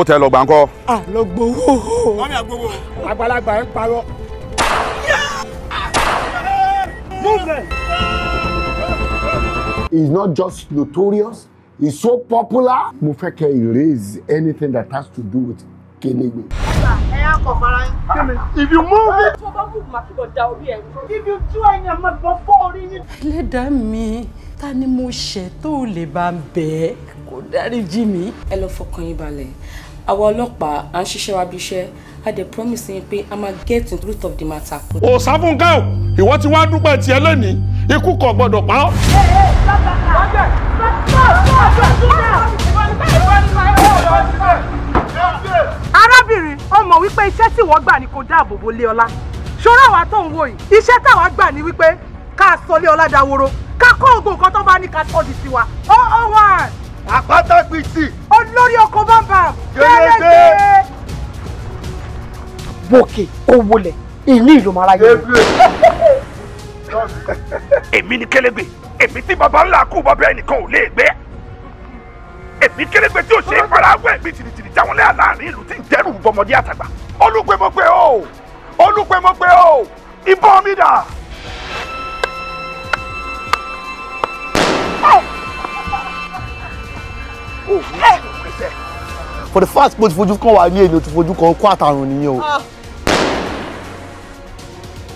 owó tẹ lọ gbà ń lọ gbowó. mọ́mí àgbowó. àgbàlagbà ń parọ́. movement. it's not just notorious it's so popular. mo fẹ́ kẹ́ erase anything that has to do with Kenegbe. ẹ kọ fara kí ni if you move it. tó bá move màá kíkọ da orí ẹ. if you do ẹyin àmọ́ ìbọn fọ́ orí yín. ẹlẹ́dàá mi ta ni mo ṣẹ̀ tó lè bá ń bẹ̀ẹ́ kó dáríjì mi. ẹ lọ fọkàn yín balẹ̀ àwa ọlọ́pàá à ń ṣiṣẹ́ wa bí iṣẹ́ a dey promise yín pé a máa get to the root of the matter. ò sáfúnká o ìwọ ti wá dúpẹ́ tiẹ̀ lónìí ikú kò gbọ́dọ̀ pa ọ́. arábìnrin ó mọ̀ wípé iṣẹ́ tí wọ́n gbà ni kò dáàbò bo léọlá ṣọ́rọ́ àwa tó ń wò yìí iṣẹ́ táwa gbà ni wípé ká sọ léọlá dáworo ká kó oògùn nǹkan tó bá ní ká tọ́jú sí wa ó ó wà àpáta gbìtì. olórí ọkọ bàbà gẹ́gẹ́. bòkè ó wọlé ìní ìlú mara yẹn. èmi ni kélégbé èmi tí baba ńlá kú bàbá ẹnìkan ò lè gbé èmi kélégbé tí ò ṣe é para wẹ̀ mi tìrìtìrì jáwọn lẹ́yà láàrin ìlú tí ń dẹ́rù bọmọdé àtàgbà olùgbẹ́mọgbẹ́ o olùgbẹ́mọgbẹ́ o ìbọn mi dà for the first bó ti fojú kan wà ní èyí o ti fojú kan kó àtàrùn nìyẹn o. Ah.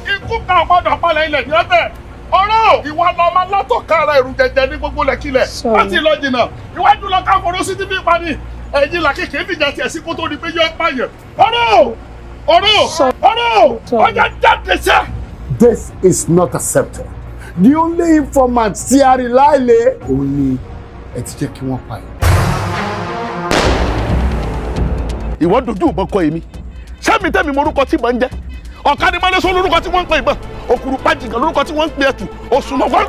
ikú kan gbọ́dọ̀ palẹ̀ ilẹ̀ yẹn bẹ́ẹ̀ ọ̀rọ̀ ìwà lọ́mọ látọ̀ká ara ìrù jẹjẹ ní gbogbo lẹ́kílẹ̀ láti lọ jìnnà ìwájú lọ ká foró sí ti bí pani ẹ̀yìn là kékeré fìjà tiẹ̀ sí kó tó di pé yọ This is not accepted. The only informant tí a Only, láìlé òun ni ẹ ti ìwọ dojú ìbọn kọ èmi sẹ́mi tẹ́mi morúkọ tí mò ń jẹ́ ọ̀kadì máa ń lórúkọ tí wọ́n ń pè ìbọn òkùrù pàjì kan lórúkọ tí wọ́n ń pè ẹ̀tù oṣù lọ́wọ́.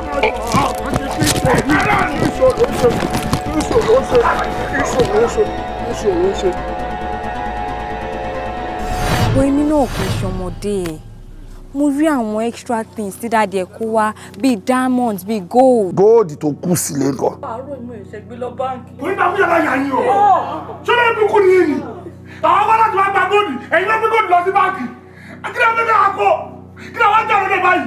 ìwé mi náà kò ṣọmọdé ẹ̀ mo rí àwọn extra things tí dáadé ẹ̀ kó wá bíi diamonds bíi gold. góòdì tó kù sílé gan. àárọ̀ inú ẹ̀ ṣẹ́gbẹ́ lọ báńkì. kò ní bá yàrá yà yín o ṣọlá ẹbí kú ni yín àwọn wá láti wá gba góòlù ẹ̀yin lọ́gbẹ́ góòlù lọ sí báńkì kí ló ń gbé àpò kí ló wá ń jà lọ́dọ̀ báyìí.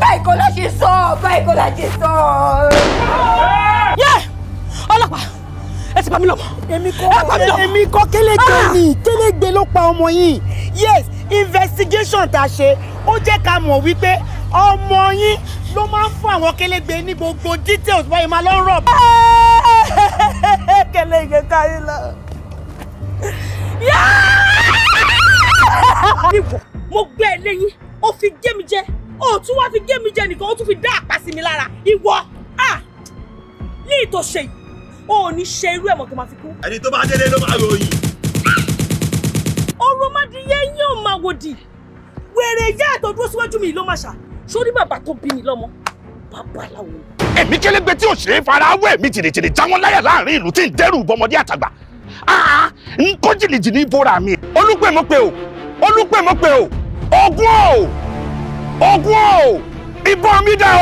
báyìí kò ló ṣe sọ báyìí kò ló ṣe sọ. ọlọ́pàá ẹ ti bá mi lọ́mọ. èmi kọ́ èmi kọ́ kélégbé ah! ni kélégbé ló pa ọmọ yìí yes investigation tá a ṣe ó jẹ́ ká mọ̀ wípé ọmọ yín ló máa ń fún àwọn kélégbé ní gbogbo details báyìí máa lọ rọ̀. kẹlẹ ìgbẹ́ta yìí lọ. mo gbé ẹ lẹ́yìn ó fi gé mi jẹ ó tún wá fi gé mi jẹ nìkan ó tún fi dá àpá sí mi lára ìwọ ní ìtòṣe yìí o ò ní ṣe irú ẹ̀ mọ̀ tó máa fi kú. ẹni tó bá délé ló máa ròyìn. ọ̀rọ̀ mádìyẹ yín ò máa wòdì wèrè ìyá ẹ̀ tó dúró síwájú mi ló máa ṣà sórí bàbá tó bí mi lọ́mọ babaláwo. ẹ̀mí kélégbé tí ò ṣe fara wọ ẹ̀mí jìnnìjìnnì jáwọn láyà láàrin ìlú tí ń dẹ́rù bọmọdé àtàgbà n kó jìnnìjìnnì bóra mi. olùgbé mo pe o olùgbé mo pe o ogun o ogun o ìbọn mi dà o.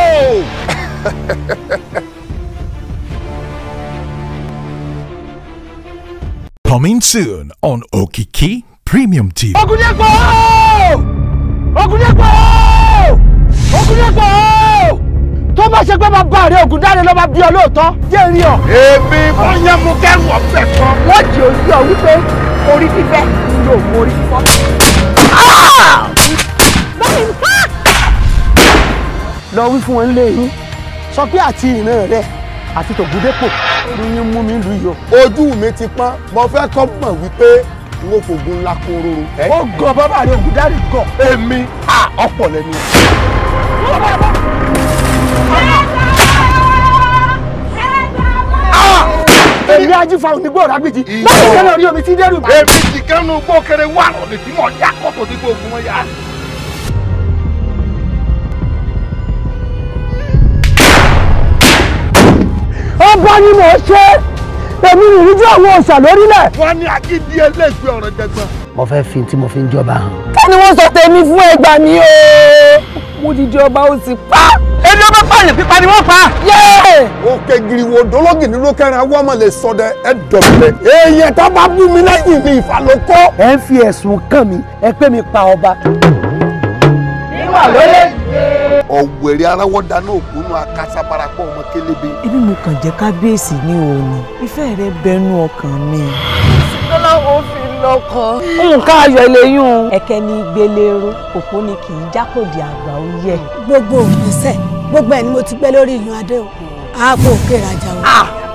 Coming soon on Okiki Premium TV. Ogunyepo! Ogunyepo! Ajídépọ̀ o tó bá ṣe pé bàbá rẹ ògùn dáre ló bá bí ọ lóòótọ́ jẹ́ rí ọ. èmi wọ́n yẹ mo kẹ́rù ọ̀fẹ́ kan. wọ́n jẹ́ ojú ọ wípé orí fífẹ́ yóò mú orí fífọ́. Ah! lọ wí fún wọn lé yín sọ pé àti ìran rẹ àti tògúndépò lóyún mú mi lù yọ. ojú mi ti pọ́n mo fẹ́ kọ́ mọ̀ wípé n ò fògùn ńlá kóró. ó gọ bàbá rẹ ògùn dárí gọ. èmi ọ̀pọ̀ lẹ́nu. Ah! èmi ajífa onígbò rágbìjì láti kẹ́lẹ́ orí omi tí dẹ́rù bá. èmi ti kẹ́nu gbókèrè wà lọ́dẹ tí mo yá kọ́tò tí gbogbo wọn yá. ọba ni mò ń ṣe èmi nìríjú àwọn òòṣà lórílẹ̀. wọ́n ní akíndí ẹlẹ́gbẹ́ ọ̀rọ̀ jẹgbọ́n. mo fẹ́ fi tí mo fi ń jọba hàn. kí ni wọ́n sọ tèmi fún ẹgbàá mi o mo ti ọba ó ti pa. ẹni ọba pààyàn pípa ni wọ́n pa. òkè giriwo dológì ní ló kẹrin awọ ọmọ lè sọdẹ ẹ dọ̀bẹ̀lẹ̀. èèyàn tó bá bú mi lẹ́yìn mi ìfàlókọ́. ẹ ń fi ẹ̀sùn kàn mí ẹ pé mi pa ọba. níwà lóye. ọ̀wẹ̀rẹ̀ aráwọ̀ dáná ògúnnú akasabarapọ̀ ọmọ kélébé. ibi mo kàn jẹ́ kábíyèsí ní òní ìfẹ́ rẹ bẹnu ọkàn mi. síkọ́lá lọ́kàn. nǹkan ayọ̀ lẹ́yìn o. ẹ̀kẹ́ ni gbélérú òpó ni kì í jákòdì àgbà ó yẹ. gbogbo ògbésẹ̀ gbogbo ẹ̀ ni mo ti gbé lórí ìyún adé o àápò òkè ìrajà o.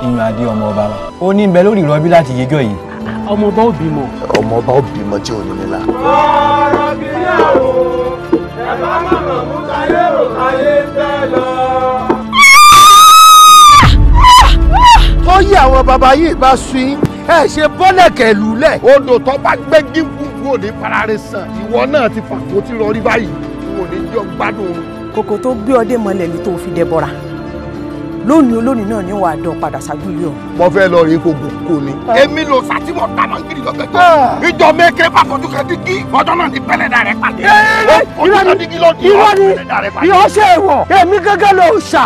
ìyún adé ọmọ ọba la ó ní bẹ lórí ìrọbí láti yẹjọ yìí. ọmọ ọba ò bímọ. ọmọ ọba ò bímọ tí ò ní nílà. ọ̀rọ̀ bíyàwó ó yí àwọn baba yìí bá sùn ẹ ṣe bọ́lẹ̀kẹ̀ lulẹ̀ odò tó bá gbé gígùn òde farare sàn ìwọ náà ti fàkó tí lọ rí báyìí kò ní jọ gbádùn oorun. kòkò tó gbé ọdẹ mọ́lẹ̀ ló tó fi dẹbọra lónìí olónìí náà ni wàá dán padà ṣáájú ilé ọ̀hún. mo fẹ́ lọ rí gbogbo kò ní. Ah. èmi ló sàtìmọ̀ tàmọ̀ gidi lọ́gbẹ̀ẹ́ tó. Ah. ìjọ mẹ́kẹ́ bá fojú kan dígí ọjọ́ náà ní pẹ́lẹ́dà rẹ̀ pàdé. ìrọ̀ ni ìrọ̀ ṣe é wọ̀ èmi gẹ́gẹ́ ló ṣà.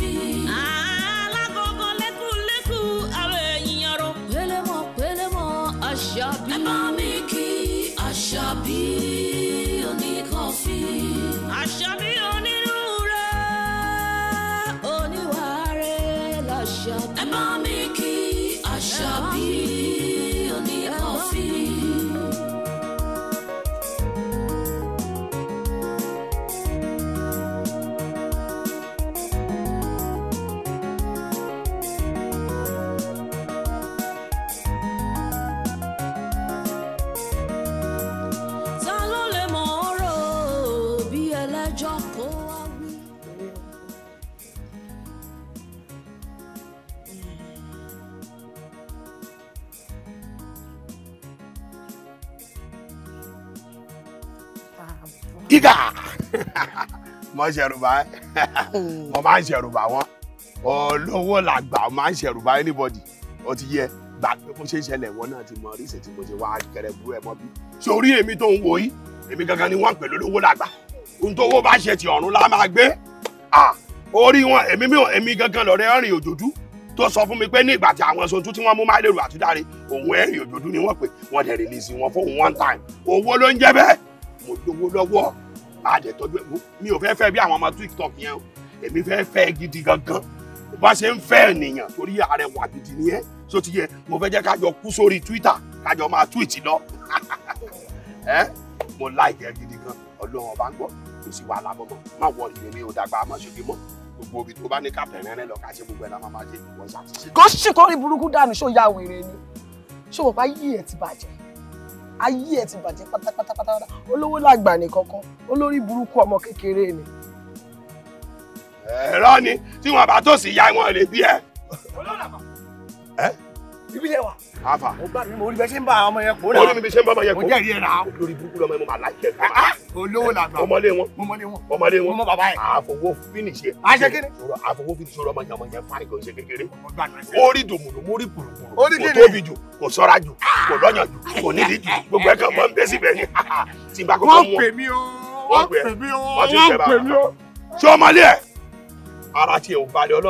I wọ́n ṣẹ̀rùbá ẹ́ hmm. wọ́n máa ń ṣẹ̀rùbá wọn olówó làgbà wọ́n máa ń ṣẹ̀rùbá anybody ó ti yẹ gbà pé bó ṣe ń ṣẹlẹ̀ wọ́n náà ti mọ oríṣi tí mo ṣe wá gẹ̀rẹ́ burú ẹ̀ mọ́ bí sórí èmi tó ń wò yìí èmi gangan ni wọ́n pè lólówó làgbà ohun tó wó bá ṣe ti ọ̀run la máa gbé orí wọn èmi mi èmi gangan lọ́rẹ́ ọ̀rìn òjòjú tó sọ fún mi pé ní ìgbà tí àwọn sotú tí wọ́n mú máìlérù àtúndáre òun ẹ̀rìn òjòjú ni wọ́n pè wọ́n dẹ̀ rìlíìsì wọn fún one time owó ló ń jẹ́ bẹ́ẹ̀ mo lówó lọ́wọ́ àdẹ̀ tọ́jú ẹ̀ wò mi ò fẹ́ fẹ́ bí àwọn ọmọ tiktok yẹn o èmi fẹ́ fẹ́ gidi gangan bá ṣe ń fẹ́ ènìyàn torí àrẹwà gidi ni ẹ́ so ti yẹ mo fẹ́ jẹ́ kájọ kú sórí twitter kájọ máa tweet lọ ẹ́ mo like ẹ gidi gan ọlọ́run ọba ń gbọ́ kò sí wàhálà bọ́bọ́ má wọ ìlú mi ò dàgbà àmọ́ ṣe fi gbogbo ibi tó bá ní kápẹ̀ rẹ́rẹ́ lọ ká ṣe gbogbo ẹ̀ láwọn máa ṣe ìwọ̀n ṣàtúnṣe. kò sí burúkú dànù ṣó ya wèrè ni ṣó o bá yí ẹ ti bàjẹ́ ayé ẹ ti bàjẹ́ pátápátápátá olówó làgbà nìkan kan olórí burúkú ọmọ kékeré ni. ẹ̀rọ ni tí wọn bá tó sì ya wọn lè bí ẹ. olórí àbá ibi lẹ wa. afa o ba mi mo rí bẹ ṣe ń bá àwọn ọmọ yẹn kó náà. olómi bí ṣe ń bá ọmọ yẹn kó. o jẹ́ ìrí ẹ̀ náà. lórí burúkú lọmọ yẹn mo máa láìpẹ́ lọ. Ah, ah, olówó la gbà. ọmọlé wọn. ọmọlé wọn. ọmọlé wọn. ọmọ bàbá yẹn. àfọwọ́ finish yẹ. a ṣe kíni. sọ̀rọ̀ àfọwọ́ finish sọ̀rọ̀ ọmọ yẹn ọmọ yẹn fari kò ṣe kékeré. orí dòmùdò mórí pùrùpùrù. orí kíni. kò tóbi jù kò sọ́ra jù kò lọ́yàn jù kò nídìí jù gbogbo ẹ̀ kan mọ́ ń bẹ́ síbẹ̀ ni. tìǹbà kọ́kọ́ mú wọn. wọ́n pè mí o wọ́n pè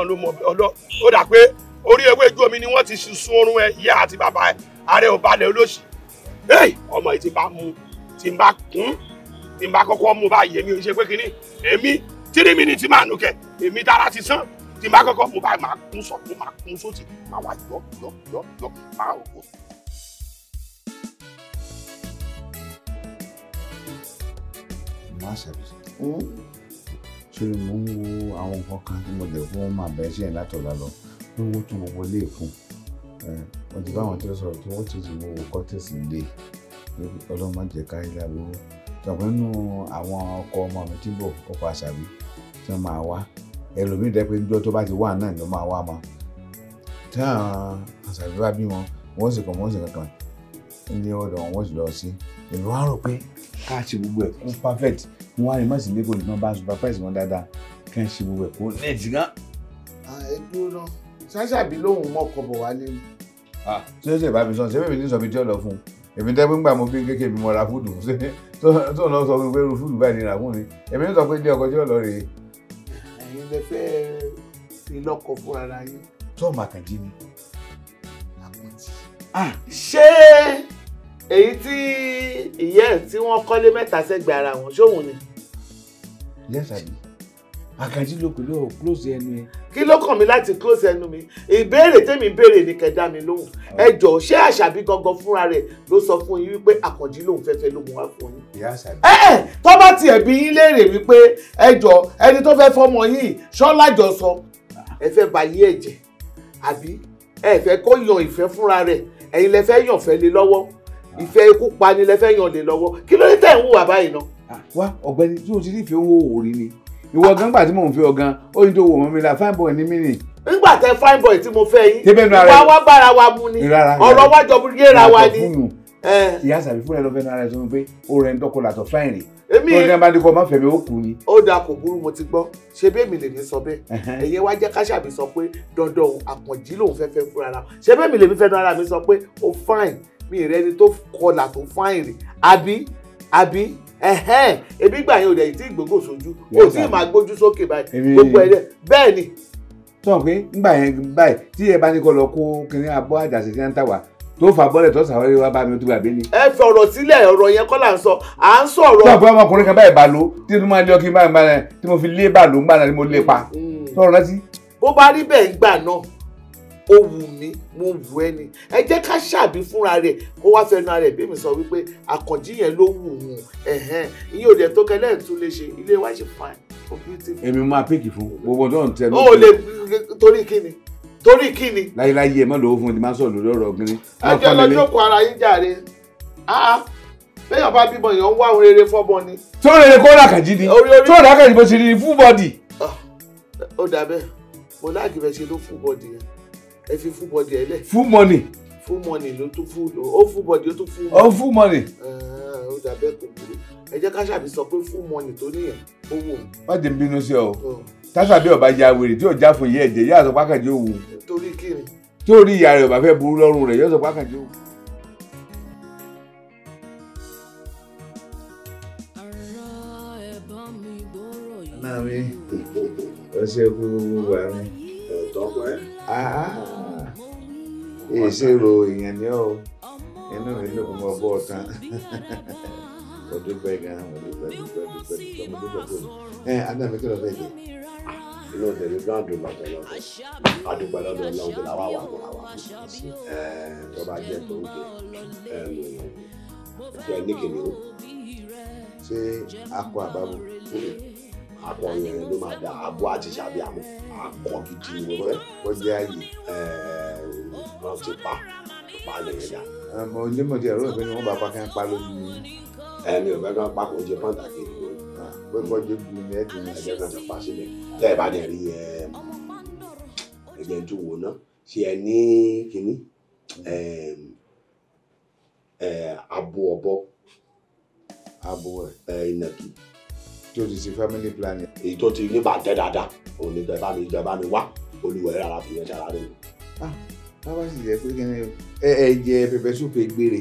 mí o wọ́n orí ewé ijó omi ni wọ́n ti sun oorun ẹ ìyá àti bàbá ẹ ààrẹ ò balẹ̀ olóṣì ọmọ yìí ti bá mu ti bá kún ti bá kọ́kọ́ mu báyìí èmi ò ṣe pé kínní èmi tírí mi ni ti máa nù kẹ èmi dára ti sán tí n bá kọ́kọ́ mo bá máa kún sọ̀tún máa kún sósì máa wá yọ yọ yọ yọ máa rò ó. má ṣàbíṣe ṣé mo ń wo àwọn nǹkan kan tí mo lè fún màbẹ́sẹ̀ látọ̀la lọ pé owó tó wọlé fún wọn ti bá àwọn tó sọ̀rọ̀ tó wọ́n ti sì wo kọ́tẹ́sì lé ọlọ́mọ jẹ́ káyé lábúrú tọ̀pẹ́ nínú àwọn ọkọ ọmọ mi tí bọ̀ ọkọ àṣàbí tí wọ́n máa wá ẹlòmíì dẹ́ pé níjọ́ tó bá ti wà náà ló máa wá mọ́ tí àwọn àṣàbí bá bí wọn wọ́n sì kàn wọ́n sì kankan ní ọ̀dọ̀ wọn wọ́n sì lọ sí èmi wá rò pé káàtì gbogbo ẹ̀ kún perfect wọn á lè má sì lébò nìkan bá supervise wọn dáadáa kẹ́ ń ṣe gbogbo ẹ̀ kún nẹ́ẹ̀tì gan. ẹ náà ṣáṣàbí lòun mọ̀kọ̀ bọ̀ wálé ni. ṣé ṣe bá mi sọ ṣé bèbí ní sọ mi tí ó lọ fún un èmi tẹ́ pé ńgbà mo bí kékeré mi mo ra fúdù tó ń lọ sọ fún mi pé irú fúdù báyìí ni ra fún mi èmi ń sọ pé ilé ọkọ tí ó lọ rèé. ẹ̀yin lè fẹ́ fi lọ́kọ̀ fún ara yín. tọ́ọ̀mù àkànjí ni. ṣé èyí tí ìyẹn tí wọ́n kọ́lé mẹ́ta sẹ́gbẹ̀ẹ́ ara wọn ṣóhun ni. yẹ́sà àkànjí ló pẹ̀lú close ẹnu ẹ. kí ló kàn mí láti close ẹnu mi ìbéèrè tèmi béèrè ni kẹ̀dá mi lóhùn ẹ jọ̀ọ́ ṣé àṣàbí gangan fúnra rẹ̀ ló sọ fún yín wípé àkànjí lòun fẹ́fẹ́ ló mú wá fún yín. ìyá àṣàbí. ẹ ẹ tó bá tiẹ̀ bí yín léèrè wípé ẹ jọ̀ọ́ ẹni tó fẹ́ fọmọ yìí ṣọ́lá jọ sọ ẹ fẹ́ ba yí ẹ̀jẹ̀ àbí ẹ fẹ́ kó yan ìfẹ́ fúnra rẹ̀ ẹ̀yin lẹ fẹ́ yàn fẹ́ lé lọ́wọ́ ìfẹ́ ikú pa ni lẹ fẹ́ yàn lé lọ́wọ́ kí ló dé tẹ̀ ń wò wá náà. Ah, wá ọ̀gbẹ́ni tí o ti rí ìfẹ́ owó òòrì ni ìwọ gan gbà tí mò ń fi ọ gan ó ní tó wò mọ́ mi la fine boy ní mí nì. nígbà tẹ fine boy tí mo fẹ́ yín ìwà wa bára wa mu ni ọ̀rọ̀ wa jọ yéra wa ni. ìyá sàbí fúnra ló fẹ́ nu ara ẹ̀ sọ pé ó rẹ̀ ń tọ́kọ làtọ̀ fine rè èmi ó dẹ́n bá dé kọ́ má fẹ̀mí ó kù ni. ó dáa kò burú mo ti gbọ́ ṣé bẹ́ẹ̀ mi lè ní sọ bẹ́ẹ̀ ẹ̀yẹ wá jẹ́ káṣàbí sọ pé dandan àkànjí lòun fẹ́ fẹ́ fúnra ra ṣé bẹ́ẹ̀ mi lè mi fẹ́ nu ara mi sọ pé ó fine mi rẹ́ni tó kọlà tó fine rè àbí àbí ẹhẹn ebi gbà yẹn ò dẹ̀ tí gbogbo sojú kò tí ì máa gbójú sókè báyìí gbogbo ẹ̀ bẹ́ẹ̀ ni. sọ pé ngbà yẹn báyìí tí ẹ bá ní kó lọ kó kiri abọ́ àjàṣe tí wọ́n ń tà wá tó fà bọ́lẹ̀ tó sàwárí wá bá mi tó gbàgbé ni. ẹ fi ọ̀rọ̀ sílẹ̀ ọ̀rọ̀ yẹn kọ́ là ń sọ à ń sọ̀rọ̀. sọ pé ọmọkùnrin kan báyìí bá lo tí mo máa lé ọkì máa ń bá rẹ tí mo fi lé bá lò ń gbà náà ni mo lé pa. Mm. sọ̀rọ̀ rántí. bó bá rí bẹ́ẹ̀ gbà náà ó wù mí mo wù ẹ́ ni ẹ jẹ́ ká ṣàbí fúnra rẹ̀ kó wá fẹnu ara rẹ̀ bí mi sọ wípé àkànjí yẹn ló wù wù ẹ̀hẹ́n ìyẹn ò dẹ̀ tó kẹlẹ́ tún lè ṣe ilé wa ṣe fine for beautiful. èmi máa pèkì fún gbogbo tó ń tẹnu. ó lè torí kí ni torí kí ni. láyéláyé ẹ má lọ́wọ́ fún mi máa ń sọ̀rọ̀ lórí ọ̀rọ̀ gírín. ẹ jẹ́ lọ jókòó ara yín jàre ah, bẹ́yàn bá bímọ èèyàn ń wá ohun rere fọ́bọ ni. tó rere kó làkàjì ni tó làkàjì bó ti ni full body. Ah, ó dà bẹ́ẹ̀ mo láàgì bẹ́ẹ̀ ṣe ló full body yẹn ẹ fi full body ẹ lẹ̀. full money. full money ló tún full ó full body ó tún full money. ó full money. ó dàbẹ́ kò burú ẹ jẹ́ ká ṣàbí sọ pé full money tó níyẹn ó wò. má jẹ́ bínú sí ọ tásàbí ọba ya wèrè tí ọjà fún yẹ ẹ̀jẹ̀ yáà sọ pákàjẹ́ òwò. torí kí ni. torí ìyá rẹ̀ ọba fẹ́ burú lọ́rùn rẹ̀ yóò sọ pákàjẹ́ òwò. náà mi ọ̀sẹ̀ kú wà mí ìṣirò ah, èèyàn ni ọ inú mi ló mọ bọ́ ọ̀tán mo dúpẹ́ gan mo dúpẹ́ dúpẹ́ dúpẹ́ dúpẹ́ mo dúpẹ́ tó ẹ adámi kí ló fẹ́ jẹ. inú ọ̀dẹ̀ mi gbọ́n àdùn bàtà lọ́dọ̀ àdùpẹ́ lọ́dọ̀ ọlọ́run làwọn àwọn àwọn àwọn tó bá jẹ́ tó ń jẹ ìjọ ní kìnìún. ṣé akọ àbámu akọni rẹ ló máa dá abo àti sàbí àmọ́ akọ gidi ni wọn wọn jẹ àyè eh, wọn ti pa pa nìyẹn dá. ọmọ eh, onímọ̀ díẹ̀ rò pé wọ́n bá pa pa lójú ẹni ò kan pa kò jẹ pàtàkì ni ah, o pé kò jẹ gbùn ní ẹ̀dùn ẹ̀jẹ̀ kan ti pa sílẹ̀ tẹ́ ẹ bá dẹ̀ rí eh, ẹ̀jẹ̀ tó wò ná ṣe ẹ ní kínní ehm, abo ọ̀bọ abo ẹ̀ ìnàkí tó ti ṣe family planning. èyí tó ti rí bàjẹ́ dáadáa òun ni kẹ́ẹ́ bá mi jẹ́ bá mi wá olùwẹ̀rẹ́ ara fi yẹn ṣe ara rẹ̀ o. ah báwa sì jẹ́ pé kíni ẹ ẹ jẹ pẹpẹ súpù egbére.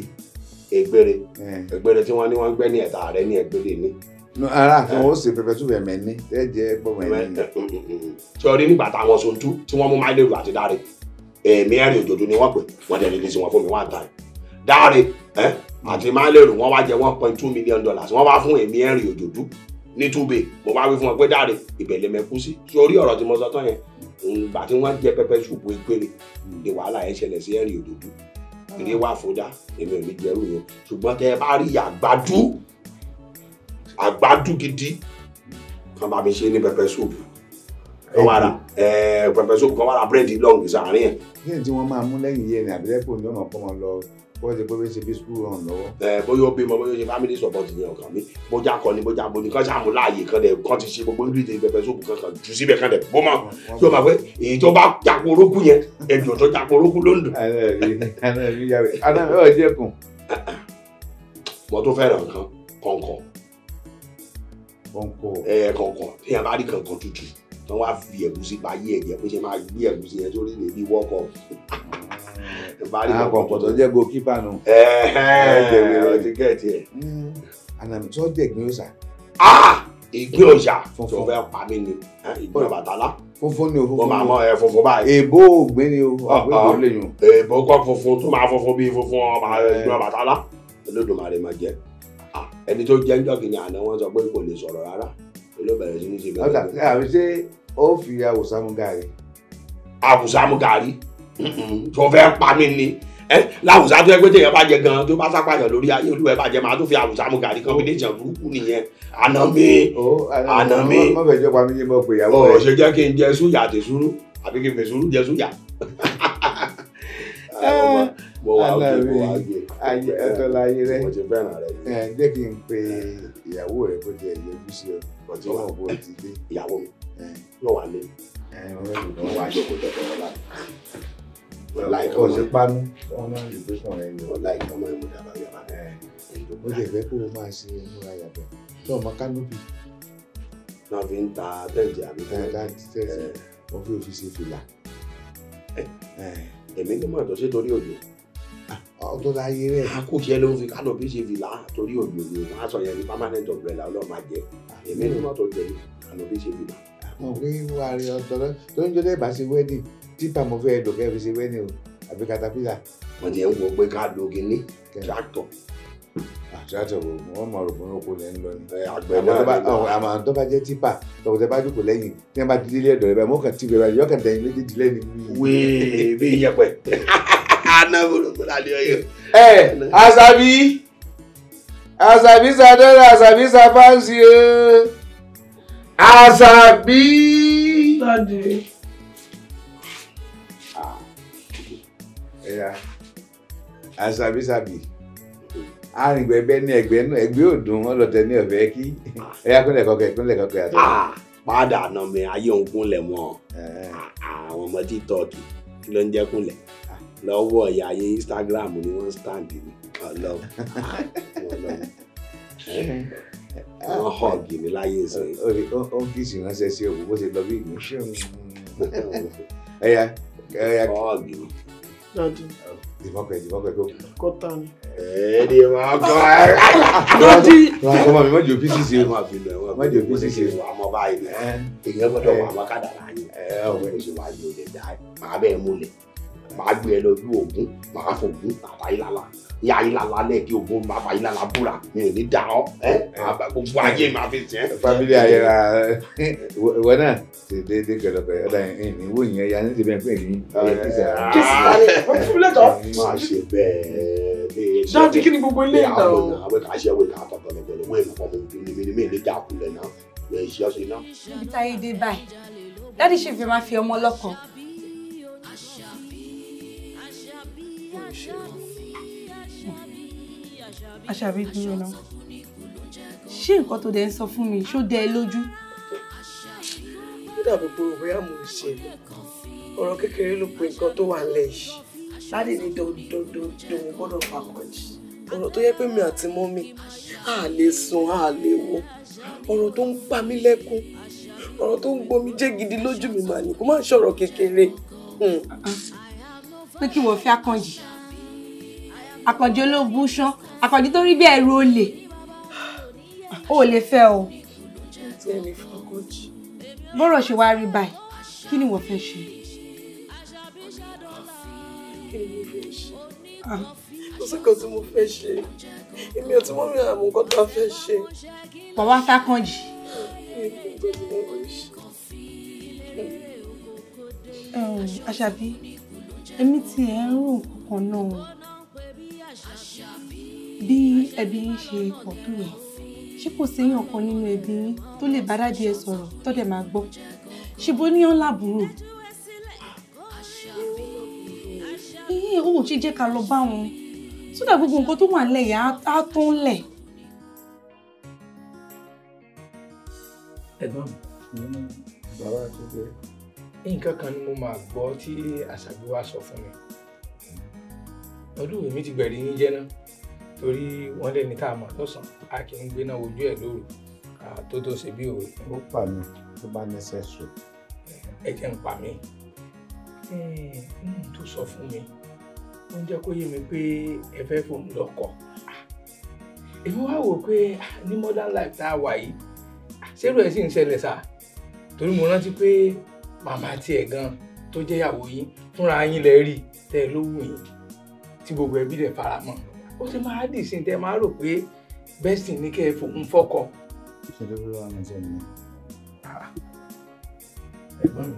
egbére eh. egbére tí wọ́n ní wọ́n gbẹ́ ní ẹ̀ta rẹ̀ ní egbére ní. ara kan eh. ó ṣe pẹpẹ súpù ẹ̀mẹ̀ ní ẹ jẹ gbọmọ ẹ̀mẹ̀ ní. sọrí nígbà táwọn sontú tí wọ́n mú máìlérù àti dáre èmi ẹ̀rìn òjòjò ni wọ́n pè wọ́n jẹ́ lílé sí wọn fún mi one time dáre eh, àti máìlérù wọ́n wá jẹ one point two million dollars wọ́n wá fún èmi ẹ̀rìn òjòjò ní túbẹ̀ mo wá wí fún ọ pé dáre ìbẹ̀lẹ̀ mẹ́kú sí sórí ọ̀rọ̀ tí mo sọ tán yẹn ìgbà tí wọ́n jẹ pẹpẹ ṣùpù ìpele ni wàhálà yẹn ṣẹlẹ̀ sí ẹ̀rìn òdòdó ìdí wà fúnjà èmi ò ní jẹrú yẹn ṣùgbọ́n tẹ́ ẹ bá rí àgbàdú àgbàdú gidi kan bá mi ṣe ní pẹpẹ ṣùpù kan wà rà eh, pẹpẹ ṣùpù kan wà rà búrẹ́dì lọ́ọ̀gì sàárín yẹn. ní ìdí wọn máa mú lẹ́yìn yẹn ni àbílẹ́pọ̀ ní ọ̀nà ọ̀pọ̀ wọ́n ti pé bí ṣe bí skul ràn lọ́wọ́. ẹ bóyá ó bímọ bóyá ó ṣe family support ní ọkàn mi bójá kọ ni bójá bo ni kán ṣàmú láàyè kan dẹ kán ti ṣe gbogbo ingrid pẹpẹ sóògùn kankan jù síbẹ̀ kan dẹ bó máa tí o máa pẹ́ èyí tó bá jagun orókù yẹn ẹ̀dùn tó jagun orókù ló ń dùn. anáwó ọ̀ jẹ́ kùn. mo tún fẹ́ràn kan kọ̀ǹkọ̀. kọ̀ǹkọ̀. ẹ kọ̀ǹkọ̀ tí a bá rí kọ̀ǹkọ̀ tútù tó wá fi ẹ̀gúsí pa yí ẹ̀jẹ̀ bó ṣe máa gbé ẹ̀gúsí yẹn sórí lè bí wọ́kọ̀ àkọ́kọ́ tó jẹ́ goalkeeper nù. ẹ̀ẹ́dẹ̀wé lọ ti gẹ̀ẹ́tì ẹ̀. ànàmì tó dẹ̀ gbin ọ̀sà. ìgbín ọ̀sà tó fẹ́ pa mí ni ìgbín àbàtálá. funfun ni o funfun. wọ́n máa mọ ẹ funfun báyìí. èbó ògbìn ni o ah, àgbégbò ah. lè yùn. èbó kọ́ funfun tó máa funfun bíi funfun eh. ìgbín àbàtálá. olódùmarè máa jẹ ah, ẹni tó jẹ́ ń jọ́kìnrin àná wọ́n sọ pé kò lè sọ̀rọ̀ rárá olóbẹ̀rẹ̀ sí ní ṣe bẹ́ẹ̀. ọ̀gá àwọn ṣé ó fi àwòsàn mu gàrí. àwòsàn mu gàrí tó fẹ́ pa mí ni láwùsá tó yẹ pé téèyàn bá jẹ gan tó bá sápàyàn lórí ayé olúwa ẹ bá jẹ máa tó fi àwùsá mu gàrí combination burúkú nìyẹn àná mi àná mi mọ fẹ jọ pa mí ní mọ pé ìyàwó rẹ. ọ̀sẹ̀ jẹ́ kí n jẹ súyà àti sùúrù àbí kí n fi sùúrù jẹ súyà. Ah, mo wà ó gbé mo wà ó gbé ayé ẹtọ́ la ayé rẹ mo jẹ́ kí n pe ìyàwó rẹ kó jẹ ìyẹn sí ọ ọtí wọn bó ti ìyàwó mi eh. yóò wà lé mi eh, wà jókòó tọ̀tọ̀ ọ̀la ọ̀sẹ̀ pánú wọn máa ń dàbà yàrá eh, ó lè fẹ́ kó o máa ṣe múra yàtọ̀ tó ọmọ kánópì. náà fi ń ta tẹ́ǹtì àbí tẹ́ǹtì wọn fi òfin ṣe fìlà. èmi ní mọ̀ ìtọ́sí torí òjò. Ah, ọ̀tọ̀ la yé rẹ̀. àkóṣe ló ń fi kánópì ṣe fìlà torí òjò ni wọ́n á sọ yẹn ní permanent umbrella ọlọ́ọ̀ máa èmi ló má tọ́jú ẹ̀yìn àná bí ṣe bìbà. mo rí wàá rí ọ̀tọ̀ lọ tó ń jọdẹ ìbá ṣe wẹ́ẹ̀dì tipa mo fẹ́ lò kẹ́ẹ́ fi ṣe wẹ́ẹ̀dì o àbí katapila. wọ́n ti ń wo pé ká lo gini tractor. Ah, tractor wo wọ́n mọ̀ rò fún oko lẹ́ ń lọ ni. àmọ́ tó bá jẹ́ tipa tọkọtẹ bá jókòó lẹ́yìn tí wọ́n bá ti délé ẹ̀dọ̀ rẹ̀ báyìí mọ́ kàn tí ìwé báyìí yọ̀ọ̀kan tẹ̀yìn méjèèjì lẹ́ni. àṣàbíṣà dára àṣàbíṣà fáǹsì o eh. àṣàbí. Ah. àṣàbíṣàbí arìngbẹ̀gbẹ́ ní ẹgbẹ́ náà ẹgbẹ́ òdùn ọlọ́tẹ ní ọ̀fẹ́ kí ẹ̀yà kúnlẹ̀ kọkẹ́ kúnlẹ̀ kọkẹ́ àti. Ah, padà nà mí ayé òun kúnlẹ̀ mọ́ eh. ah, àwọn ọmọ tí tọ́ọ̀kì kí ló ń jẹ́ kúnlẹ̀ lọ́wọ́ ìyá ayé Instagram ni wọ́n stand ni. Ọlọ́run Ọlọ́run wọn hug mi láyé sọ yìí. ó ránṣẹ́ sí òwò bó ṣe lọ bí ìgbín. ẹyà ẹyà hug mi. dadi. dìbọkẹ dìbọkẹ tó. kọta ni. ẹni máa kọ ẹ. dadi. ọmọ mi má jò pí sísè máa fi lọ ẹwọn má jò pí sísè báyìí èèyàn gbọ́dọ̀ wà má kàdà láàyè. ọmọ mi ṣe wàá jò lè gbé ẹ lọ bí ògún màá fògún àtàyè lálàá ní ayélala lẹ́ẹ̀kí ògùn bàbá ayélala búra mi ò ní dá ọ gbogbo ayé máa fi tiẹ̀. fámílì ayéra ìwọ náà ti dédé gẹlẹpẹ ọdà yìí ní wò yẹn yanni ti bẹ́ẹ̀ pé ní kìsì ara. kìsì ara fúnlẹ̀ ṣe bẹ́ẹ̀. dáàbì kí ni gbogbo ilé ìta o. àwọn kan aṣẹ́wó ìka àtọ̀gbọ̀lọ̀gbọ̀lọ̀ wọ́n èèyàn kan mọ̀ ní mi ní mi ní dàkúlẹ̀ náà lọ iṣẹ́ ọ̀sẹ̀ náà. ibi táyé dé báyìí aṣàbí dúró náà ṣé nǹkan tó dẹ ń sọ fún mi ṣó dẹ ẹ lójú. ó dàbí pé bóyá mo ṣe ọ̀rọ̀ kékeré ló pe nǹkan tó wà lẹ̀ yìí láti ní dòdòdòdò mo gbọ́dọ̀ fàkọ̀jì ọ̀rọ̀ tó yẹ pé mi àti mọ́mì á lè sùn á lè wo ọ̀rọ̀ tó ń pa mí lẹ́kún ọ̀rọ̀ tó ń gbomi jẹ́ gidi lójú mi mà ní kó má ṣọ̀rọ̀ kékeré. Hmm. pé kí wọ́n fi akànjì akànjì olóògùn ṣán àkànjí tó rí bí ẹrù olè o ò lè fẹ́ o. ẹtí ẹni fọkọjì. bọ́rọ̀ ṣe wá rí báyìí kí ni wọ́n fẹ́ ṣe. èmi fẹ́ ṣe ah. kò sí nǹkan tí mo fẹ́ ṣe èmi ò tí wọ́n rí àwọn nǹkan tó fẹ́ ṣe. bàbá sákànjì. àṣàbí èmi ti ẹ̀ ń rò nǹkan náà bí ẹbí yín ṣe pọ̀ tó yẹn ṣé kò séèyàn kan nínú ẹbí yín tó lè bá dádì ẹ sọ̀rọ̀ tó dẹ̀ máa gbọ́ ṣe bó ní ọ̀la àbúrò ìyẹn ò ṣe jẹ́ ká lọ bá wọn sódà gbogbo nǹkan tó wà nílẹ̀ yẹn á tó ń lẹ̀. ẹ̀gbọ́n mi bàbá tó bẹ̀rẹ̀ nǹkan kan ni mo máa gbọ́ tí àṣàbí sọ fún mi ọdún èmi ti gbẹ̀rí yín jẹ́ náà torí wọ́n lẹ́ni tá a mọ̀ lọ́sàn-án a kì í gbéná ojú ẹ̀ lóru tó tó ṣe bí òwe. ó pa mí tó bá nẹsẹ̀ sọ. ẹ jẹ́ ń pa mí nínú tó sọ fún mi ó ń jẹ́ kó yé mi pé ẹ fẹ́ fòun lọ́kọ̀ èmi wá wò pé ní modern life tá a wà yìí ṣérò ẹ̀ sì ń ṣẹlẹ̀ sá torí mo rántí pé màmá tiẹ̀ gan tó jẹ́yàwó yín fúnra yín lẹ tẹ́ ẹ ló yín tí gbogbo ẹbí rẹ̀ fara mọ́ ó ti máa dì sí tẹ máa rò pé bẹ́sì ní kẹ́ ẹ fòun fọ́kọ. ṣe ló ló wà mẹ́sẹ̀ ni. Ah, ẹ̀gbọ́n mi.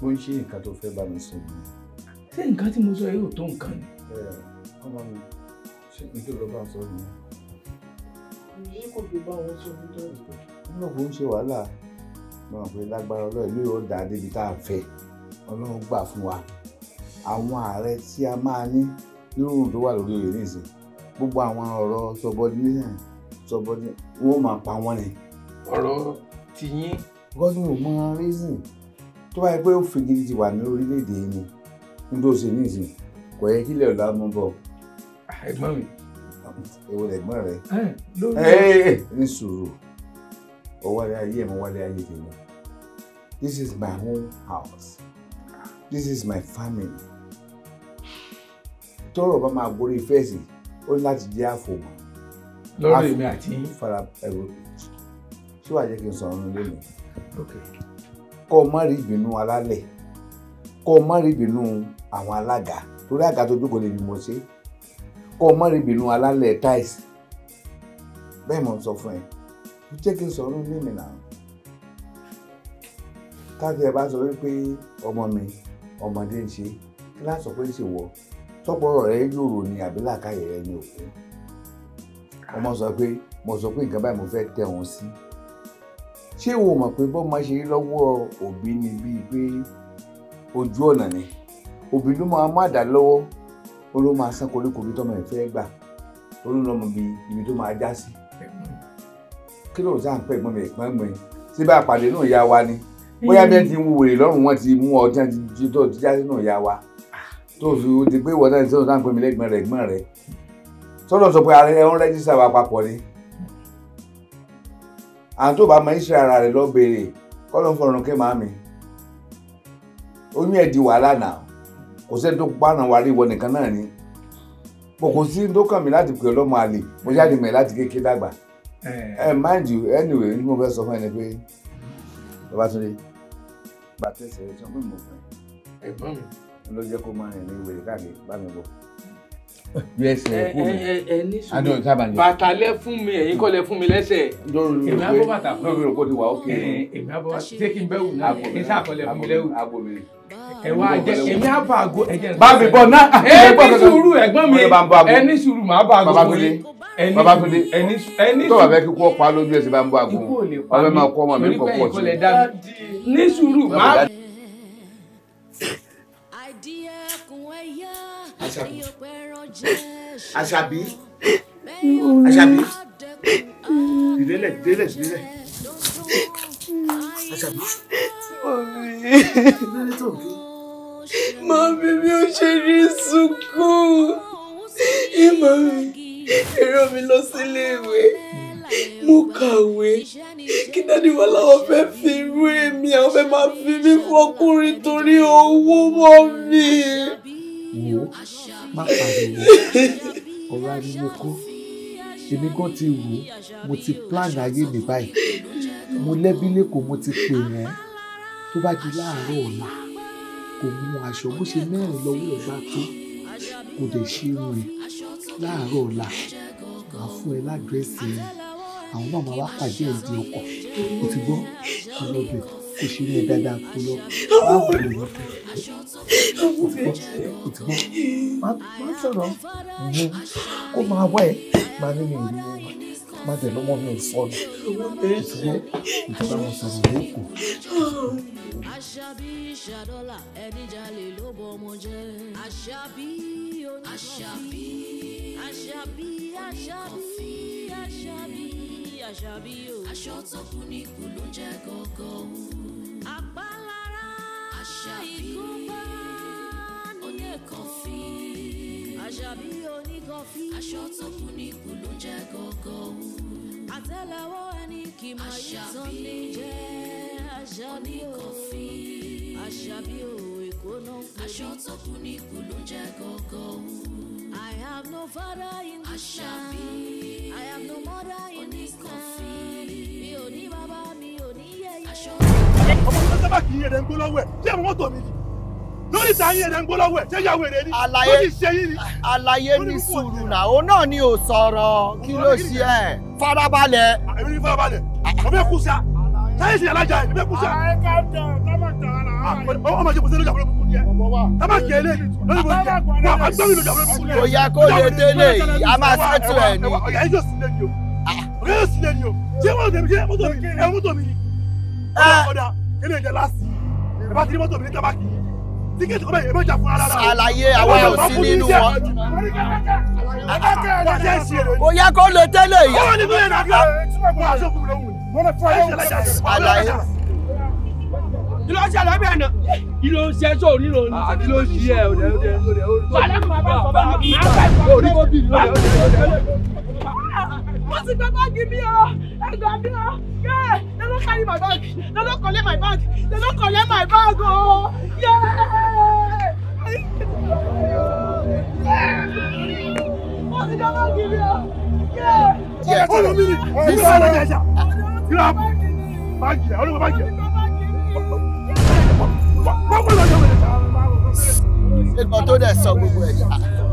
bó ń ṣe nǹkan tó fẹ́ bá mi sọ ni. ṣé nǹkan tí mo sọ yóò tó nǹkan ni. ọmọ mi ṣe ní kí ló bá sọ ni. ṣé kò fi bá òun sọ ní tọ́jú. nígbà tó ń ṣe wàhálà mo mọ̀ pé lágbára ọlọ́ọ̀ ìlú yóò dà débi tá a fẹ́ ọlọ́run gbà fún wa àwọn ààrẹ tí a máa ní nírú tó wà lórí oyè nísìn gbogbo àwọn ọ̀rọ̀ subordination subordination wọ́n máa pa wọ́n ni. ọ̀rọ̀ ti yín. because mi ò mọ reason tó bá yẹ pé ó fìgìdì ti wà ní orílẹ̀-èdè yìí ni n tó ṣe nísìn kò yẹ kílẹ̀ ọ̀la mọ́ bọ̀. Ah, ẹ̀gbọ́n mi. èwo lẹ̀gbọ́n rẹ. ẹ ní sùúrù ọwọ́lé ayé ẹ̀ mọ́ wálé ayé tèmi this is my home house this is my family tọrọ bá máa gorí fẹ́ẹ̀sì ó ní láti jẹ́ àfòmọ́. lọ́rọ̀ èmi àti fara ẹ̀rọ ṣé wàá jẹ́ kí n sọ̀rọ̀ nílé mi. kọ́ ọ má rí ìbínú alálẹ̀ kọ́ ọ má rí ìbínú àwọn alága torí àga tó jókòó lè ní mo ṣe kọ́ ọ má rí ìbínú alálẹ̀ táìsì bẹ́ẹ̀ mọ̀ n sọ fún ẹ ó jẹ́ kí n sọ̀rọ̀ nílé mi náà káàkiri bá sọ wípé ọmọ mi ọmọdé ń ṣe kí láti sọ pé ń ṣe wọ tọ́pọ̀rọ̀ rẹ yòrò ni àbí làákàyè rẹ ni òkú ọmọ sọ pé mo sọ pé nǹkan báyìí mo fẹ́ tẹ̀ wọ́n sí ṣé o mọ̀ pé bọ́ọ̀ máa ṣe rí lọ́wọ́ òbí ni bíi pé ojú ọ̀nà ni òbí ló máa má dà lọ́wọ́ ó ló máa sán koríko bí tọ́mọ ẹ̀ fẹ́ gbà ó ló lọ́mọ bí ibi tó máa já sí kí ló ń sáà ń pẹ́ ìgbọ́n mi ẹ̀gbọ́n mi ṣé bá a pàdé náà yá wa ni bóyá bí wọ́n ti ń wúwo lọ́rùn wọn ti mú ọtí àti tó ti já sínú ìyá wa tó fi di pé ìwọ náà sọ̀rọ̀ sáà pé mi lẹ́gbọ̀n rẹ̀ gbọ́n rẹ̀ sọ́dọ̀ sọ pé ààrẹ ẹ̀hún rẹ́jísà wa papọ̀ ni àwọn tó bá máa ń ṣe ara rẹ̀ lọ béèrè kọ́ ló ń fọ̀rùn kí màá mi oyún ẹ̀ di wàhálà náà kò sẹ́ni tó pààrọ̀ wárí ìwọ nìkan náà ni kò kò sí tó kàn mí láti pè ọlọ́mọ àlè mo jáde mọ̀ láti kékeré dàgbà eh. ẹ mind you anyway ní mo fẹ́ sọ fún ẹni pé Babátúndé bàtẹ́sẹ̀ rẹ̀ sọ pé mo mi ló jẹ́ kó máa rìn ní ìwé káàkiri bá mi bọ̀ bí ẹsẹ̀ kú mi adó sábàjẹ́. bàtà lẹ fún mi ẹ̀yin kọ́ fún mi lẹ́sẹ̀. èmi abọ́ bàtà fún mi. lórí òkò ti wà ó ṣé kí n bẹ́ wù ní ìṣe àkọlẹ̀ fún mi lẹ́wù. ẹ wá jẹ èmi abọ́ àgọ ẹ̀jẹ̀ rẹ. bá mi bọ̀ náà. sùúrù ẹ̀gbọ́n mi ẹ ní sùúrù màá bọ̀ àgọ mi babatunde ẹni tó bàbá kíkú ọ̀pá lójú ẹsẹ̀ bá ń bọ̀ àgùn ọ̀bẹ máa kọ́ ọmọ mi kọ̀ pọ̀ sí i. ní sùúrù máa. Àṣàbí Àṣàbí Àṣàbí ìdílẹ̀ ìdílẹ̀ ìdílẹ̀ Àṣàbí. Màmí mi ò ṣe rí sunkún. Ìmọ̀ mi, èrò mi lọ sílé ìwé mo kàwé kí dádì wà láwọn fẹ́ fi irú èmi àwọn fẹ́ máa fi mí fọkùnrin torí owó mọ́ mi wo má pariwo ọ̀rọ̀ ariwo kọ́ èmi gan ti wò ó mo ti plan ayé mi báyìí mo lẹ́bí lẹ́kọ̀ọ́ mo ti pè wọ́n tó bá di láàárọ̀ ọ̀la kò mú aṣọ bó ṣe mẹ́rin lọ́wọ́ ẹ̀ bá tó kò dẹ̀ ṣe irun ẹ̀ láàárọ̀ ọ̀la màá fún ẹ ládírẹ́sì ẹ̀ àwọn náà máa wá pàdé ẹ̀ di ọkọ̀ o ti gbọ́ ọlọ́bẹ̀ ìṣúná ẹ̀ dáadáa kú lọ wá wò lè wọ́n tó ìtùkọ́ má sọ̀rọ̀ mú kó máa wá máa nínú ìlú ẹ̀ má tẹ̀ lọ́mọ mi ò sọnù ìtùkọ́ ìjọba mo sọ̀rọ̀ lẹ́kọ̀ọ́. Aṣọ tó kù ní kù jẹ́ gọ́gọ́ o àpálára ìgúnpá oníkànfí àṣàbí oníkànfí aṣọ tó kù ní ikú ló ń jẹ́ gọ́gọ́ wù. ẹni kì í máa yí tán ní jẹ́ àṣàbí oníkànfí àṣàbí òwe kò aṣọ tó kù ní ikú ló ń jẹ́ gọ́gọ́ I have no father in this town. I have no mother in this town. Mi ò ní bàbá mi ọmọ tó sábà kì í ẹ̀rẹ̀ ń ni lórí ìta yín ẹ̀rẹ̀ ń gbó lọ́wọ́ ẹ̀ ṣé ìyá wèrè ni ló ti ṣe yín ni. àlàyé ní sùúrù náà òun náà ni ò sọ̀rọ̀ kí ló ṣe ẹ̀ farabalẹ̀. èmi ní farabalẹ̀ ọmọ ẹ̀kú sa sáyẹ̀nsì alájà ẹ̀ ẹ̀kú sa. ọmọ ṣe kò sí lójà fún mi tábà kí ẹlẹ́ lórí bó jẹ wà á gbọ́ mi lójà fún mi. kò yẹ kó lè délé yìí a máa ṣètò ẹ̀ ni. ọ̀gá yóò sílẹ̀ ni o ọ̀gá ah. yóò sílẹ̀ ni o ṣé wọ́n tẹ̀mí ṣé mọ́tò mi ẹ̀ mọ́tò mi ni ọ̀dà ilé ìjẹ láti ẹ bá ti ní mọ́tò mi ní tábàkì tíkẹ́ẹ̀tì kọ́mẹ́ àlàyé àwa ò nínú wọn. kò yẹ kó lè tẹ́lẹ̀ yìí. ọwọ́ ni bóyá nàgbà wọ́n aṣọ fún mi lóhùn. àlàyé. kí ló ń ṣe àlàyé àná. kí ló ń ṣe tó ò nílò ní. kí ló ń ṣe ẹ ò dẹ ò dẹ ò dẹ ò dẹ. wàhálà mi máa bá ìfọ̀bá mi wọ́n ti gbé báàgì mi o ẹ̀gbà mi o yẹ́ they don carry my bag they don collect my bag they don collect my bag o yẹ́. wọ́n ti gbé báàgì mi o yẹ́. hold on a minute bí sọ́nà ẹ̀já grab báàgì rẹ̀ olùkọ́ báàgì rẹ̀. Ìgbà tó dẹ̀ sọ gbogbo ẹ̀ yá wà ayé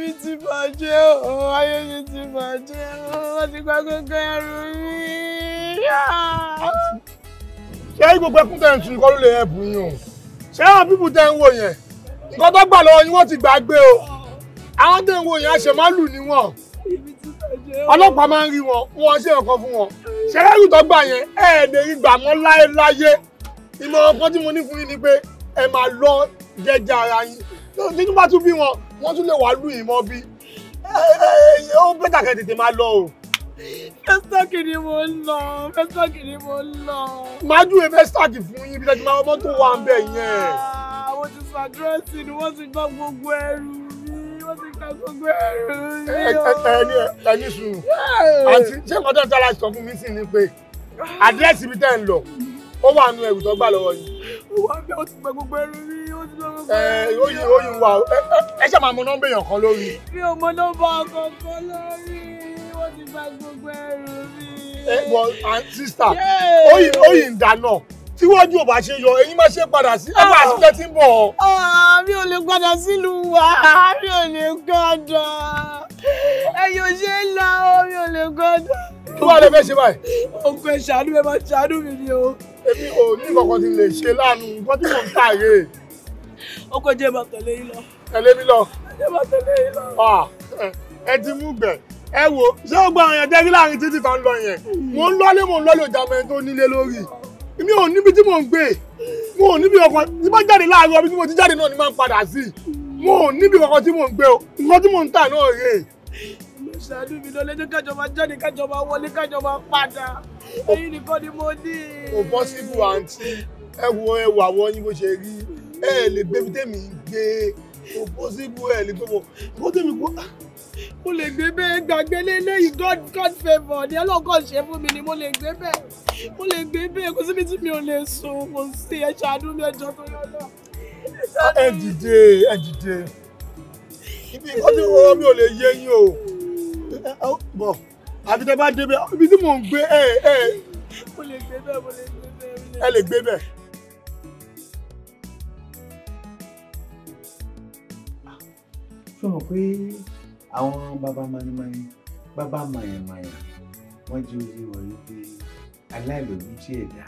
mi ti bàjẹ́ o ayé mi ti bàjẹ́ o wọ́n ti gbàgbọ́ gbẹ́rù mi ṣé gbogbo ẹkún tẹ̀ ń sun nǹkan ló lè ẹ̀bùn yín o ṣé àwọn pípù tẹ̀ ń wò yẹn nǹkan tó gbà lọ́wọ́ yín wọ́n ti gbàgbé o àwọn tẹ̀ ń wò yẹn àṣẹmálù ni wọ́n ọlọ́pàá máa ń rí wọn wọn ṣe ọkọ fún wọn ṣé ẹrù tó gbà yẹn ẹ ẹ lè rí gbà mọ́ láéláyé ìmọ̀ràn kan tí mo ní fún yín ni pé ẹ máa lọ jẹjẹ ara yín nínú bá tún bí wọn wọn tún lè wàá lù yín mọ́ bí ó bẹ́tà kẹ́ tètè máa lọ o fẹ́sítàkì ni mo ń lọ fẹ́sítàkì ni mo ń lọ. màá júwe fẹ́sítàkì fún yín ibi tẹ́tí máa ọmọ tó wà ń bẹ̀ yẹn. àwọn ah, ti sọ àdírẹ́sì ni wọ́n ti gbọ́ gbogbo ẹrù mi wọ́n ti gbọ́ gbogbo ẹrù mi. ẹ oh. ẹ ẹ ní sùúrù àti ṣé nǹkan tó ń tẹ́lá sọ fún mi sì ni pé àdírẹ́sì ibi tẹ́ ń lọ ó wà nù ẹrù tó gbà lọ́wọ́ yìí. ó wà bẹ́ẹ̀ ó ti gbọ́ gbogbo ẹrù mi oyin oyin wa ẹ ṣe máa mọ nọ́mbà èèyàn kan lórí. mi ò mọ nọ́mbà kankan lórí wọ́n ti bá gbogbo ẹrù mi. ẹ wọ sísà oyin dáná tí wọ́n jù bá ṣe yọ ẹ̀yin má ṣe padà sí ẹgbẹ́ àtúntẹ́ tí ń bọ̀. Ah, mi ò lè padà sílùú wa mi ò lè gbọ́dọ̀ ẹ̀yin ò ṣe é lọ mi ò lè gbọ́dọ̀. kí wàá lè fẹ́ ṣe báyìí. òkú ẹ̀ ṣàánú ẹ̀ máa ṣàánú mi ni o. èmi ò ní kankan ti lè ṣe láàánú nǹkan tí mò ń tààyè. ọkọ̀ jẹ́ máa tẹ̀lé yín lọ. tẹ̀lé mi lọ. jẹ́ máa tẹ̀lé lọ. Ah, ẹ ti mú gbẹ̀ ẹ wo ṣé ó gba àwọn èèyàn dẹ́rí láàrin títí tá ń lọ yẹn mò ń lọ́lé mò ń lọ́lé ọjà mẹ́rin tó nílé lórí mi ò níbi tí mò ń gbé mo ò níbi ọkàn tí bá jáde láàárọ̀ bí mo ti jáde náà ni máa ń padà sí mo ò níbi ọkàn tí mò ń gbé o nǹkan tí mò ń tà náà rèé ṣàánú mi lọ́lẹ́jọ́ kájọba jáde kájọba wọlé kájọba padà èyí nìkan ni mo ní. kò pọ́sibú àǹtí ẹ wo ẹwà àwọ̀ yín bó ṣe rí ẹ lè gbé mi tèmi gbé kò pọ́sibú ẹ lè gbé mo kó tèmi kó mo lè gbé bẹ́ẹ̀ gbàgbé lélẹ́yìí god god favour ni ọlọ́gàn ṣe fún mi ni mo lè gbé bẹ́ẹ̀ mo lè gbé bẹ́ẹ̀ kò síbi tí mi ò lè sùn kò sí ẹ ṣàánú mi ẹjọ́ tó yọ náà. ẹ dìde ẹ dìde ibi ìkọ́jú ọ̀rọ̀ mi ò lè yé yín o bọ̀ àfi tẹ bá débẹ̀ ibi tí mò ń gbé ẹ ẹ. mo lè gbé bẹ́ẹ̀ mo lè gbé bẹ́ẹ̀. ẹ lè gbé bẹ́ẹ̀. ṣé o mọ̀ pé àwọn bàbá mani-mani bàbá màyàmáyà wọ́n jẹ́ oyè wọ̀ wípé aláìlójútì ẹ̀dá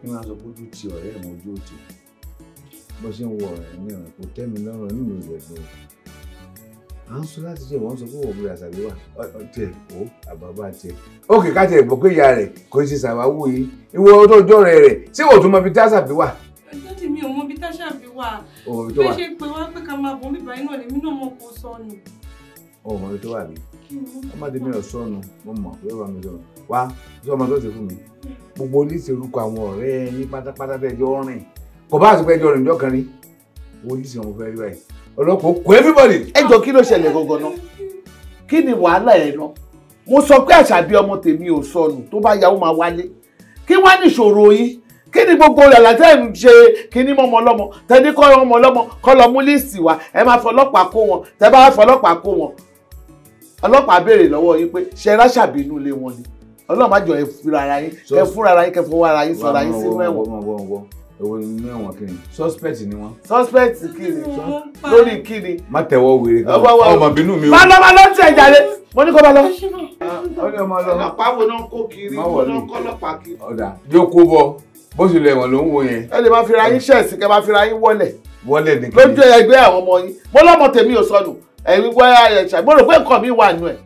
ni wọ́n á sọ pójú ti ọ̀rẹ́ ìmọ̀ ojú òtò bó ṣe ń wọ ọ̀rẹ́ ní ọ̀rẹ́ kò tẹ́ mi lọ́rùn inú mi rẹ̀ dùn à ń sọ láti ṣe ìwọ́n sọ pé wọ́n bóyá ṣàbí wà ọ̀tẹ̀ ó àbábá tiẹ̀ ókè káàtì ẹ̀gbọ́n pé ìyá rẹ̀ kò ṣe ṣàwáwò yìí ìwọ ọdún ọjọ́ rẹ̀ rẹ̀ ṣé wọ́n tún mọ ibi tá ṣàbí wà. jáde mi ò mọ ibi tá ṣàbí wà bí ṣe pé wá pé ká máa bọ̀ bíbá iná lèmi náà mọ̀ kó sọ nù ọmọ mi tó wà bí ọmọdé mi ò sọnù mo mọ̀ pé ọba mi sọnù wá sọ ọmọ tó ti fún mi gbogbo oníṣerúkọ àwọn ọ̀rẹ́ yín pátápátá tẹ́jọ́ rìn kò bá àtúpẹ́ ẹjọ́ rìn jọ́kan rí oníṣẹ́ ọmọ fẹ́ rí báyìí ọlọ́pàá kò everybody. ẹ jọ kí ló ṣẹlẹ̀ gangan náà kí ni wàhálà ẹ náà mo sọ pé àṣàbí ọmọ tèmi ò sọnù tó bá yàwó máa wálé kí wá ní ìṣòro yín kí ni gbogbo rẹ̀ látẹ̀ ń ṣe kínní mọ́ ọmọ ọlọ́mọ tẹ́ni kọ́ ọmọ ọlọ́mọ kọ́ lọ mú líìsì wá ẹ máa fọlọ́pàá kó wọn tẹ́ bá fọlọ́pàá kó wọn ọlọ́pàá béèrè lọ́wọ́ yín pé ṣe ráṣà bínú lé wọn ni ọlọ́run má jọ ẹ fúnra ara yín ẹ fúnra ara yín kẹ ara yín sọra yín sínú ẹ̀wọ̀n èwo inú ẹ̀wọ̀n kí suspect ni wọ́n. suspect kí lórí kí má tẹ̀wọ́ wèrè kan ọmọ bínú mi o. má lọ má lọ tiẹ̀ jáde mo ní kó má lọ. ọdẹ ọmọ lọ. ọlọ́pàá wo náà kó kiri wo náà kọ́ ọlọ́pàá kiri. ọ̀dà yóò kó bọ bó ṣe lọ ẹ̀wọ̀n ló ń wo yẹn. ẹ lè máa fira yín ṣẹ̀sì kẹ́ máa fira yín wọlé. wọlé nìkan. lójú ẹgbẹ́ ẹ̀yin wá ẹ̀ṣà mo rò pé nǹkan mi wà nù ẹ̀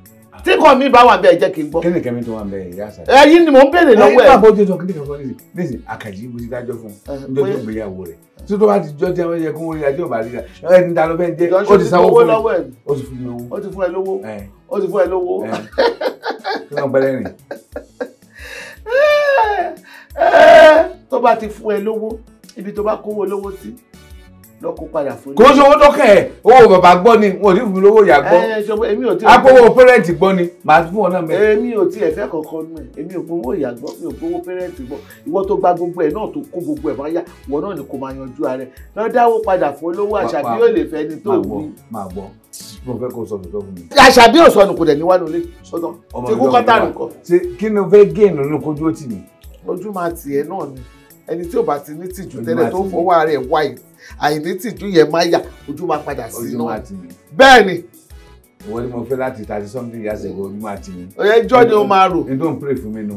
tí nǹkan mi bá wà bẹ́ẹ̀ jẹ́ kí n gbọ́. kí ni kẹ́mi tó wà bẹ́ẹ̀ ìyá àṣà. ẹ̀yin ni mò ń béèrè lọ́wọ́ ẹ̀. ẹ̀yin bàbá ojú tó kí ni kẹ́kọ̀ọ́ nìyí nísìn àkàjì mo ti dájọ́ fún un lójú ìgbéyàwó rẹ̀ tó tó bá ti jọ́ tí wọ́n yẹ kó wọ́n rí ajé òbá rírà ẹni ta ló fẹ́ jẹ́ ó ti sanwó fún mi ó ti fún mi owó ó ti fún ẹ lówó ó ti fún ẹ lówó. kí wọ́n gbẹ́lẹ́ rìn. tó bá ti fún ẹ lówó ibi tó bá kówó lówó sí lọ́kọ́ padà fún mi. kò ṣe owó tọ́kẹ̀ ẹ̀ owó bàbá gbọ́ ni wọn ò ní fún mi lówó ìyá gbọ́. ẹ ṣọpọ èmi ò tí ẹ. apowó pẹ́rẹ́ǹtì gbọ́ ni màá fún ọ náà mẹ́rin. èmi ò tí ẹ fẹ́ kankan nù ẹ̀ èmi ò gbowó ìyá gbọ́ mi ò gbowó pẹ́rẹ́ǹtì gbọ́ ìwọ tó gba gbogbo ẹ̀ náà tó kó gbogbo ẹ̀ bá yá ìwọ náà ni kò máa yanjú ara ẹ̀ náà dáwó padà fún olówó àṣàbí ò lè fẹ́ ni tó wù mo fẹ́ kó sọnù tó fún mi. àṣàbí ò sọnù kò dẹ̀ ní wá nulẹ̀ sọ́dọ̀ tí kú kọ́tà nìkan. kí ni o fẹ́ gé ìnùnú kojú ó tì mí. ojú máa tì ẹ́ náà ni ẹni tí ò bá ti ní tìjú tẹ́lẹ̀ tó fọwọ́ ara ẹ̀ wáyé àyìnbí tìjú yẹn máa yà ojú máa padà sí iná bẹ́ẹ̀ ni. ìwọ ni mo fẹ́ láti thirty something years ago ojú máa tì mí. ẹjọ́ ni o máa rò. n tó ń pray fún mi nu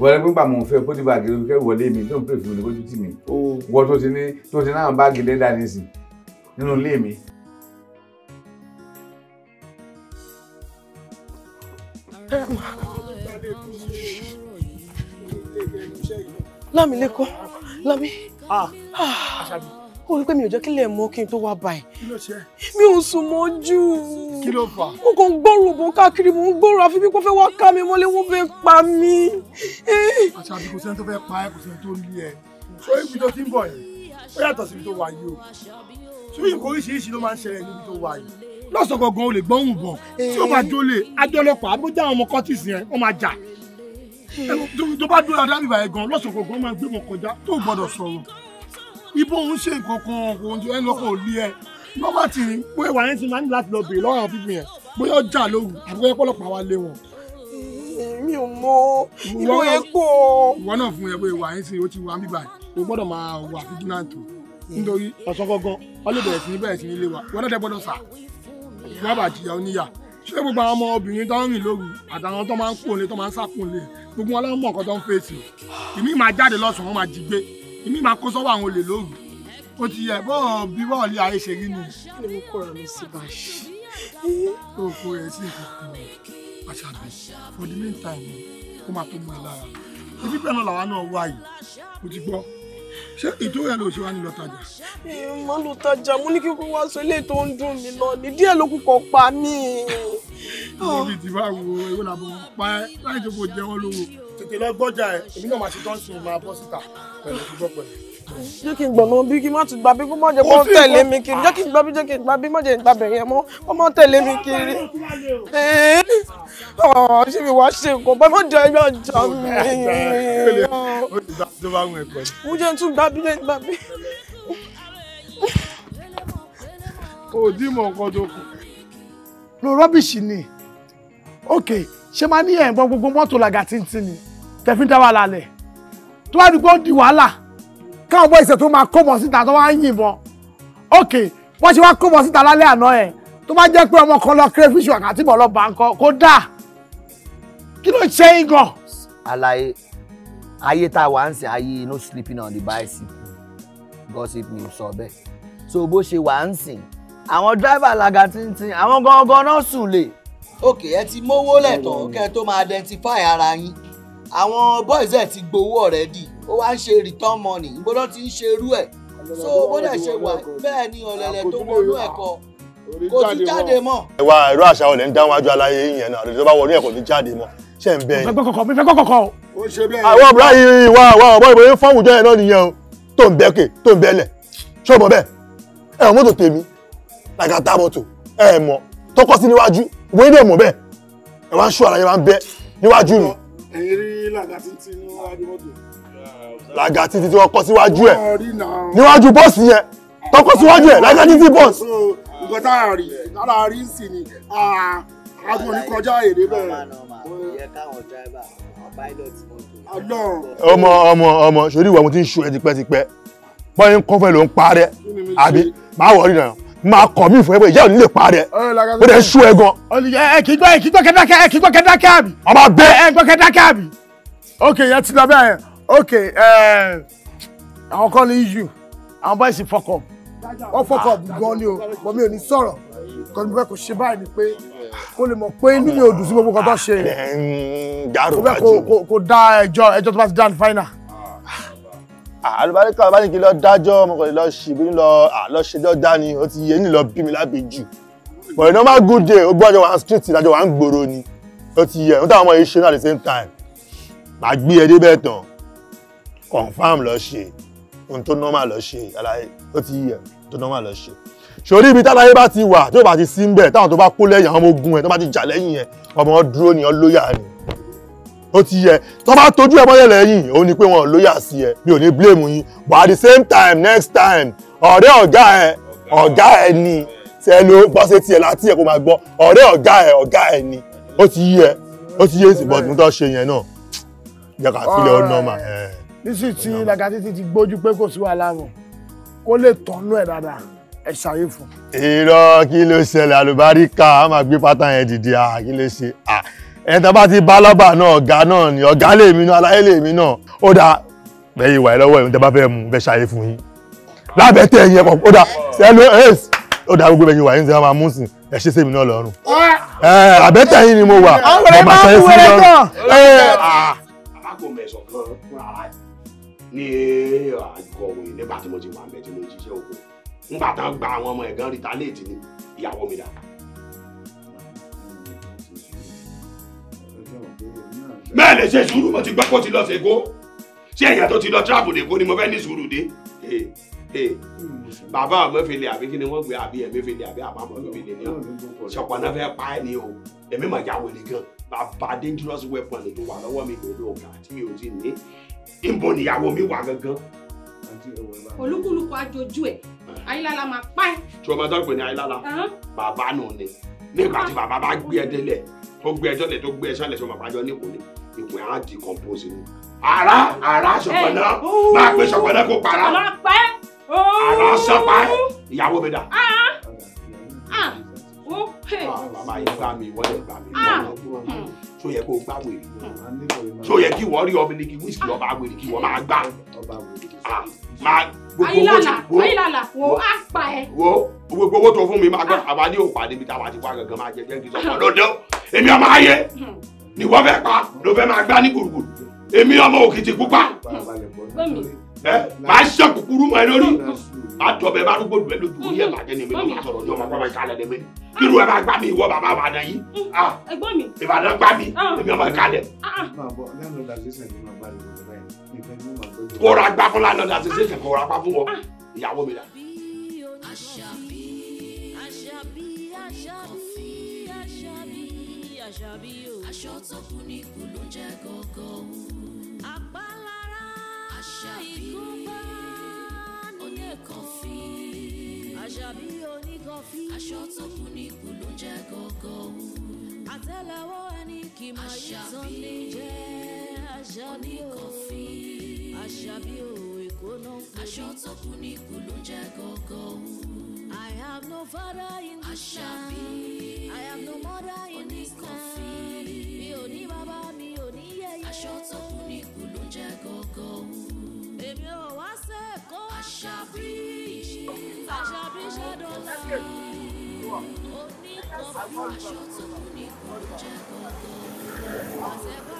wọlé gbígbà mo fẹ́ kó dìbà gidi kẹ́ wọlé mi tó ń pray fún mi lójú tì mí. wọ́n tó ti ní tó ti náà báàgì dẹ́dà nísìn nínú ilé mi. Lámilẹ́kọ̀ọ́ Lámi. Ah. Ah ó rí pé mi ò jẹ́ kí lè mọ kí n tó wá báyìí mi ò sùn mọ́jú kí ló fà mo kàn ń gbóòrò bò káàkiri mo ń gbóòrò àfi bí kò fẹ́ wá ká mi mọ́lé wọ́n fẹ́ pa mí. àṣà àbí kò sẹ́ni tó fẹ́ pa ẹ́ kò sẹ́ni tó ní ẹ sọ ibi tó ti ń bọ̀ yìí ó yàtọ̀ síbi tó wà yìí o sọ ìkó oríṣiríṣi ló máa ń ṣẹlẹ̀ níbi tó wà yìí lọ́sọ̀ gangan o lè gbọ́hùn bọ̀ tí ó bá jólè eh. adọ́lọ́pàá abójá àwọn ọmọ kọ́tìsì yẹn wọ́n máa jà eh. tó bá dúró adábìbà yẹn gan lọ́sọ̀ gangan ó máa gbé wọn kọjá tó gbọ́dọ̀ sọ̀rọ̀ ibo ń ṣe nǹkan kan òun ti ẹni lọ́kọ̀ òlí ẹ lọ́kọ̀ tì í pé ìwà yẹn ti máa ń láti lọ bèèrè lọ́wọ́ àwọn fífi yẹn bóyá ọjà lóru àbúkẹ́ pọ́lọ́pàá wa lé wọn. mi ò mọ ìwọ yẹn kó. ìwọ náà fún yẹn pé ìwà yẹn ti ó ti wà ń bíbà o gbọ́dọ̀ máa wà fíjìláǹtì nítorí ọ̀sán gangan wọ́n lè bẹ̀rẹ̀ sí ní bẹ̀rẹ̀ sí ní ilé wa wọ́n náà tẹ́ gbọ́dọ̀ sà wọ́n bá jìyà oníyà ṣé gbogbo àwọn ọmọ obìnrin tó ń rìn lóru àtàwọn tó máa ń kúnlé tó máa ń sákúnlé gbogbo wọn lọ́wọ́ mọ̀ nǹkan tó ń fèsì ìmí máa jáde lọ́sàn-án wọ́n máa jí gbé èmi máa kó sọ́wọ́ àwọn olè lóru ó ti yẹ bọ́ọ̀ bí bọ́ọ̀ lé ayé ṣe rí nù. kí ni mo kọ́ ra mi sí báyìí. o kò rẹ̀ sí ìkọ̀kọ̀ àṣàbí for the meantime kó máa tó mú ẹ lára ibi bẹ́ẹ̀ náà làwa náà wá yìí mo ti gbọ́ ṣé ìtò rẹ ló ṣe wá ní lọ mo lọ tajà mo ní kí kó wá sọ eléyìí tó ń dùn mí lọ ní díẹ̀ ló kù pa mí. mo bì tí bá wo ewé làbọ̀ pa ẹ́ láì tó kò jẹ́wọ́ lówó tètè lọ gbọ́jà ẹ̀ èmi náà máa ṣe tán sí máa bọ́ síta pẹ̀lú gbígbọ́ pẹ̀lú. jẹ́ kí n gbọ̀nà bí kí n má tún gba bí kó mọ̀ jẹ́ kó tẹ̀lé mi kiri jẹ́ kí n gbọ́ bí jẹ́ kí n gba bí mọ̀ jẹ́ gba bẹ̀rẹ̀ mọ́ kó mọ̀ tẹ̀lé mi kiri. ọ̀ ṣé mi wá ṣe nǹkan bọ́ mọ̀ jẹ́ ẹgbẹ́ ọjọ́ mi. mo jẹ́ tún gba bí jẹ́ gba bí. ò dí mọ̀ nǹkan tó kù. lo rọ́bìṣì ni ok ṣe máa ní ẹ̀ ń gbọ́ gbogbo mọ́tò làgàtìntì ni tẹ̀fín dá wàhálà lẹ̀ tó bá dùgbò di wàhálà káwọn bọ́ ìṣẹ̀ tó máa kó bọ̀ síta tó máa ń yìnbọn ok wọ́n ṣe wá kó bọ̀ síta lálẹ́ àná ẹ̀ tó bá jẹ́ pé ọmọ kan lọ crayfish wà kàtí bọ̀ lọ bá kó dà kí ló ṣe é gan. àlàyé ayé tá a wà ń sìn ayé no sleeping on the bicycle gossip ni sọ bẹ́ẹ̀ so bó ṣe wà ń sìn àwọn driver laga tíntín àwọn gangan náà sùn lè. òkè ẹ ti mówó lẹ̀tọ̀ kẹ́ ẹ tó máa identify ara yín àwọn boys ẹ̀ ti gbowó already ó wá ń ṣe return money ìgbóná ti ń ṣe irú ẹ̀ so bọ́dẹ̀ ṣe wà bẹ́ẹ̀ ni ọ̀lẹ̀lẹ̀ tó wọnú ẹ̀kọ́ kò tún jáde mọ́. ẹ wá ẹ̀rọ àṣà ọ̀lẹ̀ ń dáwájú aláyé yẹn náà àdòdò bá wọnú ẹ̀kọ́ ní jáde mọ́ ṣe ń bẹ́ẹ̀. kọ́kọ́ mi fẹ́ kọ́kọ́ o. àwọn ọ̀bùrá yìí wà wà ọ̀bọ̀ ìbòye fọ́wùjọ yẹn náà nìyẹn o tó ń bẹ́ẹ̀kẹ̀ tó ń bẹ́ẹ̀lẹ̀ ṣé o mọ̀ bẹ́ẹ̀ ẹ ò mọ́tò tèmi làgàtà mọ́tò ẹ mọ̀ ẹ̀yin rí làgàtì tí ní wọ́n wájú mọ́tò. làgàtì tí wọ́n kọ́ síwájú ẹ̀ níwájú bọ́ọ̀sì yẹn tọkọ síwájú ẹ̀ làgàtì tí bọ́ọ̀sì. nǹkan tá a rí tára rí sí ni agbọ̀n ní kọjá èdè bẹ́ẹ̀. ọmọ ọmọ ọmọ sori ìwà mo ti ń ṣu ẹ tipẹ́tipẹ́ bọ́ọ̀ yín kọ́fẹ́ ló ń parẹ́ àbí máa wọ̀ rí náà máa kọ̀ mí fún ẹ pé ìyá ò ní lè pa rẹ ó dẹ̀ sú ẹ gan. ẹ kì í gbọ́ ẹ kì í gbọ́ kẹ́dákẹ́ ẹ kì í gbọ́ kẹ́dákẹ́ àbí. ọba bẹ ẹ gbọ́ kẹ́dákẹ́ àbí. ok yẹn ti lábẹ́ yẹn ok àwọn kan ní iju àwọn báyìí sì fọkọ wọn fọkọ gan ni o bọ mi ò ní sọ̀rọ̀ kan níbẹ̀ kò ṣe báyìí ni pé kó lè mọ̀ pé inú mi gbogbo kan tó ṣe yẹn kó da ẹjọ́ ẹjọ́ tó bá ti dá ní fáínà àlùbáríkà ah, bàbá nìkí lọ dájọ́ mo kàn lè lọ ṣìbí lọ àlọ́ ah, ṣẹjọ́ dání ó ti yé ní lọ bí mi lábẹ́jù but you know my good day ó gbọ́dọ̀ wà street ìdájọ́ wà ń gbòòrò ni ó ti yẹ nítorí àwọn ọmọ yìí ṣe ní at the same time màá gbé ẹ e débẹ̀ tán confam lọ ṣe ohun tó normal lọ ṣe àlàyé ó ti yẹ tó normal lọ ṣe sórí ibi táláyé bá ti wà tí ó bá ti sí ń bẹ̀ táwọn tó bá kó lẹ́yìn àwọn ọmọ ogun ẹ̀ tó bá ti jà lẹ́yìn ẹ̀ ọmọ dúró ni ọ lóyà ni ó ti yẹ tó bá tójú ẹ mọ́lẹ̀ lẹ́yìn òun ni pé wọn ò lóyà sí ẹ mi ò ní blame yín but at the same time next time ọ̀rẹ́ ọ̀gá ẹ ọ̀gá ẹ ni tí ẹ ló bọ́ sí tiẹ̀ láti ẹ̀ kó máa gbọ́ ọ̀rẹ́ ọ̀gá ẹ ọ̀gá ẹ ni ó ti yẹ ó ti yé sí but mo tọ́ ṣe yẹn náà jẹ́ ká fi lè ọ nọ́ọ̀mà. Eh. nísì tí lagati ti ti gbójú pé kò sí wàhálà rẹ kó lè tọ́nú ẹ̀ dáadáa ẹ̀ ṣàyè fún. irọ́ kí ló ṣẹlẹ̀ àlùbáríkà á máa gbé pátá yẹn dìde à kí ló ṣe à ẹ̀ńtà bá ti bá lọ́bà náà ọ̀gá náà ni ọ̀gá lèmi náà aláyé lèmi náà ó dáa bẹ́ẹ̀ ìwà ìlọ́wọ́ ẹ̀ ń tẹ́ fẹ́ mu bẹ́ẹ̀ ṣayé fún yín lábẹ́ tẹ̀ ẹ̀yìn ẹ̀kọ́ ó dáa sẹ́lú ẹ̀ẹ́sì ó dáa gbogbo ẹ̀yìn ìwà yín ti máa mú sìn ẹ̀ ṣe sèmi náà lọ́rùn àbẹ́tẹ̀ yín ni mo wà mo máa ṣayé fún lọ́rùn. ní àgọ̀wé nígbà tí tán gba bẹ́ẹ̀ lè ṣe sùúrù mo ti gbọ́ kó ti lọ ṣèkó ṣé ẹ̀yà tó ti lọ tíráàbù lèkó ni mo fẹ́ ní sùúrù dé bàbá àmọ́fẹ́lẹ́ àbí kí ni wọ́n gbé àbí ẹ̀mẹ́fẹ́lẹ́ àbí àbámọ́fẹ́lẹ́ ni ṣọ̀pọ̀nà fẹ́ pa ẹ́ ni o èmi mà já wọlé gan bàbá dangerous weapon tó wà lọ́wọ́ mi pẹ̀lú ọ̀gá tí mi ò ti ní ìbò níyàwó mi wà gangan. olúkúlùkù ajojú ẹ ayílála máa pa ẹ. tí o máa dọ́gbìn ní ayílála bàbá nù ni nígbà tí bàbá bá gbé ẹ délẹ̀ tó gbé ẹjọ́ lẹ̀ tó gbé ẹjọ́ lẹ̀ sọ́mọ̀ àpájọ nípò ni ìpè á di compose ni. ara ara ṣọpọ̀nà oh. máa pe ṣọpọ̀nà kó para. ọlọpẹ ara ṣọpa oh. ìyàwó mi dà. Ah. Ah. Oh, ah, bàbá yìí gbá mi ìwọ́lẹ̀ gbá mi ìwọ́lẹ̀ tó hmm. yẹ kó gbá wèrè tó hmm. yẹ kí wọ́n rí ọmọ ní wíṣkì ọba wèrè kí wọ́n máa gbá máa ayílàlà ayílàlà wo á pa ẹ. wo gbogbo owó tó fún mi máa gbọ́dọ̀ àbádé ò pàdé mi táwa ti wá gangan máa jẹ jẹ́ǹkì sọ́kàn lọ́dọ̀ èmi ọmọ ayé ni wọ́n fẹ́ pa ló fẹ́ máa gbá ní gbùrùgbùrù èmi ọmọ òkìtì pupa. ẹ máa ṣe kúkúrú mọ́ ẹ lórí àtọ̀bẹ̀ bá rúgbòdù ẹ lójú orí ẹ̀ bàjẹ́ ni mi ló sọ̀rọ̀ ọjọ́ ọmọ pápá ìkàlẹ̀ lẹ́mẹ́ irú ẹ bá gbá mi ìwọ bàbá Ìbàdàn yìí mm. ah. Ìbàdàn gbá mi ah. èmi ọmọ ìkàlẹ̀. Ah, kó ra gbá fún landlord association kó ra pa fún wọn ah. ìyàwó mi dà. aṣọ tó kù ní ikú ló jẹ́ gọ́gọ́ wù. àpalára ìkúnpá oníkọ̀fí. àṣàbí oníkọ̀fí. aṣọ tó kù ní ikú ló jẹ́ gọ́gọ́ wù. àtẹ́lẹwọ́ ẹni kì í máa yí tán ní jẹ́ àṣàbí oníkọ̀fí àṣàbí o èkó náà aṣọ tó kù ní ikú ló ń jẹ́ gọ́gọ́ o. I have no father in this town. I have no mother in this town. Mi ò ní bàbá mi ò ní yẹ̀yẹ́. Aṣọ tó kù ní ikú ló ń jẹ́ gọ́gọ́ o. Èmi ò wá ṣe kó àṣàbí. Àṣàbí ṣàdọ̀ sí. Oníkọ̀ọ́ aṣọ tó kù ní ikú ló ń jẹ́ gọ́gọ́ o.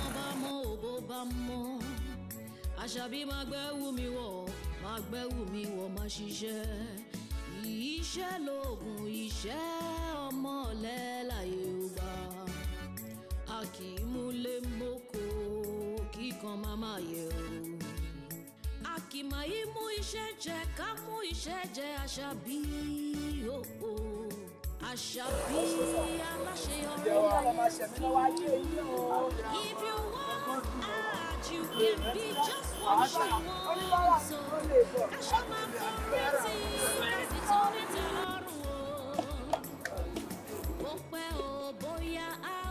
bá mọ́ àṣàbí máa gbẹ́wù mi wọ̀ máa gbẹ́wù mi wọ̀ máa ṣiṣẹ́ iṣẹ́ lóògùn iṣẹ́ ọmọọ̀lẹ́ láyé ọgbà a kì í múlé mọ́kò kíkan máa máa yẹ̀ o kìmà yìí mú iṣẹ́ jẹ ká mú iṣẹ́ jẹ àṣàbí òpó àṣàbí aláṣeyọrí láyé tó if you you can be just what you want. So, Kashama Kumasi, it's on its own.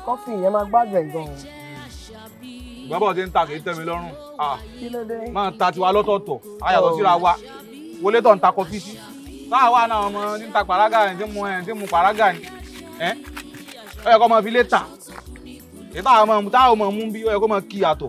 Kọ́fì yẹn máa gbádùn ẹ̀ gan-an. Gbọ́bọ̀ ti ń ta kì tẹ́ mi lọ́rùn. Máa ta tiwa lọ́tọ̀ọ̀tọ̀, a síra wa. Wọlé tó ń ta kọfí sí. Táwa náà ọmọ ní ta pàrágà ẹ̀ tí mu ẹ̀ tí mu pàrágà ni. Ẹ ó yẹ kó fi lé tà. Ètò àwọn ọmọ táwọn ọmọ mú bí ó yẹ kó kí yàtọ̀.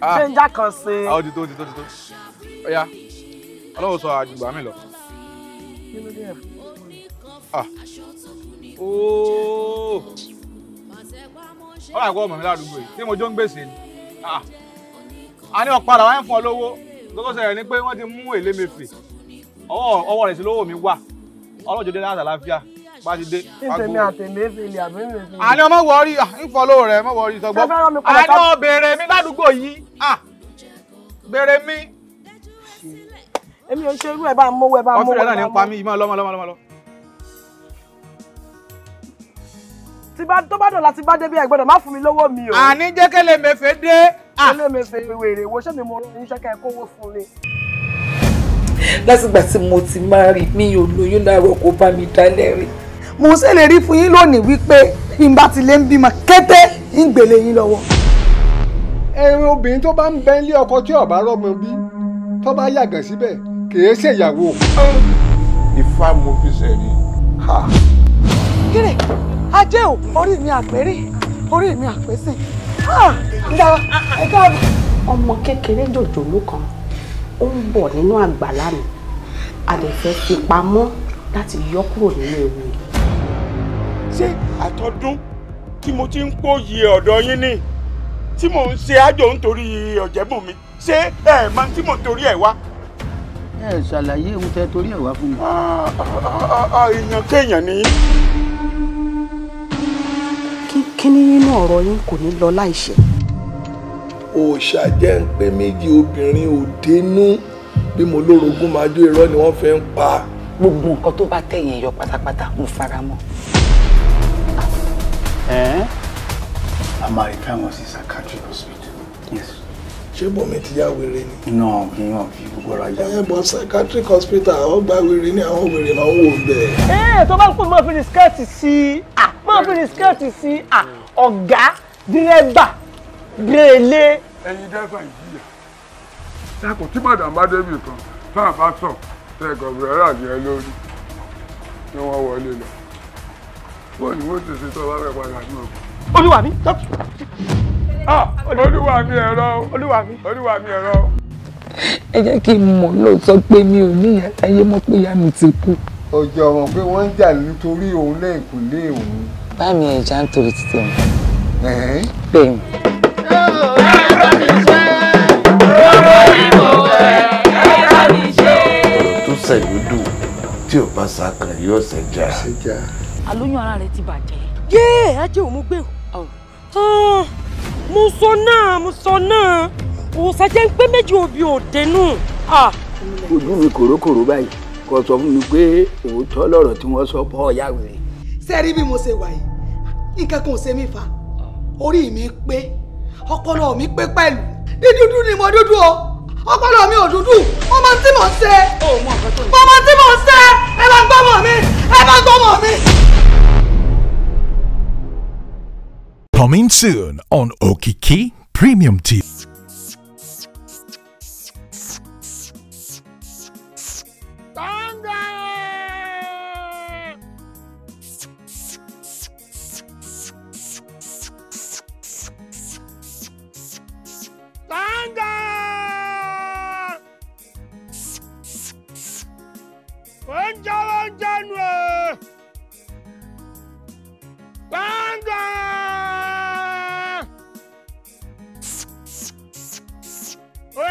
gbẹ̀njà ah. kan ṣe. ọ ah, ti tó ti tó ti tó ọ̀ya ọlọ́wọ́ sọ àjùgbà mi lọ. ọ̀rọ̀ àgọ́ ọmọ mi ládùúgbò yìí tí mo jó ń gbèsè ni ah. a ní ọ̀padà wáyé fún ọ lówó lọ́kọ́ sẹ̀rẹ̀ ni pé wọ́n ti mú èlé mi fè ọwọ́ rẹ̀ sí lówó mi wà ọlọ́jọ́dé láti àlàáfíà bá ti dé. ìtẹ̀mí àtẹ̀lé fèlè àbí ìrìn fèlè. àní ọmọ wọrí ìfọlọ rẹ ọmọ wọrí sọgbọ. àní ọ bèrè mi ládùúgbò yìí bèrè mi. èmi ò ṣe irú ẹ̀ bá mọ́wọ́ ẹ̀ bá mọ́wọ́. ọ̀fìnrẹ́ náà ní pa mí ìmọ̀ lọ́mọ lọ́mọ lọ́mọ lọ. tó bá dọ̀la ti bá dé bí ẹ gbọ́dọ̀ má fún mi lówó mi o. àní jẹ́ kẹ́lẹ́ mẹ́fẹ́ dé. kẹ́lẹ́ lásìgbà tí mo ti máa rí mi ò lóyún láàárọ̀ kó bá mi dálẹ̀ rí mo ń ṣèlérí fún yín lónìí wípé bí n bá ti lè ń bímọ kété ń gbèlè yín lọ́wọ́. ẹran obìnrin tó bá ń bẹ ilé ọkọ tí ọba rọmọ bí tó bá yàgàn síbẹ̀ kìí ṣèyàwó. ifá mo fi ṣẹ̀rí. kíni ajé ò orí mi àpérí orí mi àpésìn ọmọ kékeré jòjòló kan ó ń bọ̀ nínú àgbàlá mi a fi pamọ́ láti yọ kúrò nínú ewu ṣé àtọ́dún tí mo ti ń pòyì ọ̀dọ̀ yín ni tí mò ń ṣe àjò nítorí ọ̀jẹ̀bùn mi ṣé ẹ mọ tí mò ń torí ẹ̀ wá. ẹ ṣàlàyé ohun tẹ torí ẹ̀ wá fún mi. Ah, ah, ah, èèyàn kéèyàn ni. kíní nínú ọ̀rọ̀ yín kò ní lọ láìṣẹ. òòṣà jẹ́ ń pé méjì obìnrin ò dénú bí mo lórogún máa jó irọ́ ni wọ́n fi ń pa. gbogbo nǹkan tó bá tẹ̀yìn yọ pátápátá mo fara mọ́. Eh? American was in psychiatric hospital. Yes. ṣé bọ̀mí ti yá wèrè ni. náà kì í hàn kí gbogbo ara yá. ẹ eh, psychiatric hospital àwọn gba wèrè ní àwọn wèrè náà wò ń bẹ. ẹ eh, tó bá kú máa fi ní skẹ́ẹ̀tì sí à máa fi ní skẹ́ẹ̀tì sí à ọ̀gá dírẹ́bà gbélé. ẹ̀yin dẹ́fà ìjìyà ṣàkó tí madam bá débi kan tá a bá sọ tẹ gọbìrẹ́rà jẹ lórí ni wọ́n wọlé lọ wọ́n ní wọ́n ti ṣe tọ́ wáfẹ́ padà ní òkú. olúwa mi tọ́kì. Ah, ah, olúwa mi ẹ̀rọ olúwa mi olúwa mi ẹ̀rọ. ẹ jẹ́ kí n mọ̀ lóòótọ́ pé mi ò ní ìyá táyé mọ́ pé mi ti kú. ọjọ́ ọmọ pé wọ́n ń jà nítorí òun lẹ́ẹ̀kùn lé òun. bá mi ẹja ń torí títí wọn. bẹ́ẹ̀ ni. tó sẹ̀yìn dùn tí ò bá sá kan yóò ṣẹ̀já àlóyún ara rẹ ti bàjẹ́. yéè ajé òun mo gbé o. Ah, mo sọ náà mo sọ náà òòsà jẹ́ pé méjì òbí ò dénú. Ah. ojú mi kòrókòró báyìí kò sọ fún mi pé òótọ́ lọ̀rọ̀ tí wọ́n sọ bọ́ ọ̀yá rẹ̀. sẹ́rí bí mo ṣe wà yìí nǹkan kan ò ṣe mí fa orí mi pé ọpọlọ mi pé pẹ̀lú dídúdú ni mo dúdú o ọpọlọ Coming soon on Okiki Premium TV.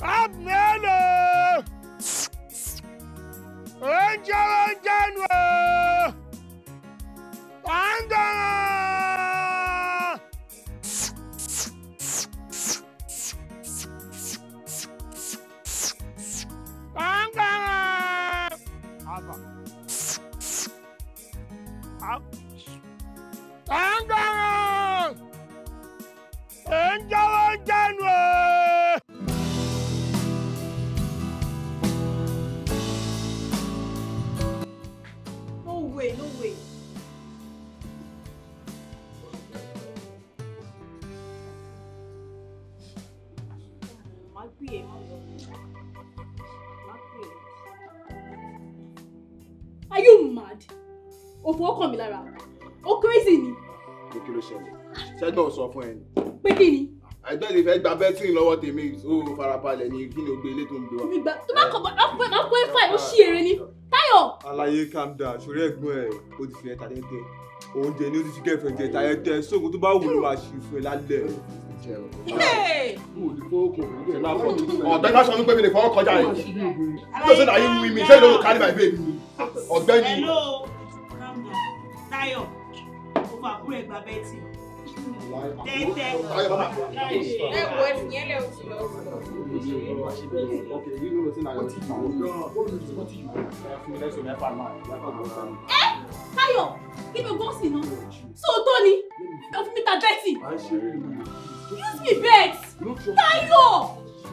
Abnelo! Angel Angela! Angela! Angela! Angela! dókítà sọ fún ẹ. pé kí ni. ẹgbẹ́ ti fẹ́ gba bẹ́tìrì lọ́wọ́ tèmi ó farabalẹ̀ ní kí ni o gbé ilé tó ń gbé wa. mi gba tó bá kọ bá pé fà ó ṣí eré ni Táyọ̀. alaye calm down sórí ẹ̀gbọ́n ẹ o ti fi ẹ tàdé tẹ oúnjẹ ni o ti fi kẹfẹ jẹ tàyẹ tẹ sóògùn tó bá wù ló máa ṣì fún ẹ lálẹ́ ọ̀gbẹ́ni aṣọ mi pé mi lè fọwọ́ kọjá yìí tó ṣe dàá yín wí mi ṣé ìlú kárí bàbá mi ọ̀gbẹ́ni. Táyọ̀ gbogbo àbúrò ẹ̀ bẹ́ẹ̀ tì í tẹ́tẹ́ ẹ wo ẹ̀fìyẹn lẹ̀ oṣù lọ́wọ́. So Tony, kí ni me that ná Excuse ni ẹ fún mi ta bẹ́ẹ̀tì use me bet Táyọ̀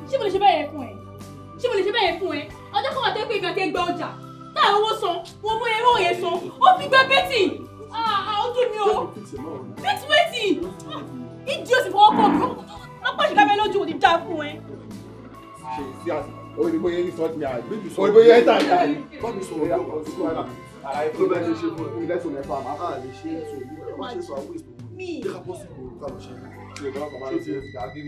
ṣé mo lè ṣe bẹ́ẹ̀ yẹn fún ẹ ṣé mo lè ṣe bẹ́ẹ̀ yẹn fún ẹ ọjọ́ kan wà tó pé ìgbà tí ẹ gba ọjà táwọn owó san owó ẹ̀rọ ah ó dùn mí o wait wait ìdí òsì fọwọ́ kọ̀ mí apáṣíká mi to òní dá fún ẹ. ṣe going to orí ni bóyá insult mi àyè orí bóyá ẹ̀ tà yà yìí bọ́ọ̀mù sọ̀rọ̀ yà kọ̀ sí wàhálà àyè tó bẹ́ẹ̀ ṣe fún ilé ẹ̀sùn mẹ́fà máa ń lè ṣe é tó ìlú ẹ̀ máa ṣe é tó àwọn ìṣòro mi. I'm very, very sorry.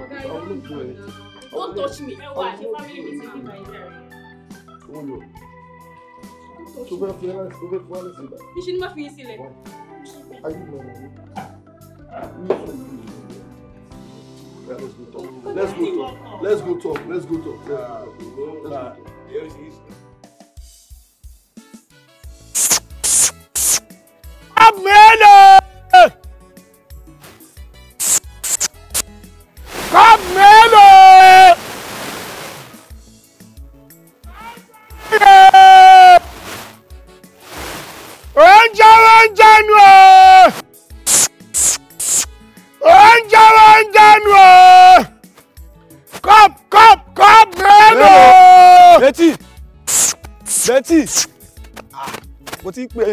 Okay, I wouldn't Don't touch me. Don't touch me. Yeah, let's go talk. Let's go talk. Let's go talk. Let's go talk. Let's go talk. Let's go talk. Amelo!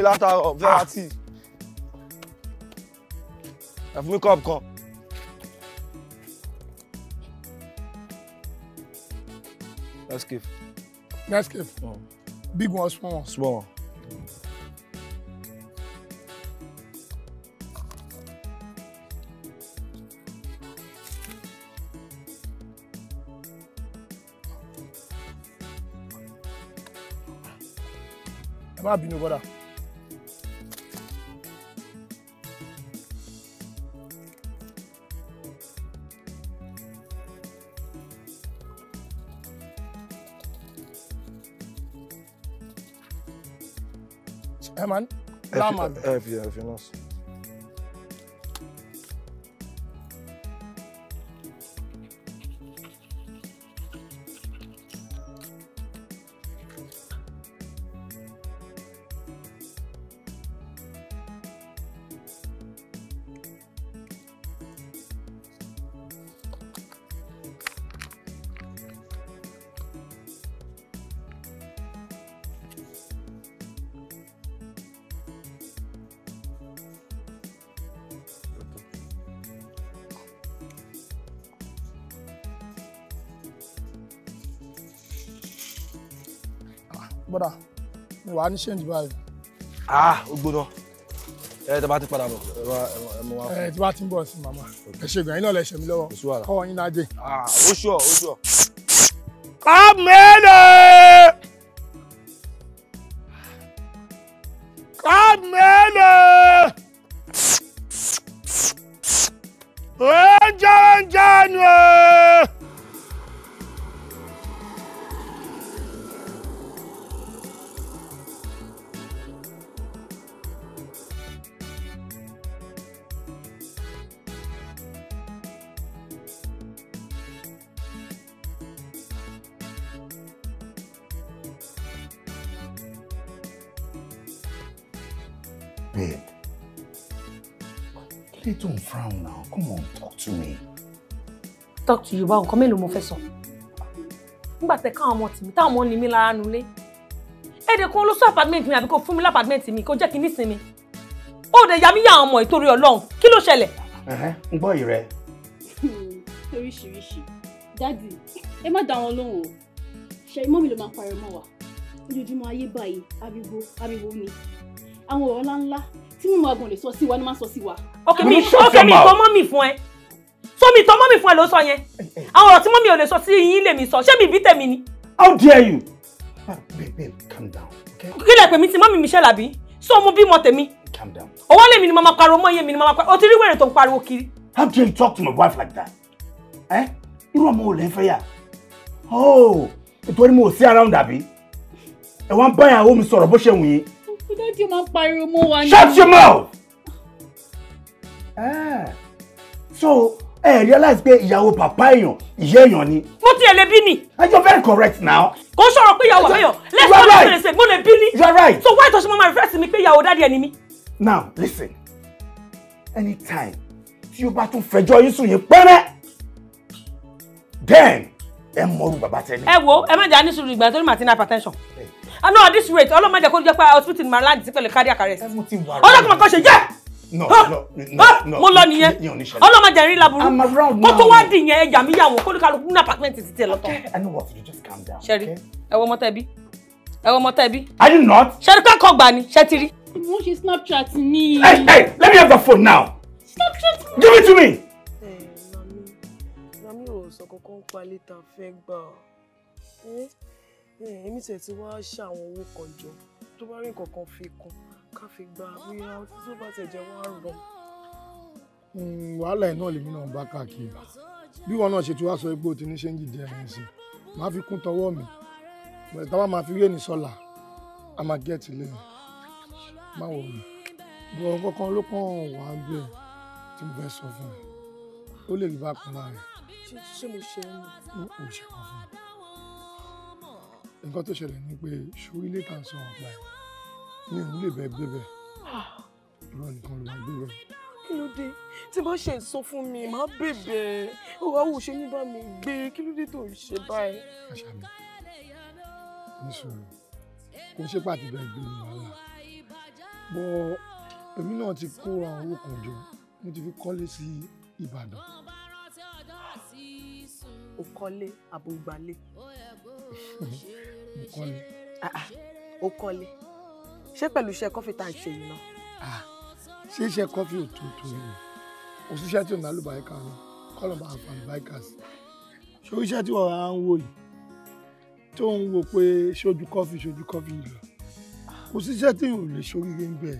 látàárọ̀ fẹ́ ra tíì ẹ kan. Nescafe. Nescafe. Oh. Hmm. Big one, small one. Small one. ẹ má bínú bọ́dà. Hemen daman. Efi, efi, efi, nasıl? àwa ní ṣèǹdì báyìí. ah ó gbóná ẹ tí bá ti padà bọ̀ ẹ mọ wá. ẹ tí bá ti ń bọ̀ sí màmá ẹ ṣe gbọ̀nyìn náà lẹ ṣe mí lọ́wọ́ kọ́ yín lájẹ. Ah, ó ṣùọ́ ó ṣùọ́. come in. frown now. Come on, talk to me. Talk to you, but come in báwo nǹkan mélòó mo fẹ́ sọ? Nígbà tẹ káwọn ọmọ tìmí táwọn ọmọ ní mi lára nulẹ̀. Èdè kan ló sọ apartment mi àbí kò fún mi lápàtment mi kò jẹ́ kí n nísinmi. Ó dẹ̀ yà mí yà àwọn Uh huh. Ọlọ́run. Kí ló ṣẹlẹ̀? Ń gbọ́ ìrẹ́. Oríṣiríṣi. Dádì, ẹ má dá wọn lóhùn o. Ṣé mọ́mì ló do my mọ́ wa? Have ayé go, have ariwo go. Me. I'm all tí mímú agbọ̀n lè sọ sí see one man, so see one ok mi ok mi tọ mọ́ mi fún ẹ so mi tọ mọ́ mi fún ẹ ló sọ yẹn àwọn ọ̀rọ̀ tí mọ́ mi ò lè sọ sí yín lè mi sọ ṣé mi bí tèmi ni. how dare you ah, babe babe calm down. kí lè pè mí tí mọ́ mi Michelle àbí so mo bímọ tèmi. calm down. owó lè mi ni mo máa pariwo mọ́ iye mi ni mo máa pariwo o ti rí wèrè tó ń pariwo kiri. how dare you talk to my wife like that. ẹ eh? irú ọmọ olè ń fẹ́ yà oh ìtorí mo ò sí around àbí ẹ wá ń bá ìyàwó mi sọ̀rọ̀ bó ṣe wù yín. ìdájọ́ máa pariwo mọ́ wa ní. shut your mouth. Eh. so ẹ eh, realize pé ìyàwó papa. èèyàn ìyá èèyàn ni. mo ti ẹ̀ lè ni. and you're very correct now. kò sọ̀rọ̀ pé ìyàwó bàbá èèyàn lẹ́sìn ọ̀rọ̀ fèrèsé mo lè bí ni. you are right. so why does Mama máa refer sí me pé ìyàwó dáàdi ẹ̀ now listen anytime tí o bá tún fẹjọ́ yín sùn yín pẹ́rẹ́ then ẹ mọ̀rú bàbá tẹ́lẹ̀. ẹ wo ẹ má jà ní sùúrù ìgbà nítorí hypertension. I know at this rate All of my ọlọ́mọdé kò jẹ́ pé hospital ní maryland ti pẹ̀lú cardiac arrest. ọlọ́kùnrin kan ṣe jẹ́. Ah! no no ah! no mo lọ nìyẹn ọlọmọdé rí laburu kó tó wá dì yẹn ẹjà mi yà wò kó ló kálukú ní apartment ti tẹ lọ́tọ̀. I know what you just calm down. sẹ́rí ẹ wọ mọ́tẹ́ bí ẹ wọ mọ́tẹ́ bí. Are you not? sẹ́rí kọ́kọ́ gbà ni ṣẹ́ ti rí. mo ṣe Snapchat ní. Hey hey let me have the phone now. Snapchat mi. Give it to me. Mami ò sọ kankan pa lítà fẹ́ gbà ọ́. Hmm? Hmm, èmi tẹ̀ ti wá ṣàwọn owó kan jọ tó bá rí nǹkan kan fi kún ká fi gba bóyá ọtí tó bá tẹ̀jẹ̀ wá rọ. Hmm, wàhálà iná lèmi náà bá káàkiri bí wọn náà ṣe ti wá sọ pé o ti ní ṣéǹjì díẹ̀ ní sí màá fi kún tọwọ́ mi táwa máa fi rí ènì sọlá a máa gẹ́ẹ̀tì lẹ́yìn má wọ̀ mí bọ̀ kankan ló kàn wá ń bẹ̀ tí mo fẹ́ sọ fún ẹ ó lè rí bákan láàrin. ṣé mo ṣe é ní. ó ṣe wá fún mi nǹkan tó ṣẹlẹ̀ ni pé ṣorílẹ̀ kan sọ ọ̀gbà ẹ̀ mi ò ní lè bẹ́ẹ̀ gbé bẹ́ẹ̀ ìwọ nìkan ló máa gbé bẹ́ẹ̀. kí ló dé tí bá ṣe sọ fún mi máa bẹ̀bẹ̀ ó wá wò ṣe ní bá mi gbé kí ló dé tó ń ṣe báyìí. àṣà mi ní sọ̀rọ̀ kò ṣe pàtó bẹ́ẹ̀ gbé mi wàhálà bọ́ èmi náà ti kó àwọn owó kan jọ mo ti fi kọ́lé sí Ìbàdàn. o kọ́lé àbò ìgbàlè. mo kọ́lé. Ah, ah. o kọ́lé ṣé pẹ̀lú iṣẹ́ kọ́fì tá à ń ṣe yìí náà. ṣé iṣẹ́ kọ́fì ò tó tó yìí òṣìṣẹ́ tí ò ní àlùbáríkà lọ kọ́lọ̀ bá àǹfààní báríkà sí ṣé iṣẹ́ tí wọ́n á ń wò yìí tó ń wò pé ṣojú kọ́fì ṣojú kọ́fì yìí lọ òṣìṣẹ́ tí ò lè ṣoríire ń bẹ̀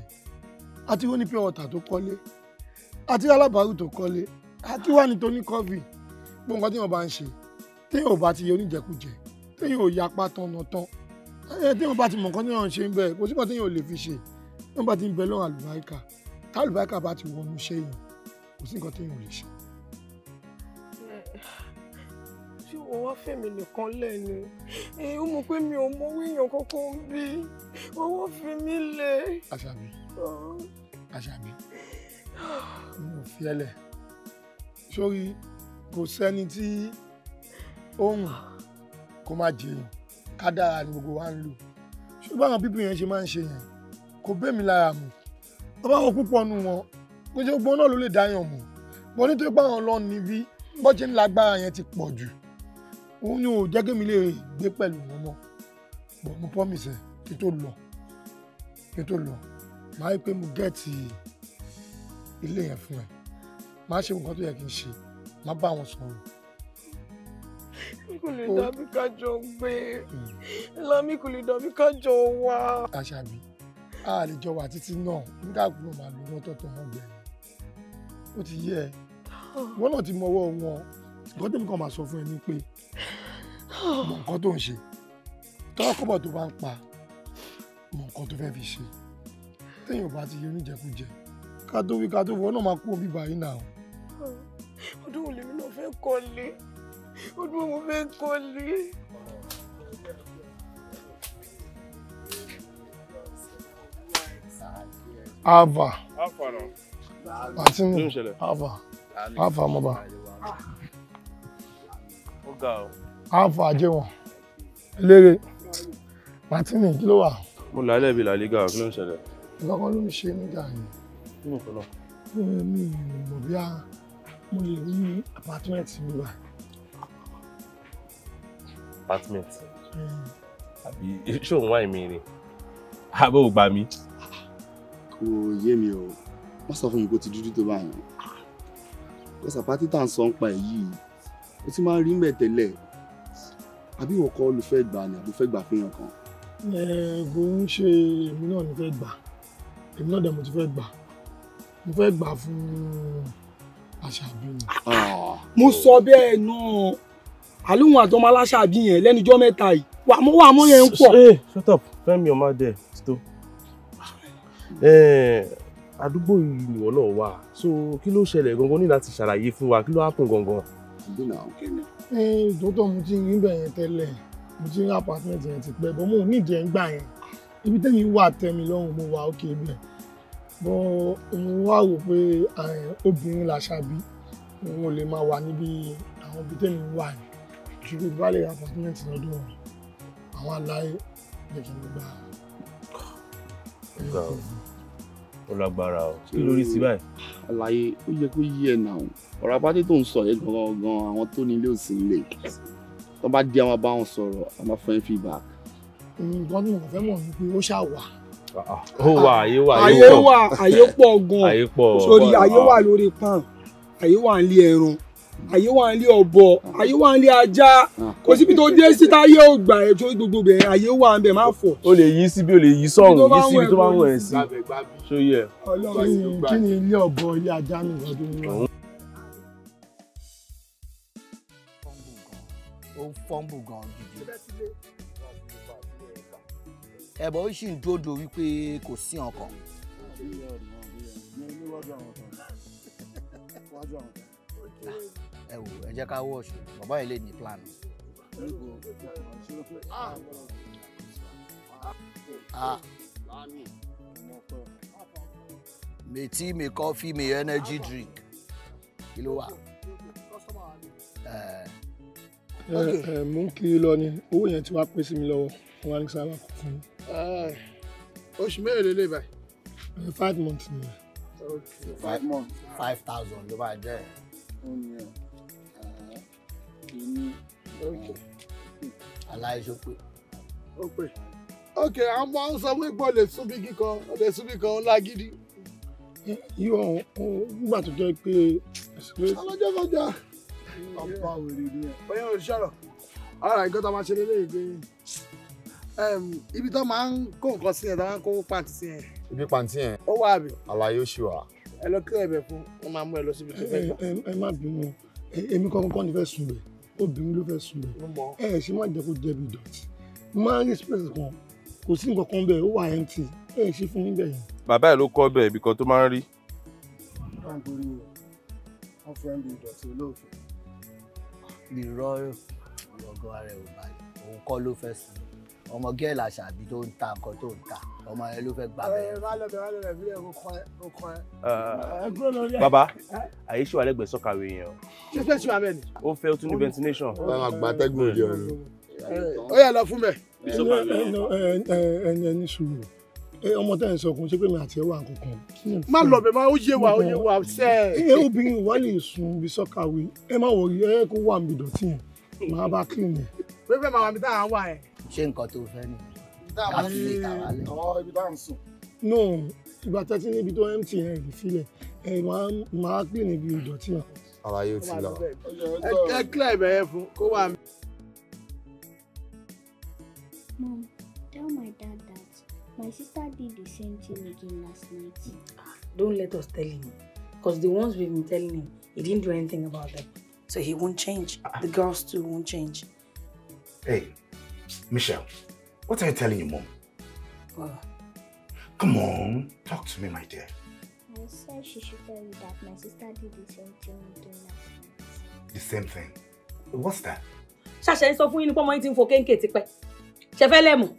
àti ó ní pure water tó kọ́lé àti alábàárù tó kọ́lé àti wà ní tó ní kọ́fì tí wọ́n bá ń ṣe téèyàn ò bá ti yẹ oníjẹkújẹ téèyàn ò yapa tán náà tán ẹ eh, tí wọn bá ti mọ nǹkan tí wọn ṣe ń bẹ kò síbọ̀ tí yẹn ò lè fi ṣe wọn bá ti ń bẹ lọ́wọ́ àlùbáríkà tá àlùbáríkà bá ti wọnú iṣẹ́ yìí kò sí nǹkan tí yẹn ò lè ṣe. Eh, ṣé wọn wá fẹmi nìkan lẹ́nu eh, ó mọ̀ pé mi ò mọ wíyàn kankan bí owó fi mí lẹ. àṣàbí ah. àṣàbí mi ò fi ẹlẹ sórí kò sẹ́ni tí ó ń kó má jẹyàn kádàrà ni gbogbo wa ń lò ṣùgbọ́n àwọn pípìn yẹn ṣe máa ń ṣe yẹn kò bẹ́ẹ̀ mi lára mu ọba wo púpọ̀ nu wọn kó ṣe gbọ́n náà ló lè dáyàn mọ̀ bọ́ nítorí pé àwọn ọlọ́run ní bí bọ́ọ̀ṣì ń lágbára yẹn ti pọ̀ jù òun ni ò jẹ́ kí mi lè gbé pẹ̀lú wọn mọ́ bọ̀ mo promise kí tó lọ kí tó lọ màá rí pé mo gẹ́ẹ̀tì ilé yẹn fún ẹ màá ṣe nǹkan tó yẹ kí n ṣe màá bá wọn sọ̀rọ̀ kò lè dàbí kájọ gbé lámì kò lè dàbí kájọ wá. Àṣàbí a lè jọ wà títí náà nígbàgbọ́ náà máa lo wọn tọ́tọ̀ wọn gbẹ ó ti yé ẹ ah. wọn náà ti mọwọ́ wọn nǹkan tó ń kàn máa sọ fún ẹ ni pé ah. mọ nǹkan tó ń ṣe tọ́wọ́ kọ́bọ̀ tó bá ń pa mọ nǹkan tó fẹ́ fi ṣe téèyàn bá ti yẹ oníjẹkújẹ ká tó wí ká tó fọ náà máa kú òbí báyìí náà. Ah. ọdún òlèmí náà fẹ́ kọ́lé ó ní mo fẹ́ kọ́lé. Ava. Àtínú. Ava. Ava mọba. Ava àjẹwọ̀n. Eléré. Martini kí ló wà? Mo lálẹ́ bí lálẹ́ gà kí ló ń ṣẹlẹ̀? Ìkọ́kọ́ ló ń ṣe nígbà yìí. Kí ni ìkọlọ? Mi ò mọ̀ bí a apartment àbí hmm. ṣé òun wá ìmí ni àbó ò gbà mí. kò yé mi o wọ́n sọ fún mi kó ti dúdú tó bá yẹn kó sàpátì tá à ń sọ ń pa èyí o ti máa ń rí mẹ́ tẹ́lẹ̀ àbí ìwọ kọ́ ló fẹ́ gbà ni àbí fẹ́ gbà fihàn kan. ẹ kò ń ṣe èmi náà ní fẹ́ gbà èmi náà dẹ̀ mo ti fẹ́ gbà mo fẹ́ gbà fún àṣàbí mi. Ah. mo sọ bẹ́ẹ̀ náà àlóhùn àtọmọ aláṣà bí yẹn lẹ́nujọ́ mẹ́ta yìí wà mọ́ wà mọ́ yẹn ń pọ̀. shut up fẹ́mi ọmọ adẹ tó àdúgbò yìí nìwọ náà wà so kí ló ṣẹlẹ̀ gangan ní láti ṣàlàyé fún wa kí ló hápùn gangan. ìdótọ̀ mo ti rí bẹ̀yẹn tẹ́lẹ̀ mo ti rí àpàtẹ́ǹtì yẹn ti pẹ́ bọ́ mo ní ìjẹ́ ń gbà yẹn ibi tẹ́mi wà tẹ́mi lọ́hùn mo wà ókè bẹ̀ bọ́ òun wá wò pé obìnrin làṣà bí òun ò lè máa wà níbi àwọn ibi tẹ́mi wà ní kí gbogbo bá lè ra apartment lọ́dún wọn àwọn aláyé lè kí gbogbo àgbà ó lágbára o kí lórí sí báyìí. àlàyé ó yẹ kó yí ẹ náà ọ̀rọ̀ apáté tó ń sọ yẹn gangan gan àwọn tó nílé ò sí nílé tó bá di àwọn bá wọn sọ̀rọ̀ a máa fún ẹ fi bá. nǹkan tí mo fẹ́ mọ̀ ni pé ó ṣàwà ó wà ayé wà ayé pọ̀ ayé wà ayé pọ̀ gan-an sórí ayé wà lórí pan ayé wà nílé ẹran ayé wà ń lé ọ̀bọ ayé wà ń lé ajá ah. kò síbi tó dé síta ayé ò gbà ẹ tó gbogbo bẹ ayé wà ń bẹ má fọ. o lè yí síbi o lè yí sọ̀rùn yí síbi tó bá ń wọ̀ ẹ̀ sí ṣó yẹ. Ọlọ́run kí ni ilé ọ̀bọ ilé ajá mi lọ́dún náà. ó ń fọ́nbù gan gidi ẹ̀bọ̀ ó sì ń dódò wípé kò sí ọkàn. wájú àwọn kan ẹ ẹ jẹ́ ká wọ ọṣù bàbá yìí lè ní plan. Ah. mi tea mi coffee mi energy drink kí ló wà. Eh, eh, eh, mú kí lọ ni owó yẹn ti wá pèsè mi lọ́wọ́ wọn ní sábà kò fún mi. oṣù mélòó lè lè báyìí. five months ni. Okay. five months. five thousand ló bá jẹ́ oníyàn ìní. aláìsó pé. ó pè ókè àwọn ọmọ ń sọ wípé lè súnbí kíkan lè súnbí kan lágídí. yíyọ nígbà tó jẹ́ pé. ọlọ́jọ́ kọjá. ọ̀pọ̀ àwọn èrè ni ẹ̀. bóyá o ṣọ̀rọ̀ ọ̀rọ̀ nǹkan tó máa ṣe lélẹ́yìn pé ibi tó máa ń kó nǹkan sí yẹn tó máa ń kó pàǹtí sí yẹn. ibi pàǹtí yẹn. ó wà àbí. àlàyé ó ṣì wà ẹ lọ kí ẹ̀bẹ̀ fún wọn máa mú ẹ lọ síbi tó fẹ́ gbà. ẹ má bínú èmi kankan kọ́ ni fẹ́ sùn rẹ̀ obìnrin ló fẹ́ sùn rẹ̀ ẹ ṣe má jẹ́ kó jẹ̀bi ìdọ̀tí marriage space kan kò sí nǹkan kan bẹ́ẹ̀ ó wà empty ẹ ṣe fún mi bẹ́ẹ̀ bàbá ẹ ló kọ́ bẹ́ẹ̀ ibì kan tó máa ń rí. wọ́n fẹ́ ń bi ìdọ̀tí olóòfin. ò báyìí òun ọmọ gẹ́ẹ̀lì àṣàbí tó ń ta nǹkan tó ń ta ọmọ yẹn ló fẹ́ gbà bẹ́ẹ̀. bàbá àyíṣẹ́ wà lẹ́gbẹ̀ẹ́ sọ́kàwé yẹn o. ṣé fẹ́ sùn abẹ́ni. ó fẹ́ ó tún ní ventilation. ó máa gba atẹ́gùn òde ọ̀run. ó yà lọ fún mẹ́. ẹni ẹni sùúrù ọmọ tẹ́ ń sọ kún ṣé pé mi àti ẹ wà kankan. má lọ bẹ̀ máa ó yé wa ó yé wa sẹ́ẹ̀. ẹ obìnrin wa lè sun ibi sọ́kàwé ẹ má wọ̀ ẹ kó wà níbi dọ̀tí yẹn máa bá clean ẹ. pé fẹ́ máa wà mí táwọn wà ẹ̀ ṣé nǹkan tó fẹ́ ni ká fi lè kà wálẹ̀. níbi tó mt yẹn rí sílẹ̀ ẹ máa pè níbi ìdọ̀tí yẹn. àlàyé ò ti lọ. ẹ kílẹ̀ ìbẹ̀yẹ fún kó wà mí. Mom, tell my dad that my sister did the same thing again last night. Don't let us tell him. Because the ones we've been telling him, he didn't do anything about them. So he won't change. The girls too won't change. Hey, Michelle, what are you telling your mom? Well, Come on, talk to me, my dear. I said she should tell you that my sister did the same thing with doing The same thing? What's that? Ṣàṣẹ ń sọ fún yín nípa ọmọ yín tí ń fò kéńkè tipẹ́. Ṣé fẹ́ lẹ́mọ̀?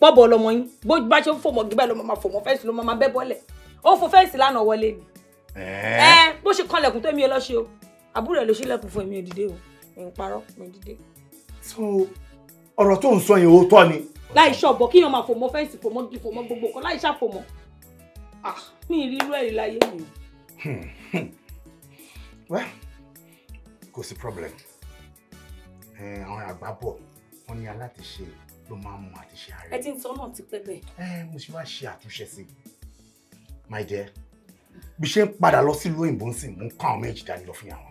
Pọ́bọ̀ lọmọ yín. Bó bá ṣe ń fòmọ̀ gbígbà ló máa fòmọ̀ fẹ́ǹsì ló máa bẹ́ bọ́lẹ̀. Ó fò fẹ́ǹsì lánàá wọlé ni. Ẹ eh? eh, bó ṣe kanlẹ̀kùn tó mi lọ ṣe o. Àbúrò ẹ̀ ló ṣílẹ̀kùn fún mi ò dìde o. Mi ń parọ́, mi dìde. So ọ̀rọ̀ tó ń sọ yẹn òótọ́ ni. láì ṣọ̀bọ̀ kíyàn máa fòmọ́ fẹ́ǹsì fòmọ́ gí fòmọ́ gbogbo kan láì ṣàfòmọ́ ah. mi ì rí irú ẹ̀rí láyé mi. Hmm, hmm. well kò sí problem àwọn àgbà bọ̀ wọ́n ní alátiṣe ló máa ń mú àtiṣe ààrẹ. ẹ ti ń sọ náà ti pẹ́ bẹ́ẹ̀. ẹ mo ṣe wá ṣe àtúnṣe sí i my dear bí ṣe ń padà lọ sílùú òyìnbó ń sìn mú kàn án méjì dání lọ fún yàrá.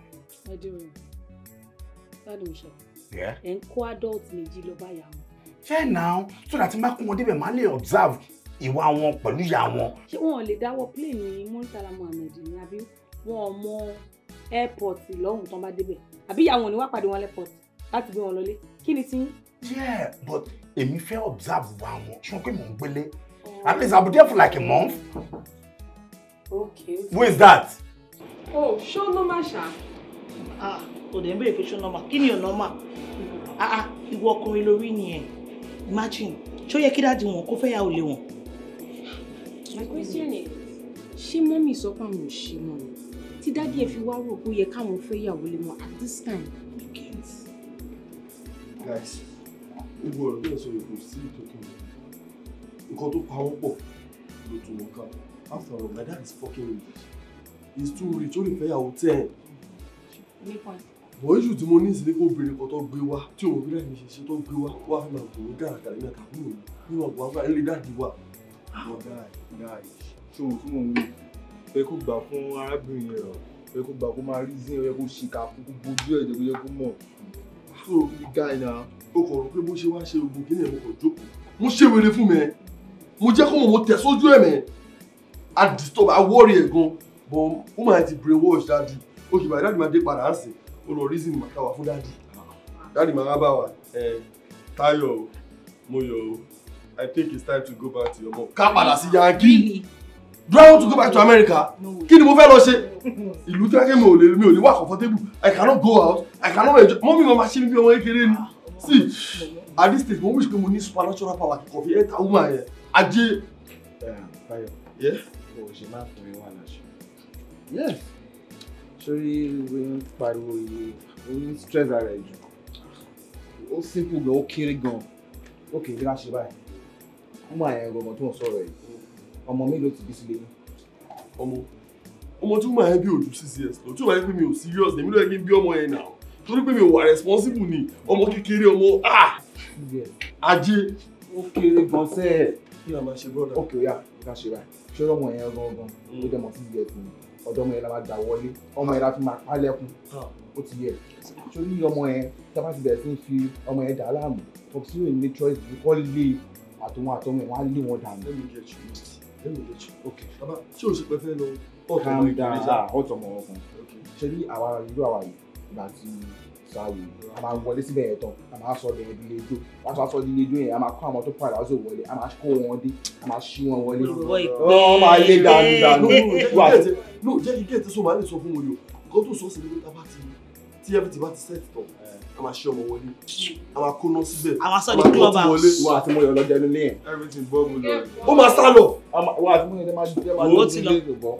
ẹ dúró dáàdì mi ṣe ẹ̀ ń kó adult méjì lọ bá yàwó. ṣé náà so that má kún wọn débẹ̀ má lè observe ìwà wọn pẹ̀lú ìyá wọn. ṣé wọn ò lè dáwọ́ plane ní Murtala Muhammed ni àbí wọn ò mọ airport lọ́hùn tán bá débẹ̀ àbí ìyá wọn ò ní wá pàdé wọn lẹ́pọ̀t láti gbé wọn lọlé kí ni ti ń. yeah but èmi fẹ́ observe wa wọn ṣùgbọ́n pé mò ń gbélé oh. at least I be there for like a month. okay. who is that. oh ṣó ló má ṣá kò ah, dẹ̀ ń bèrè pé ṣó kí ni ò normal ah, ah, ìwọ ọkùnrin lórí nìyẹn imagine ṣó yẹ kí dáàdi wọn kó fẹ́ yà ò lè wọn. my question is ṣé mọ́mì sọ pé àwọn ò ṣe mọ́ ni tí dáàdi ẹ̀ fi wá rò pé ó yẹ káwọn fẹ́ yà ò lè wọn at this time. guys gbogbo ọ̀rọ̀ bí ẹ̀sọ́ ìbò sí ìtòkè nǹkan tó pa wọ́n pọ̀ ló tún wọn ká after all my dad is fucking rich he is too rich ó lè fẹ́ yàwó ten wọ́n ìṣù tí mo ní ìsìlẹ̀ kó obìnrin kan tó gbé wá tí òun bílẹ̀ mi ṣe ṣe tó gbé wá wá fún màbò ní gàràgàrà ní àkàkùn mi nínú ọ̀gbọ̀n àgbà ilé dáàdì wà. ọ̀gá ìgbà ìṣòwò tí mò ń wí pé kó gbà fún arábìnrin rẹ̀ pé kó gbà kó máa rí sí ẹ̀ kó ṣìkà kó bójú ẹ̀ jẹ́ kó mọ̀. so ìgbà ìnà o kò rò pé bó ṣe wá ṣe ogun kí ni ẹ̀ mo kò jókòó mo ṣe wèrè fún mi mo jẹ́ kó mọ̀ mo tẹ̀ sójú ẹ̀ mẹ́ i disturb i worry ẹ̀ gan but ó máa ti brainwash dájú Okay, but dáàdì my dé padà á sìn ó lọ rí zìmù màkà wá fún dáàdì dáàdì máa bá wa ẹ I think it's time to go back to your mom ká padà sí yankí do I want to go back to America No. ni mo fẹ́ lọ ṣe ìlú tí wọ́n mo, mi ò lè mi ò lè wà comfortable I cannot go out I cannot enjoy mọ́mí wọn máa ṣe mí bí ni see at this stage mo wish pé mo ní supernatural power kò fi enter woman yẹn ajé. Táyọ̀ o ṣe máa fún mi wà láṣọ. yes sórí ìròyìn pariwo yìí ó ń stress ara ẹ̀ jù ó simple gan ó kéré gan ó kéré gan ṣe báyìí ọmọ àyẹ̀ gbọ̀ngàn tó ń sọ̀rọ̀ yìí ọmọ mélòó ti bí sílé yín. ọmọ ọmọ tí ó máa ń bí òjú six years lọ tí ó máa ń pè mí ò serious lèmi ló yẹ kí n bí ọmọ yẹn náà torí pé mi ò wà responsible ni ọmọ kékeré ọmọ ah! ajé. ó kéré gan sẹ́ẹ̀. kí ni a máa ṣe bọ́dà. ó kéré à ká ṣe báyìí ṣé ọmọ yẹn gangan ló mm. dẹ̀ mọ́ sí ọ̀dọ̀ yẹn la máa gbà wọlé ọmọ yẹn la fi máa pálẹ̀kùn ah. ó ti yẹ torí ọmọ yẹn tá ti bẹ̀rẹ̀ sí fi ọmọ yẹn dà láàmú foxy yóò ní choice ju kọ́ lé àtọmọ àtọmọ yẹn wọ́n á lé wọn dànù. let me get you let me get you baba ṣé o sì pẹ́ fẹ́ lọ ọ̀tọ̀ ọmọ ìgbìmọ̀ ìjà ah, ọ̀tọ̀ ọmọ ọkùnrin ṣe àwa irú àwa yìí ìgbà tí sáwò a máa wọlé síbẹ̀ yẹn tán a máa sọ bẹ̀rẹ̀ ilé ijó wọ́n sọ sọ ilé ijó yẹn a máa kó àwọn tó padà ọ̀sẹ̀ wọlé a máa kó wọn dé a máa ṣí wọn wọlé. wọ́n máa lé dànù dànù no jẹ́ kí gẹ́ẹ̀tì sọ màálè sọ fún wọn yìí o nǹkan tó sọ sí ni tábà ti tí everything bá ti set tán a máa ṣe ọmọ wọlé a máa kóná síbẹ̀ a máa sọ́ni club house wà á ti mọ̀ yọ lọ́jọ́ inú lẹ́yìn. everything bọ́ mu lọ. ó máa sá lọ. wà á ti mọ̀ yọ máa jẹ́ máa lọ́ọ́ ti lọ.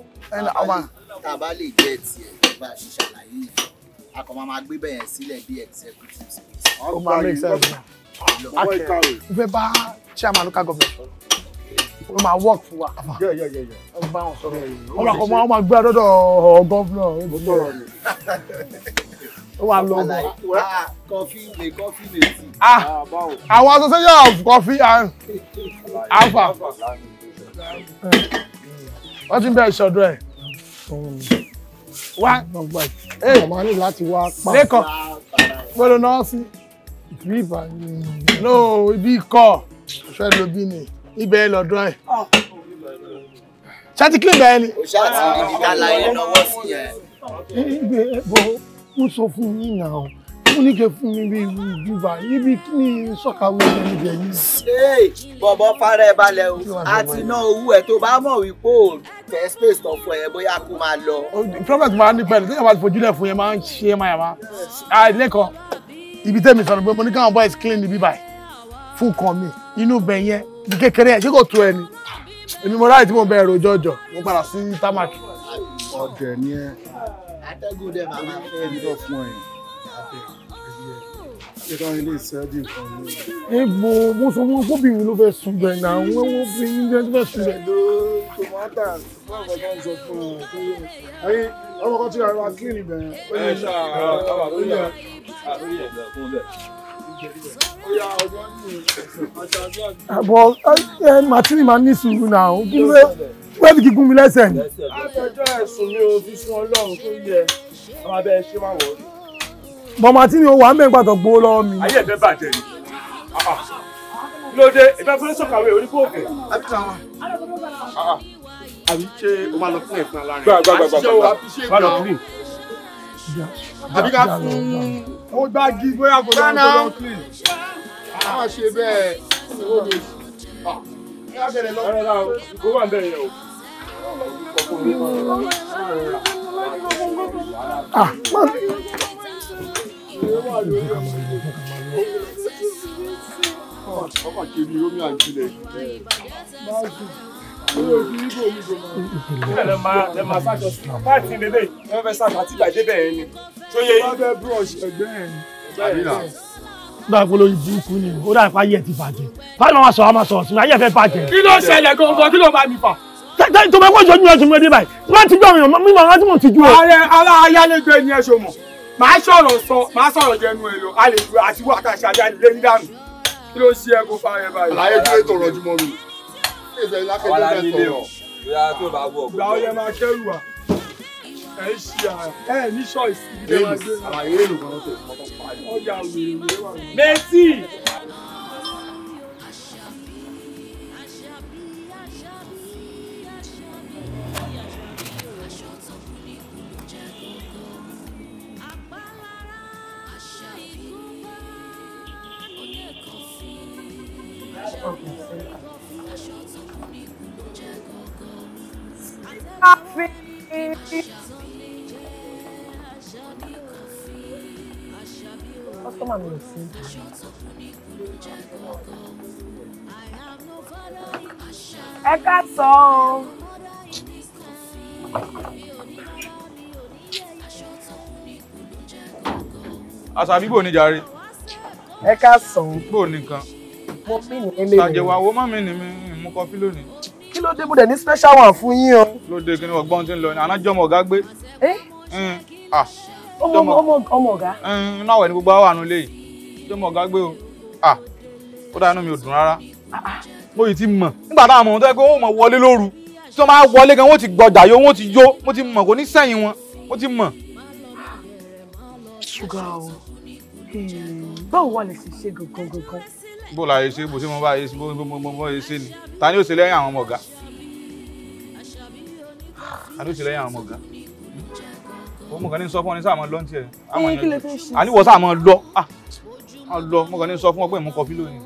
tàbá lè jẹ́ tiẹ̀ bá a ṣe ṣàlàyé yẹn a kò máa gbé bẹ́ẹ̀ sílẹ̀ bí executives. ó máa make sense. akẹ́ ìfẹ́ bá chairman local government sọ̀rọ̀ ó máa work fún wa. ó bá wọn sọ̀rọ̀ ó máa kọ́ wọn máa gbé àdọ́dọ̀ gọ́fúnà ó sọ̀rọ̀ ni. ó wà lọ bọ̀. kọfí lè kọfí lè tì. Ah! Ah, àwọn association of coffee and alpha wọ́n ti ń bẹ̀rẹ̀ ṣọ̀dọ̀ ẹ̀ wá ọmọ ní láti wá pa lẹ́kọ̀ọ́ gbọ́dọ̀ náà sí ìbí no ibi ikọ̀ ṣẹ́ lóbi ni ibẹ̀ lọ́dọ̀ ẹ̀ ṣáàtì kí ibẹ̀ ni. ṣáàtì ìdíkàlà yẹn lọ́wọ́ sí ẹ̀. ẹgbẹ́ ẹ̀bọ ń sọ fún yín náà mo ní kẹ́ fún mi bí ìdúbà níbi kí ni sọ́kàwé ẹni bẹ̀ yìí. bọ̀bọ̀ fara ẹ balẹ̀ o àti ná owó ẹ tó bá mọ̀ wípé o fẹ́ space kan fún ẹ bóyá kó máa lọ. prophet máa ní pẹ̀lú téèyàn bá ti fojúlẹ̀ fún yẹn máa ń ṣe é máa yàrá àìlẹ́kọ̀ọ́ ibi tẹ́mi sọ̀rọ̀ pé mo ní káwọn boys clean níbí báyìí fún kan mi inú bẹ̀ yẹn ní kékeré ẹ̀ ṣé kò tu ẹni èmi mo ráàyè tí mo bẹ̀rẹ̀ rojọ́ jọ mo padà sí támàkì. ọ̀dẹ̀ ni ẹ atẹ́gùn dẹ̀ máa máa fẹ́ ẹni lọ fún ẹ̀yìn ìran ilé ìṣẹ́jú nǹkan ni. egbò mo sọ wọn kóbìnrin ló fẹ́ sùn bẹ̀ náà àwọn ẹ̀wọ̀n obìnrin ló fẹ́ sùn bẹ̀. ẹ̀lò tòmátà fún àwọn ọ̀gá ìṣọ̀ fún ọ ayé ọmọ tí ara wa kí ni ẹ ṣáà àwọn àlóyè àlóyè ẹ̀dá fún bẹ́ẹ̀ àbọ̀ ẹ màtírì máa ní sùúrù náà ó kí ló wẹ́ẹ̀ fi gígùn mi lẹ́sẹ̀ ni. àtẹjọ́ ẹ̀sùn mi ò fi sun ọlọ́run tó yẹ àwọn abẹ́ ẹ ṣé máa wọ̀ ọ́. bọ̀ màtírì ó wà mẹ́gbàá tó gbowó lọ́wọ́ mi. ayé ẹ̀fẹ́ bàjẹ́ ni ah, ah. lóde ìfẹ́ fún sọ̀kàwé oníkóòkè. Ah, àbí ṣe o máa lọ fún ẹ̀fọn alárin. gbàgbàgbà àbí ṣe o máa lọ fún mi. àbí ká fún ó gbá gí bóyá kò lọ́wọ́ tó lọ́wọ́ clean. a máa ṣe bẹ́ẹ̀ owó mi. ọ̀rẹ́ la kó wà bẹ́ẹ̀ yẹn o. Ah, man. Ọkọ̀ kiri omi àjílẹ̀ ẹ máa ẹ máa sájọ sí ìgbà débẹ̀ yẹn ni ó dáa fún ayé ti bàjẹ́ báyìí máa sọ̀rọ̀ máa sọ̀rọ̀ sínú ayé ẹ bàjẹ́. kí ló ṣẹlẹ̀ gangan kí ló máa mi tẹ́tẹ́ tó máa wọ́jọ́ ní ọ̀sùn mi dé báyìí tí ti jọ òyìn mi máa ti mọ̀ ti ju o. ààrẹ ara ni ẹ mọ̀ máa sọ̀rọ̀ sọ máa sọ̀rọ̀ jẹnu ẹ lọ àlejò àti wákàtí àti àlejò lẹ́yìn dànù nílé ìfẹ́ lákẹ́jọ́ bẹ́ẹ̀ sọ. wàhálà tó bá wọ̀. gba ọyẹ máa kẹ́rù wa ẹ ń ṣí ara ẹ ní ṣọ́ọ̀ṣì. àlàyé èlò kan tó tẹ̀ ọjà wèrè wèrè wà. mẹ́tì. ẹ káàsán o. àṣàbí bò ní jàre. ẹ káàsán. bò ní mo mí ní ilé mi. ṣàjẹwò àwọn ọmọ mi ni mi mú kọfí lónìí. kí ló dé mo dẹ̀ ní special one fún yín o. ló dé kí ni ọgbọ́n ti ń lọ ni àná jọmọ ọ̀gá gbé. ọmọ ọ̀gá. inú àwẹ̀ ni gbogbo àwọn àánú lè yìí jọmọ ọ̀gá gbé o. ó dáa inú mi ò dùn rárá. Ah, ah mo yìí ti mọ̀ nígbà táwọn ọmọ tó yẹ pé wọ́n mọ̀ wọlé lóru tí wọ́n bá wọlé gan wọ́n ti gbọjà yó wọ́n ti yó mo ti mọ̀ kò ní sẹ́yìn wọn mo ti mọ̀. ṣùgbọ́n o hmm, báwo wà lè ṣe ṣe gangan gangan. bó la yẹ ṣe bó ṣe mo bá yẹ ṣe bó mo yẹ ṣe ni ta ni o ṣe lẹ́yìn àwọn ọmọ ọ̀gá ta ni ó ṣe lẹ́yìn àwọn ọmọ ọ̀gá o mo kàn ní sọ fún ọ ní sáà mọ lọ ní tiẹ àwọn èèyàn àní wọ sáà mọ lọ ah lọ mo kàn ní sọ fún ọ pé mo kọ fí lónìí.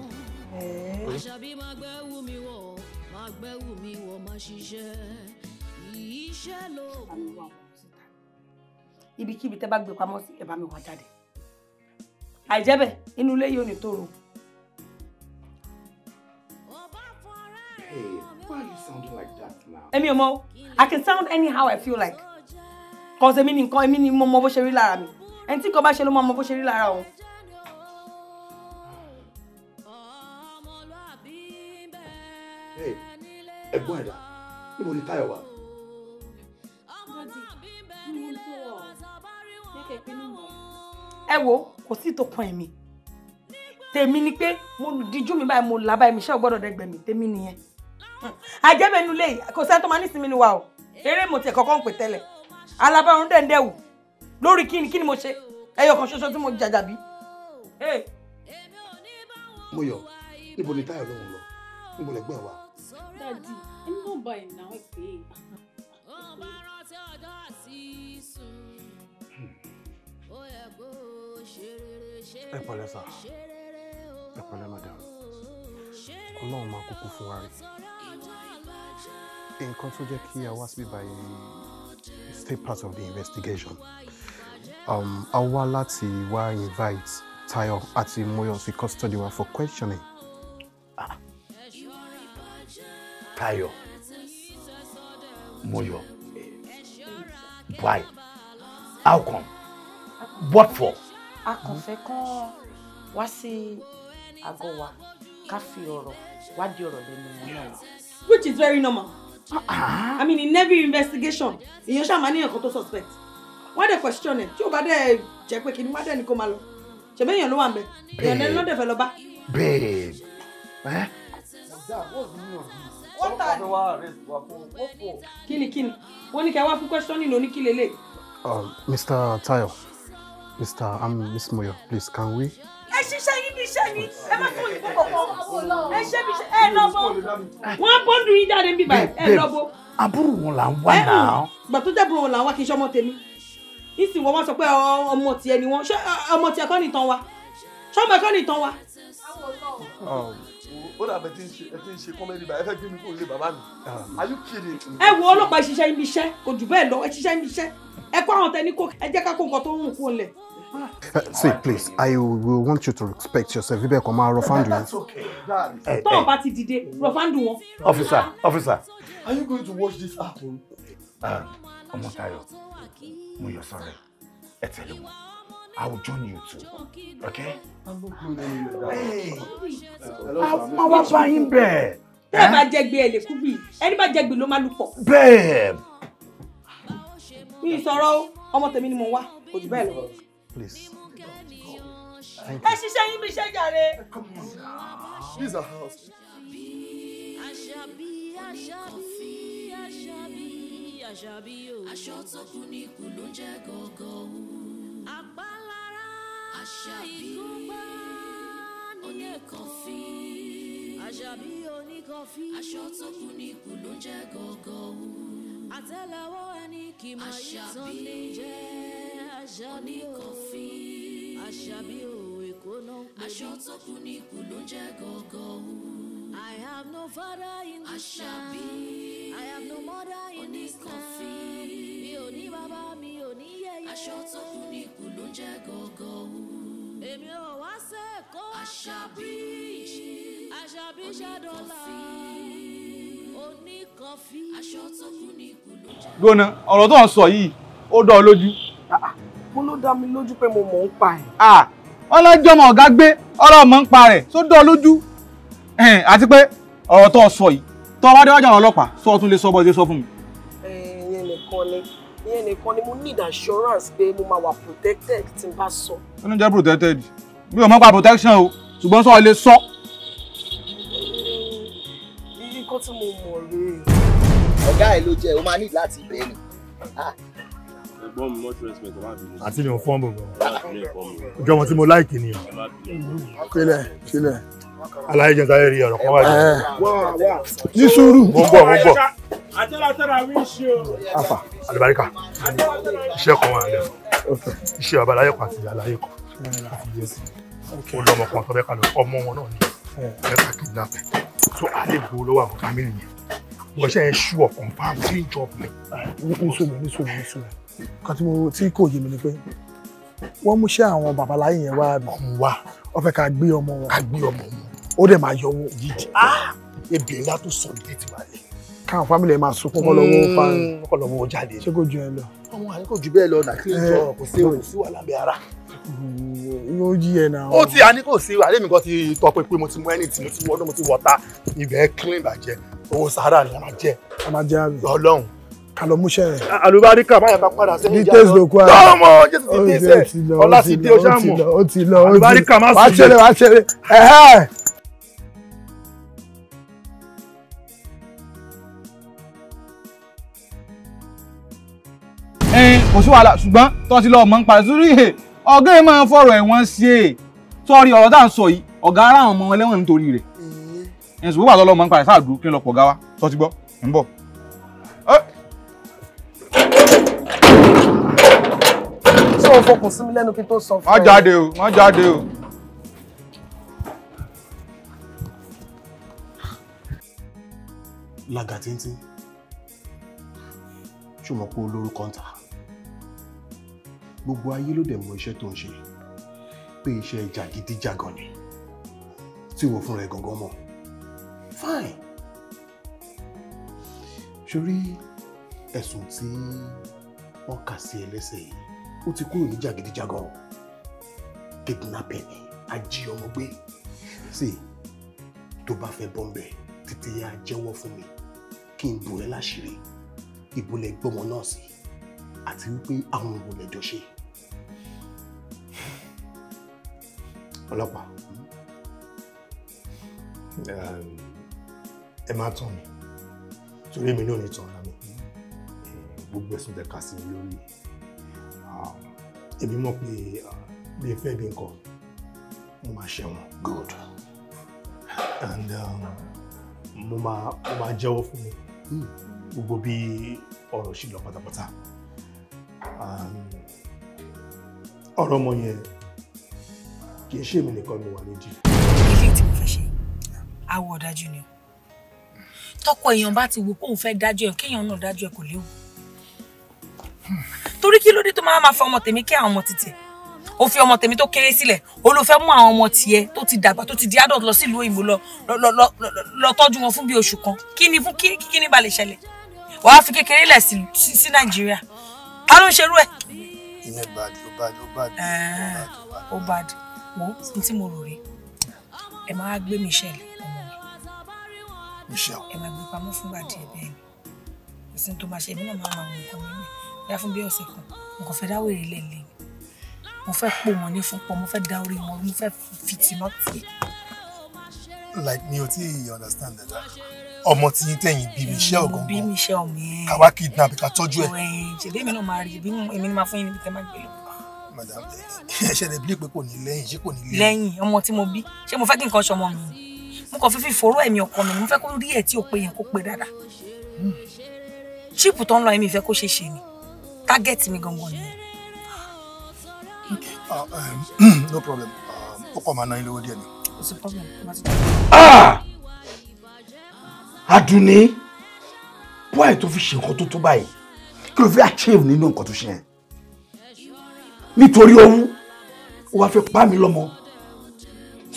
ibikíbi tẹ́ bá gbé pamọ́ sí ẹ bá mi wá jáde àìjẹ́bẹ̀ inú ilé yóò ní tòrò. èmi ò mọ I can sound anyhow I feel like cause èmi ni nǹkan èmi ni mo mọ bó ṣe rí lára mi ẹni tí nǹkan bá ṣe ló máa mọ bó ṣe rí lára òun. ẹ̀gbọ́n ẹ̀dá níbo ni Táyọ̀ wà. ẹ wo kò sí ìtòkan ẹ̀mí tèmi ni pé mo díjú mi báyìí mo là báyìí mi ṣe ọgbọ́dọ̀ dẹgbẹ̀mí tèmi nìyẹn àjẹbẹnu hmm. lè kò sẹ́ni tó máa nísìnyí ni wa o eré mo tiẹ̀ kọ́kọ́ ń pè tẹ́lẹ̀ alábàárún dẹ̀ndẹ̀ wù lórí kíni kíni mo ṣe ẹyọ kan ṣoṣo tí mo jàjàbí. mo yọ níbo ni táyọ̀ lóhùn lọ níbo lẹ́gbẹ́ wa. dadi inú bá ìnáwó pé ẹ pẹ̀lẹ́ sà ẹ pẹ̀lẹ́ madam ọlọ́run máa kúkú fún wa rí nǹkan tó jẹ́ kí a wá síbí báyìí stay part of the investigation um, a wá láti wá invite Tayo àti Moyo sí custody wa for questioning. Ah. Tayo Moyo eh, why how come what for a kàn fẹ́ kán wá sí àgọ́ wa ká fi ọ̀rọ̀ wádìí ọ̀rọ̀ lẹ́nu wọn náà. which is very normal. Uh -uh. I mean in every investigation èèyàn ṣáà máa ní nǹkan tó suspect wọ́n dẹ̀ question ẹ̀ tí ò bá dẹ̀ jẹ́ pé kí ni wọ́n dẹ̀ ní kó máa lọ ṣẹ̀bẹ́ èèyàn ló wà ń bẹ̀ èèyàn lẹ́nu ló dẹ̀ fẹ́ lọ bá. babe. Eh? wọ́n tà ní. kí ni kí ni wọ́n ní kí a wá fún question ní lóníkí lélẹ̀. Oh, Mr. Tayo. Mister, I'm Miss Moyo, please, can we? Ẹ ṣiṣẹ́ yín bí iṣẹ́ ni, ẹ má fún òyìnbó Ẹ ṣe bí iṣẹ́, ẹ lọ́bọ̀. Wọ́n bọ́ndù yín jáde níbí báyìí, ẹ lọ́bọ̀. Àbúrò wọn là ń wá náà. Gbà àbúrò wọn là ń wá kí iṣẹ́ ọmọ tèmi. Nísìnyí wọ́n wá sọ pé ọmọ tiẹ̀ ni wọ́n, ṣé ọmọ tiẹ̀ kọ́ nìtàn wa? Ṣé ọmọ nìtàn wa? ó dàbẹ̀ tí ń ṣe kọ́mẹ́dì báyìí ẹ fẹ́ gbé mi kúrò lé bàbá mi are ẹ wo ọlọ́pàá ṣiṣẹ́ ibi iṣẹ́ kò jù bẹ́ẹ̀ lọ see please i will want you to respect yourself ibẹ̀ kan máa rọfándù yẹn. Eh, tọ́wọ́ bá ti dìde rọfándù wọn. officer officer. are you going to watch this happen. Ah, ọmọ tayo mo yọ sọ̀rọ̀ ẹ tẹ̀lé wọn i will join you too okay. àwọn wá bá yín bẹ́ẹ̀. bẹ́ẹ̀ bá jẹ́gbé ẹ̀ lè kú bí ẹni bá jẹ́gbé ló máa lù pọ̀. bẹ́ẹ̀. mi ì sọ̀rọ̀ ọmọ tèmi ni mo wá kò jù bẹ́ẹ̀ lọ. Please. Thank you. Ẹ ṣiṣẹ́ yín bí iṣẹ́ jàre. Come on. This is our house. Àṣàbí, Àṣàbí, Àṣàbí, Àṣàbí o. Aṣọ tó kù ní ikú ló ń jẹ́ gọ́gọ́ o. Àpálára ìgúnpá oníkọ̀fí. Àṣàbí oníkọ̀fí. Aṣọ tó kù ní ikú ló ń jẹ́ gọ́gọ́ o. Àtẹ́lẹwọ́ ẹni kì í máa yí tán ní jẹ́ aṣọ ní kọfí. Àṣàbí o Èkó náà pè mí. Aṣọ tó kù ní ikú ló ń jẹ́ gọ́gọ́ o. I have no father in this Àṣàbí. I have no mother in this country. Mi ò ní bàbá mi ò ní yẹ̀yẹ́. Aṣọ tó kù ní ikú ló ń jẹ́ gọ́gọ́ o. Èmi ò wá sẹ́ẹ̀kọ́. Àṣàbí. Àṣàbí ṣàdọ́là gbóná ọ̀rọ̀ tó ń sọ yìí ó dá ọ lójú Ah, ah. mo ló dá mi lójú pé mo mọ̀ ń pa ẹ̀. Ah, ọlọ́jọ́ ọmọ ọ̀gá gbé ọ̀rọ̀ mọ̀ ń pa rẹ̀ tó dán lójú àti pé ọ̀rọ̀ tó sọ yìí tó bá déwájú àwọn ọlọ́pàá sọ tún lè sọ bọ́ọ̀dé sọ fún mi. ìyẹn nìkan ni ìyẹn nìkan ni mo need assurance pé mo máa wà protected tí n bá sọ. inú jẹ́ protected mi ò mọ̀ pa protection o ṣùgbọ́n sọ lè sọ. nǹkan tí mo mọ̀ rèé. ọ̀gá ẹ̀ ló jẹ́ o máa ní láti bẹ̀ẹ́ ẹ̀gbọ́n mi much respect ọmọ àbí mi. àti mi ò fọ́ọ̀mù gan. ojú ọmọ tí mo láìkì ni. sílẹ̀ sílẹ̀. aláyé jẹ́ rí ọ̀rọ̀ kan eh, wájú. ní sùúrù. mo ń bọ̀ mo ń bọ̀. afa alibarika iṣẹ́ kan wà lẹ́nu iṣẹ́ ọba aláyẹ̀ kan àti aláyẹ̀ kan àti yẹsì ó lọ́mọ kan tó bẹ́ẹ̀ kà lọ ọmọ wọn náà ni eh. ẹ̀ ká tó alẹ́ gbowó lọ́wọ́ àwọn fámìlì yẹn wọ́n ṣe é ṣú ọ̀kan fáwọn clean job mi. ní sùúrù ní sùúrù ní sùúrù kan tí mo tí kò yé mi ni pé wọ́n mú ṣé àwọn babaláyé yẹn wá bí. ọmọ wa wọ́n fẹ́ ká gbé ọmọ wọn. ká gbé ọmọ wọn. ó dẹ̀ máa yọ wọn òjijì. Ah! ebi ńlá tó sọ ní tètè wáyé. káwọn fámìlì ẹ máa sunkún kọ́ lọ́wọ́ hmm. fan. kọ́ lọ́wọ́ jáde. ṣé kò ju ẹ lọ. àwọn àyè kò ju bẹ́ẹ̀ lọ nà kí n jọ kò sí òun sí wà lábẹ́ ara. Hmm, yóò jí ẹ náà. ó ti a ní kò sí àlẹ́ mi kan ti tọ́ pé pé mo ti mú ẹni tí mo ti wọ́n mo ti wọ́ta ibẹ̀ clean bàjẹ́ owó sahara ni a máa jẹ. a máa jẹ àbí. ọlọ́run kàlọ́ múṣẹ́ rẹ̀. àlùbáríkà máa yàtọ̀ padà sí ìjà lọ lọ́mọ jésù ti dé sẹ́ ọlá ti dé ọjà mọ̀ àlùbáríkà máa sì jẹ́. wàá ṣeré wàá ṣeré. ẹyin kò sí wàhálà ṣùgbọ́n tó ti lọ ọmọ ń parí sórí ìhè ọ̀gá yìí máa ń fọ̀rọ̀ ẹ̀wọ̀n ṣe é sọ́ọ́rí ọ̀rọ̀ tá à ń sọ yìí ọ̀gá ara àwọn ọmọ ẹlẹ́wọ̀n nítorí rẹ̀ mm-hmm. ẹ̀sùn wíwà tó lọ́mọ ń parí sáà dúró kí n lọ pọ̀ gá wa sọ ti gbọ́ ń bọ̀. náà fọkùn sí mi lẹ́nu kí tó sọ fún ẹ. má jáde o má jáde o. lága tíntín ṣùgbọ́n pé olórúkọ ń ta gbogbo ayé ló dẹ̀ mọ iṣẹ́ tó ń ṣe pé iṣẹ́ jàgídíjàgan ni tí ìwọ fúnra ẹ̀ gangan mọ̀ fine ṣorí ẹ̀sùn tí wọ́n kà sí ẹ lẹ́sẹ̀ yìí ó ti kúrò ní jàgídíjàgan kidnapping ni ají ọmọ gbé sí tó bá fẹ́ bọ́m̀bẹ̀ tètè yá jẹ́wọ́ fún mi kí n bò ẹ́ láṣìírí ibo lẹ gbọ́mọ náà sí àti wípé àwọn òwò lẹ́jọ́ ṣe. ọlọ́pàá ẹ má tàn mí torí mi náà ní tàn ara mi gbogbo ẹ̀sùn tẹ́ kà sí mi lórí yìí èmi mọ̀ pé ah, bí n fẹ́ bí n kọ mo máa good. and um, mo ma mo ma jẹ́wọ́ fún mi hmm. gbogbo bí ọ̀rọ̀ ṣe lọ pátápátá ọ̀rọ̀ ọmọ yẹn kì í ṣe èmi nìkan ni wà nídìí. ilé tí mo fẹ́ ṣe awọ ọ̀dájú ni o tọkọ èèyàn bá ti wò pé òun fẹ́ dájú ẹ̀ kéèyàn náà dájú ẹ̀ kò léwu torí kí ló dé tó máa máa fi ọmọ tèmi kí àwọn ọmọ títì ó fi ọmọ tèmi tó kéré sílẹ̀ ó ló fẹ́ mú àwọn ọmọ tiẹ̀ tó ti dàgbà tó ti di adult lọ sílùú òyìnbó lọ lọ tọ́jú wọn fún bí oṣù kan kí ni fún kí ni ba lè ṣẹlẹ̀ wàá fi kékeré lẹ̀ sí nàìjíríà a ló ń ṣerú ẹ̀. ìyẹn bad ó bad ó bad ó bad wo n tí mo rò rí ẹ máa gbé michelle ọmọ mi ẹ máa gbé pamọ́ fúngbà díẹ̀ bẹ́ẹ̀ ni ìsìn tó máa ṣe èmi náà máa máa wọ nǹkan mímu bóyá bí ọ̀sẹ̀ kan mo kàn fẹ́ dá wèrè lẹ́lẹ̀ mo fẹ́ pò wọ́n ní fúnpọ̀ mo fẹ́ da orí wọn mo fẹ́ fi tìmọ́ tì. like mi ò tí understand ẹ̀ dáa ọmọ tí yín tẹ̀yìn bí mi iṣẹ́ ọ̀gọ̀ngàn bí mi iṣẹ́ ọ̀mí ẹ̀ káwá kidnap ká tọ́jú ẹ̀. ṣèbí èmi náà máa rí ibi èmi ni máa fún yín níbi tẹ́ máa gbé lọ. madam ẹ ṣẹlẹ̀ bí pé kò ní lẹ́yìn ṣé kò ní lẹ́yìn. lẹ́yìn ọmọ tí mo bí ṣé mo fẹ́ kí nǹkan ṣọmọ mi mo kàn fífi fòró ẹ̀mí ọkọ mi mo fẹ́ kó rí ẹ̀ tí ò pé yẹn kó pé dáadáa. Hmm. ṣíìpù tó ń lọ ẹ̀mí ìfẹ́ kó ṣe ṣe ni target mi gangan ni. Ah, um, no problem ah, ó kọ́ máa ná ilé owó díẹ̀ ni. it's a problem. Ah! Adùnní why tó fi ṣe nǹkan tó tó báyìí kí ló fi achieve nínú nǹkan tó ṣe yẹn nítorí owó ó wá fẹ́ pa mí lọ́mọ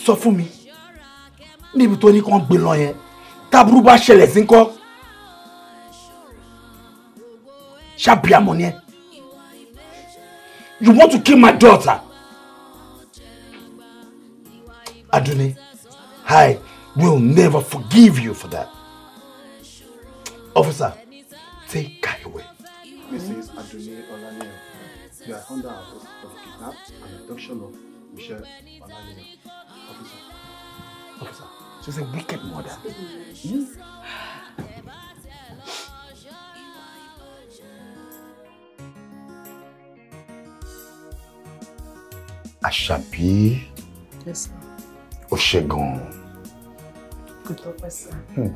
sọ fún mi níbi tó ní kàn gbé lọ yẹn táburú bá ṣẹlẹ̀ sí ń kọ́ ni ẹ́. You want to kill my daughter? Aduni, I will never forgive you for that. Officer, take Kai away. Mrs. Aduni Olaniyo, you are under arrest for the kidnap and abduction of Michelle Olaniyo. Officer. Officer, she's a wicked mother. Mm. àṣàbí ó ṣe gan-an. kò tọ́pẹ́ hmm.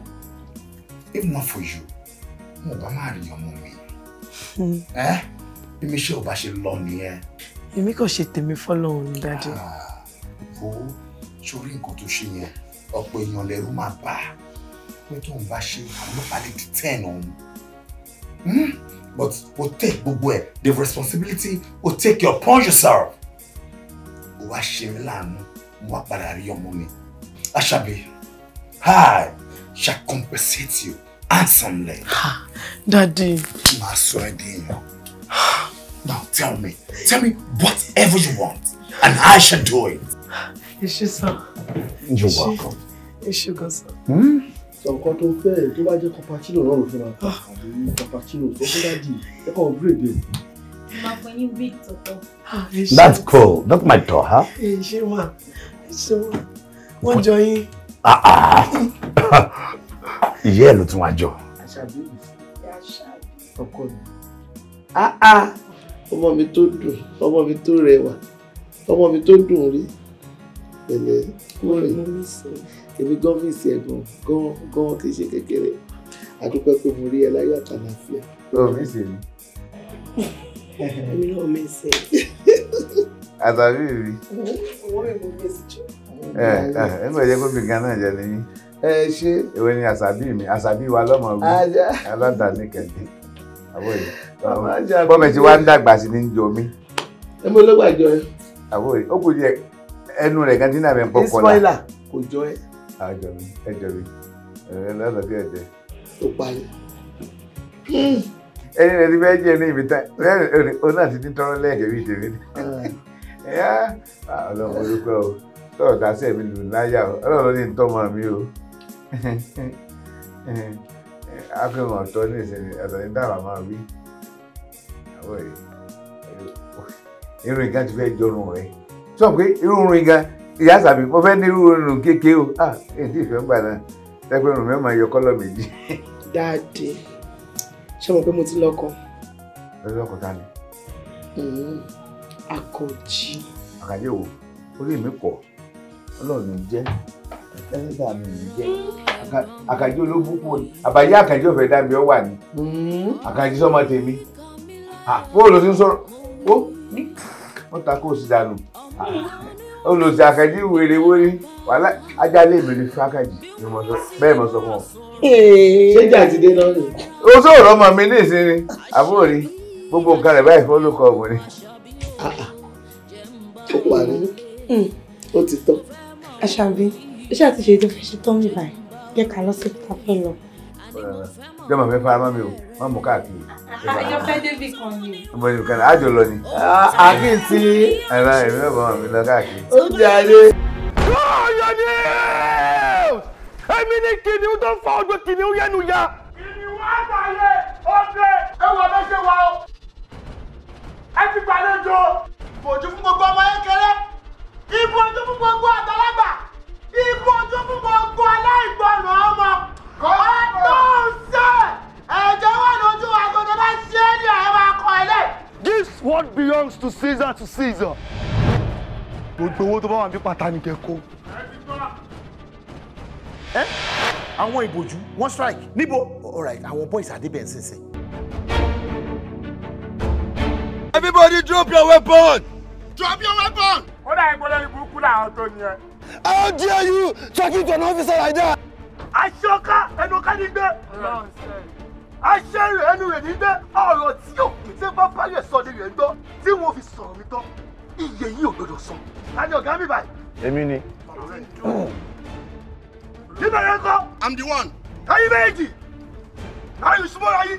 if not for you mo bá má rí ọmọ mi hmm. eh? bí mi ṣe ò bá ṣe lọ nìyẹn. èmi kò ṣe tèmi fọlọ́run Ah, dájú. wo sórí nǹkan tó ṣe yẹn ọ̀pọ̀ èèyàn lẹ́rú máa bà á pé tóun I'm not àwọn ọlọ́pàá lè detain òun. Hmm? but o take gbogbo ẹ the responsibility o take your upon yourself kò wá ṣe mí láàánú mo wá padà rí ọmọ mi aṣàbí hi shall compensate you handsomely. daddy. màá sọ ẹ di èèyàn. now tell me tell me whatever you want and I shall do it. ẹ ṣé sá. you're welcome. ẹ ṣé gan sá hmm? sọ̀kan tó fẹ́ tó bá jẹ́ cappuccino náà ló fẹ́ máa ta ah. àbí cappuccino tó fẹ́ dájú ẹ̀kọ́ búrèdè fún yín wig that's cool that's my daughter. ẹ ṣe wà ẹ ṣe wà wọ́n Ah yín. Ah. ìyá ẹ̀ ló tún wá jọ. àṣàbí ọkọ mi ah, ah. ọmọ mi Omo dùn ọmọ mi tó rẹwà ọmọ mi tó dùn rí pẹ̀lẹ́ kúrẹ èmi gọfíìsì ẹ̀gbọ́n gan gan kì í ṣe kékeré a dúpẹ́ pé mo rí ẹ láyọ̀ àtàlàfíà. ọ̀rọ̀ oh, mi sì ni. èmi mm-hmm. eh, eh, náà mẹ́sẹ̀. àtàbí rí. wọ́n mi mú gbèsè jù. ẹ ẹ ẹ ń gbọ́dọ̀ jẹ́ gómìnà gánà jẹ nìyí ẹ ṣe. èwe ni àṣàbí mi àṣàbí wa lọ́mọ wí aládàáni kẹ̀kẹ́ àbòyí bọ́mẹ̀ tí wá ń dàgbà sí ní jọ mí. ẹ mú olóògbà jọ ẹ. àbòyí ó kò jẹ ẹnu rẹ kan tí náà mi ń pọpọ la. ismaila kò jọ ẹ. àjọ mi ẹ jọ mi ẹ lọ́dọ̀ kí ẹ jẹ. tó parí ẹni rẹ ti fẹ́ jẹ ní ibi tán lẹ́yìn òun náà ti ní tọrọ lẹ́ẹ̀kẹ́ bí tèmi ni ẹ̀yà ọlọ́run olùkọ́ o tọ́ọ̀ ta sí ẹ̀mí lù láyà o ọlọ́run ní tọ́mọ mi o akẹ́wọ̀n ọ̀tọ̀ ní ìsinmi ọ̀tọ̀ ní dábàá máa wí irun nǹkan ti fẹ́ jọrun rẹ sọ pé irun nǹkan ìyá sàbí mo fẹ́ ní irun kékeré o ah èyí ti ìfẹ́ ń gbà náà tẹ́pẹ́ irun mẹ́wàá yọ kọ́lọ̀ méjì. dáadé ṣé mo pé mo ti lọ́kọ. lọ́kọ ta ni. akọ̀jì. Mm-hmm. àkàjẹ́ wo orí mi pọ̀ ọlọ́run ní jẹ́ ẹlẹ́dà mi ní jẹ́ àkàjẹ́ olóbùkún ni àbáyé àkàjẹ́ ọ̀fẹ́ dàbí ọ wà ní. Mm-hmm. àkàjẹ́ sọ́mọ tèmi bóòlù ti ń sọ̀rọ̀ ó wọ́n ta kó o sì dànù olùsàkàjì wèrè wórí wàhálà ajálè mi ni sàkàjì bẹ́ẹ̀ mo sọ fún ọ. ṣéjà ti dé náà rè. o sọ̀rọ̀ ọmọ mi ní ìsinmi àbúrò gbogbo nǹkan rẹ̀ báyìí fún olùkọ́ ọkùnrin. Ah, ah. ó wà ní hmm. ó ti tán. aṣàbí iṣẹ́ àti ṣètò fẹ́ ṣe tán mi báyìí jẹ́ ká lọ sí ìta lọ jọmọ fẹ́ fara mọ́ mi o má mú káàkiri. àyọ fẹ́ débi kan ni o. mo ní kàlẹ́ àjọ lọ ni. Oh, ah, àkì tí. ẹ̀rọ ìlú ọ̀bọ̀ mi lọ káàkiri. ó ti àlè. ọ̀yọ́ ni èmi ní kìnìún tó ń fa ọdún kìnìún yẹnu ya. kìnìún àgbáyé ọ̀dẹ ẹwà bẹ́ẹ̀ ṣe wà o. ẹ ti gbàlejò. ìbòjú fún gbogbo ọmọ kékeré ìbòjú fún gbogbo àgbàlagbà ìbòjú fún gbogbo aláìgbọràn ọmọ. This what belongs to Caesar to Caesar. Gbogbo owó tó bá wà ní pátá ni kẹ́ kó. Ẹ́ àwọn ìbòjú wọ́n strike níbo alright àwọn boys àdébẹ̀ ṣinṣin. Everybody drop your weapon. Drop your weapon. Ó dà ẹgbẹ́ lórí burúkú làwọn tó ní ẹ. How dare you talking to an officer like that? aṣọ́ká ẹnu ká ní gbé aṣẹ́rù ẹnu rẹ̀ ní gbé ọ̀rọ̀ tí òkè tí bá parí ẹ̀ sọ ni rẹ̀ ń gbọ́ tí wọ́n fi sọ̀rọ̀ mi tán iye yìí ò gbọdọ̀ sọ láti ọ̀gá mi báyìí. èmi ni. nígbà yẹn kọ́. i'm the one. ẹyin méjì ayò súnmọ́ra yìí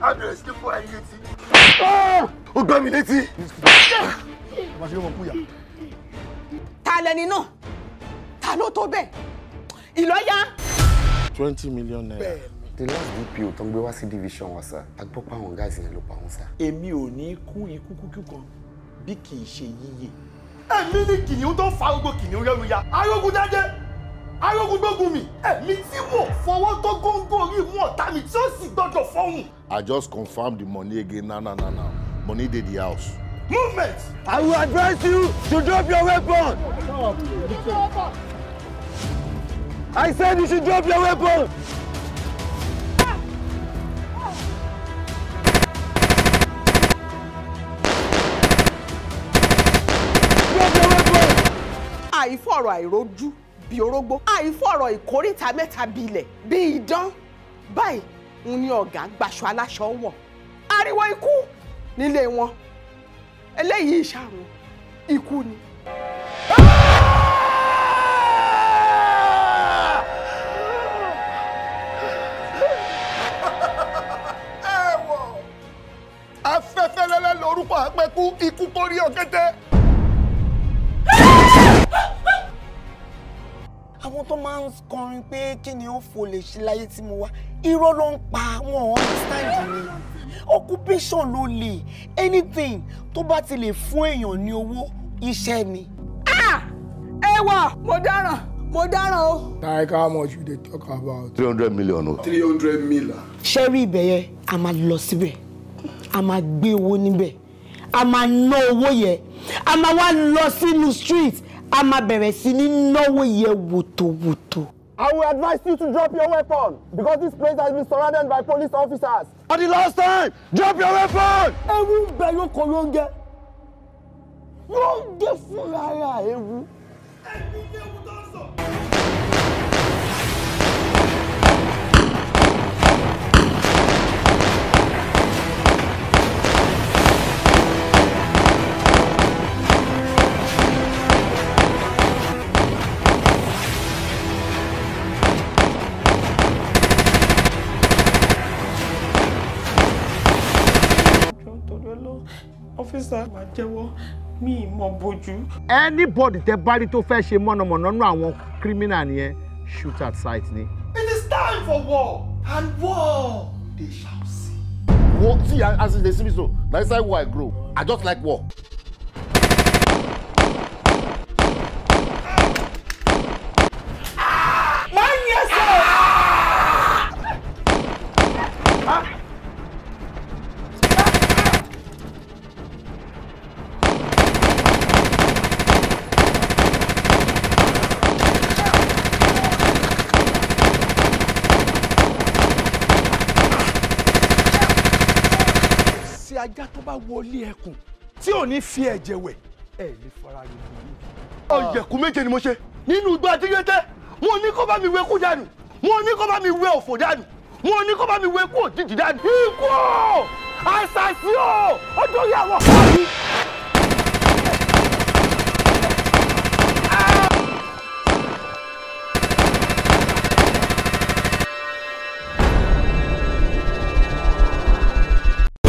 abẹ̀rẹ̀ sí fún ẹyin létí. ó gbá mi létí. ta lẹni náà ta ló tó bẹ́ẹ̀ ìlọ́yà. twenty million naira. the last dpo tó ń gbé wá sí division wa sá a gbọ́ pé àwọn guys yẹn ló pa wọn sá. èmi ò ní kú ikú kúkú kan bí kì í ṣe yíyẹ. èmi ni kìnìún tó fa gbogbo kìnìún yẹnu ya arógun dájẹ́ arógun gbógun mi èmi tí mo fọwọ́ tó góńgó orí mú ọ̀tá mi tí ó sì gbọ́dọ̀ fọ́hùn. i just confirm the money again na na na na money dey the house. movement. i will advise you to drop your weapon. I said you should drop your weapon! àìfọ̀rọ̀ àìrójú bí orógbó àìfọ̀rọ̀ ìkórìtà mẹ́ta bilẹ̀ bí idán báyìí ń ní ọ̀gá gbaṣọ aláṣọ wọ̀ ariwo ikú nílé wọn eléyìí ìṣàrùn ikú ni. orúkọ àpẹkú ikú kórí ọ̀kẹ́tẹ́. àwọn tó máa ń kọrin pé kí ni ó fò lè ṣe láyé tí mo wá irọ́ ló ń pa wọn understand mi occupation ló lè anything tó bá ti lè fún èèyàn ní owó iṣẹ́ ni. Ah! ẹ wà mo dáràn mo dáràn o. like how much you dey talk about. three hundred million o. three hundred million. ṣé rí ibẹ̀ yẹn a máa lọ síbẹ̀ a máa gbé owó níbẹ̀ a máa ná owó yẹn a máa wá lọ sínú street a máa bẹ̀rẹ̀ sí ní náwó yẹn wòtòwòtò. I will advise you to drop your weapon because this place has been surrounded by police officers. For the last time, drop your weapon. Ewu ń bẹ yóò kọ yóò ń gẹ. Yóò ń gẹ fúnra ara ewu. Ẹni lè wọ. ọ́fíìsà wà jẹ́wọ́ mi mọ̀ bójú. anybody tẹ bá rí tó fẹ́ ṣe mọ̀nàmọ̀nà nú àwọn criminal nìyẹn shoot at sight ni. it is time for war and war they shall see. wo see as e dey see me so na inside war i grow i just like war. bá wọlé ẹkùn tí ò ní fi ẹ̀jẹ̀ wẹ̀ ẹ̀ lè fara rẹ̀ fún mi. ọ̀yẹ̀kùn méje ni mo ṣe nínú igbó àtijọ́tẹ́ mo ní kó bá mi wé kú dànù mo ní kó bá mi wé òfò dànù mo ní kó bá mi wé kú òjijì dànù. ikú o àṣàṣì o ó dórí àwọn ọ̀hún.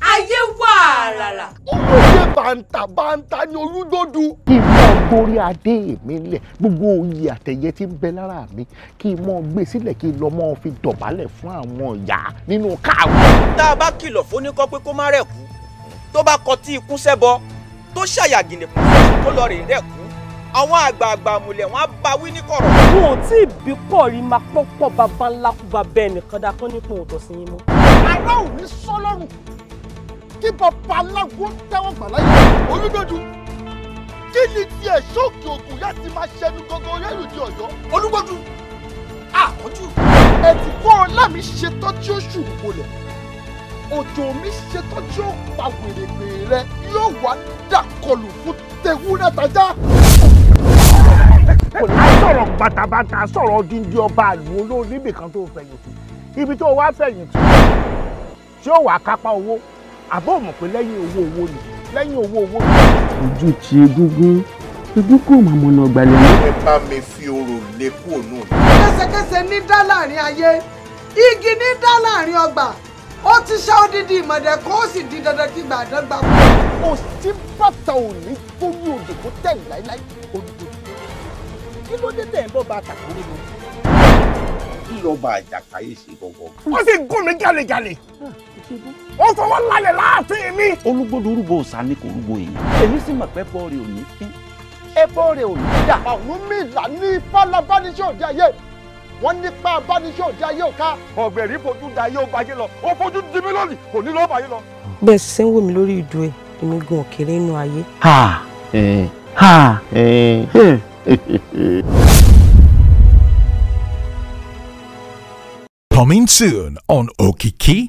ayé wà rárá. ó ṣe bàǹtà bàǹtà ni olúdódú. kí n mọ gorí adé mi lẹ̀ gbogbo oyè àtẹ̀yẹ tí ń bẹ lára mi kí n mọ gbé sílẹ̀ kí n lọ mọ fi dọ̀bálẹ̀ fún àwọn ìyá nínú káàwé. tá a bá kìlọ̀ fóníkọ́ pé kó má rẹ̀ kú tó bá kọtí ikú sẹ́bọ tó ṣàyàgìnì kó lọ rìn rẹ̀ àwọn àgbààgbà àmùlẹ̀ wọn á bá wí kọ̀rọ̀. wọn ò tí ì bí pọ̀ rí máa pọ́pọ̀ bàbá ńlá kú bàbá ẹnìkan dákọ́ nípò òtòsí yín mọ́. àárọ̀ òní sọ́lọ́run kí bàbá aláwo tẹ́wọ̀n gbà láyé olúgbòdù kí ni tiẹ̀ ṣóòkè ògùn yá ti máa ṣẹnu gangan orí ẹ̀rù di ọ̀yọ́ olúgbòdù àkọ́jú. ẹ̀dùnkún ọ̀la mi ṣetán tí ó ṣùgbọ́n wọlé òjò mi ṣetán tí ó pa wèrèwè rẹ yóò wá dàkọlù fún tewúrẹ́ tajá. a sọ̀rọ̀ bàtàbàtà a sọ̀rọ̀ dídí ọba àlù olóòní ibìkan tó fẹ̀yìntì ibi tó wá fẹ̀yìntì tí ó wàá kápá owó àbọ̀ mọ̀ pé lẹ́yìn owó owó ni lẹ́yìn owó owó ni. ojú ti egungun ojú kò máa mọ̀nà gbalẹ̀ mọ́. ẹ bá mi fi orò lé kúrò nù. kẹsẹkẹsẹ ní dá láàrin ayé igi ní dá láàrin ọgbà ó ti ṣá odidi ìmọ̀dẹ̀ kó o sì di dandan kí gbàdán gbà kú. kò sí bàtà òní tó ní odò tó tẹ̀ láíláí odò kí ló dé tẹ̀ ń bọ̀ bá a tàkùn nínú kí lọ́ba àjàkáyé ṣe gbọ̀ngàn. wọ́n sì gún mi jálejàle ṣubú. ó fọwọ́ lálẹ́ láàfin mi. olúgbòdo orúbọ òsà ni kò rúbọ èyí. sì mọ̀ pé bọ́ọ̀rì ò ní fín ẹbọ rẹ ò ní dà. àwọn mìlá ní fálábánisẹ́ òde ayé wọ́n nípa abánisẹ́ òde ayé ọ̀ka. ọ̀gbẹ̀rì fojú da ayé ó báyé lọ ó fojú di mí lónìí kò ní lọ́ọ́ báyé lọ. bẹ́ẹ̀ ṣe ń wò mí lórí ìdú ẹ̀ èmi gun òkèrè inú ayé. Coming soon on Okiki.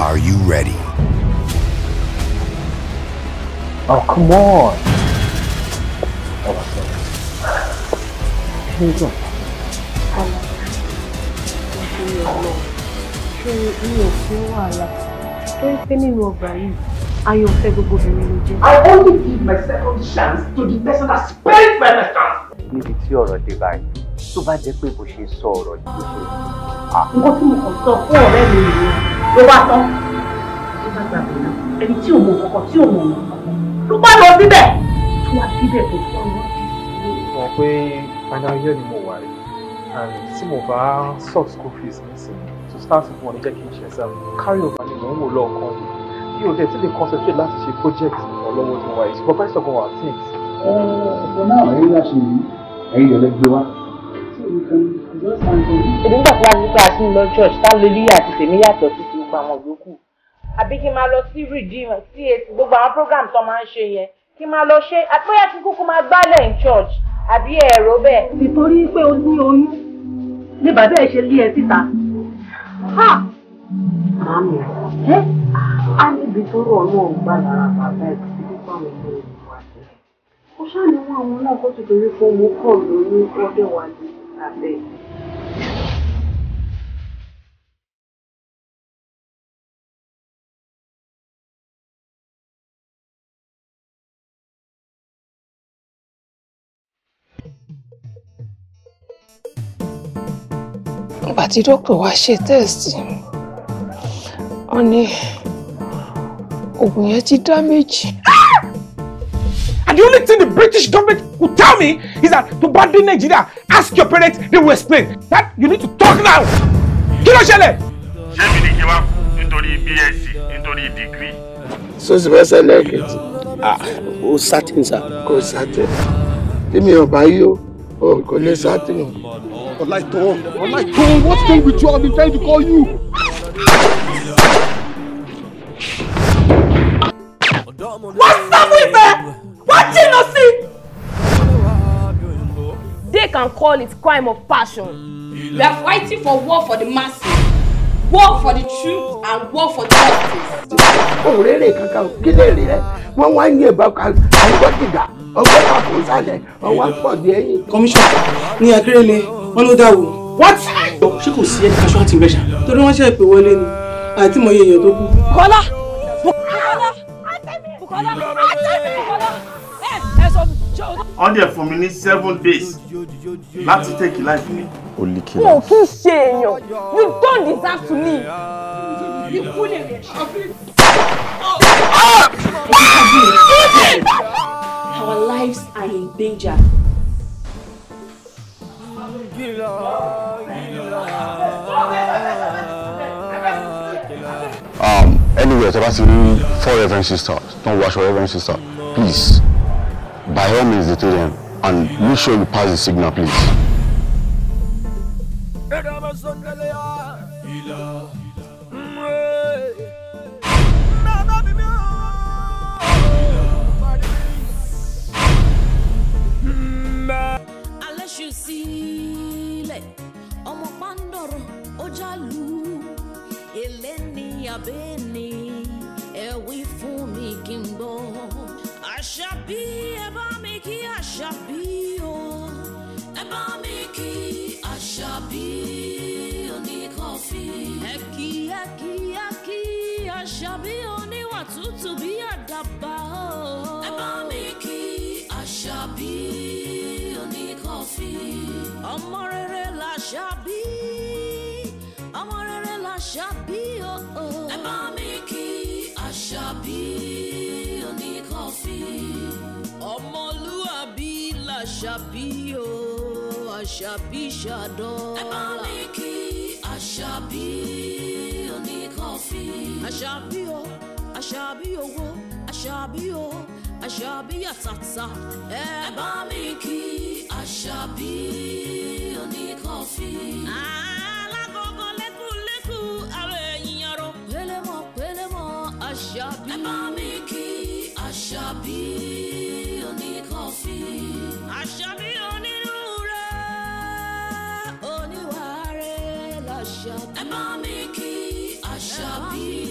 Are you ready? Oh, come on! Oh, Here you go. I only give my second chance to the person that spent my last chance. Níbi tí ọ̀rọ̀ dé tó bá jẹ́ pé bó ṣe sọ ọ̀rọ̀ yìí ló ṣe. àkókò tí ah. mo kàn sọ fún ọ̀rẹ́ mi nìyẹn ló bá tán ló bá gbà mí náà ẹni tí òun kọkọ tí òun ọ̀nà ló bá lọ síbẹ̀ tó wá síbẹ̀ tó tọ́ wọn. mo mọ̀ pé final year ni mo wà rí and tí mo bá sub school fees mi sí to start with one jẹ́ kí n ṣe exam carry over ni mò ń wò lọ́ọ̀kan yìí bí o dẹ̀ ti lè concentrate láti ṣe project ọlọ́wọ́ tí mo wà yìí supervisor kan wà tí. ọ̀pọ̀ náà ẹ̀yin láṣẹ yìí ẹ̀yin lè lè gbé wá èmi gbà tó wá nípa àti lọ church tá lóríyà àti tèmi yàtọ̀ sí ti gbogbo àwọn yòókù àbí kí n máa lọ sí redeem CAC gbogbo àwọn program tó máa ń ṣe yẹn kí n máa lọ ṣe àpéyà kí kúkú máa gbálẹ̀ in church àbí ẹ̀rọ bẹ́ẹ̀. nítorí pé o ní oyún ni bàbá ẹ ṣe lé ẹ síta. màámi ẹ á níbi tó rọ ọlọ́run gbà lára bàbá ẹ kí ló bá wọn lọ ìwà rẹ. ó ṣàníwọ̀n àwọn náà kó ti torí fún omi kọ̀ lórí ọdẹ wa lórí. Amém. nígbà tí dókítà wa ṣe tẹ́ẹ̀sì wọ́n ní oògùn yẹn ti dá méjì. Ah! And the only thing the British government could tell me is that to bá dé Nigeria, ask your parents, they will explain. That you need to talk now. Kí ló ṣẹlẹ̀? Ṣé mi I kí wá nítorí BSc nítorí degree? So ṣe fẹ́ sẹ́lẹ̀ kejì. O sátìn sá. Kò sátìn. Tèmi ọ̀bá yóò, o kò lè sátìn o. Ọláìtàn, Ọláìtàn, what's wrong with you? I've been trying to call you. What's up? can call it crime of passion. Mm. We are fighting for war for the masses, war for the truth, and war for justice. Òrèrè oh, kankan kí lè rí rẹ̀, wọ́n wá ń yẹ̀bọn kan, àìgbọ́ ti dà, ọgbẹ́ kan kò sálẹ̀, ọwọ́ pọ̀ dé ẹ̀yìn. Kọ́míṣọ́nà ní Akérèlé, wọ́n ló dá wò. What? Ṣé kò sí ẹni aṣọ àti ìrẹsà? Torí wọ́n ṣe pè wọlé ni, àti mọ̀ iye èèyàn tó kú. Kọ́lá! Bukola! Bukola! Ah! Bukola! Bukola! wọ́n dẹ̀ fún mi ní seven days láti take life mi. o lè kí n. mo kì í ṣe èèyàn you don't deserve to live. ikú lè rẹ̀ ṣe. Our lives are in danger. Um, anyway, tẹ́ bá ti rí four reverend sisters, don't watch four reverend sisters, please. By all means, detain them and make sure you pass the signal, please. Aláṣẹ sílẹ̀, ọmọ pàǹdọ̀rọ̀ ó àṣàbí ẹ bá mi o ẹ bá ashabi kí àṣàbí oníkọfí. Eki eki ẹ kí ẹ kí àṣàbí oníwà tútù o. ẹ bá ashabi kí àṣàbí oníkọfí. ọmọ rere làṣàbí ọmọ rere làṣàbí o. ẹ bá ashabi ọmọlúàbí làṣàbí o àṣàbí ṣàdọ́là. ẹ bá mi kí àṣàbí oníkọ̀ọ́fì. àṣàbí o àṣàbí owó àṣàbí o àṣàbí àtàtà. ẹ bá mi kí àṣàbí oníkọ̀ọ́fì. Ah. àṣàbí oníkọ̀ọ́fì. àṣàbí onírúurẹ oníwàárẹ̀ làṣàbí. ẹ bá mi kí àṣàbí.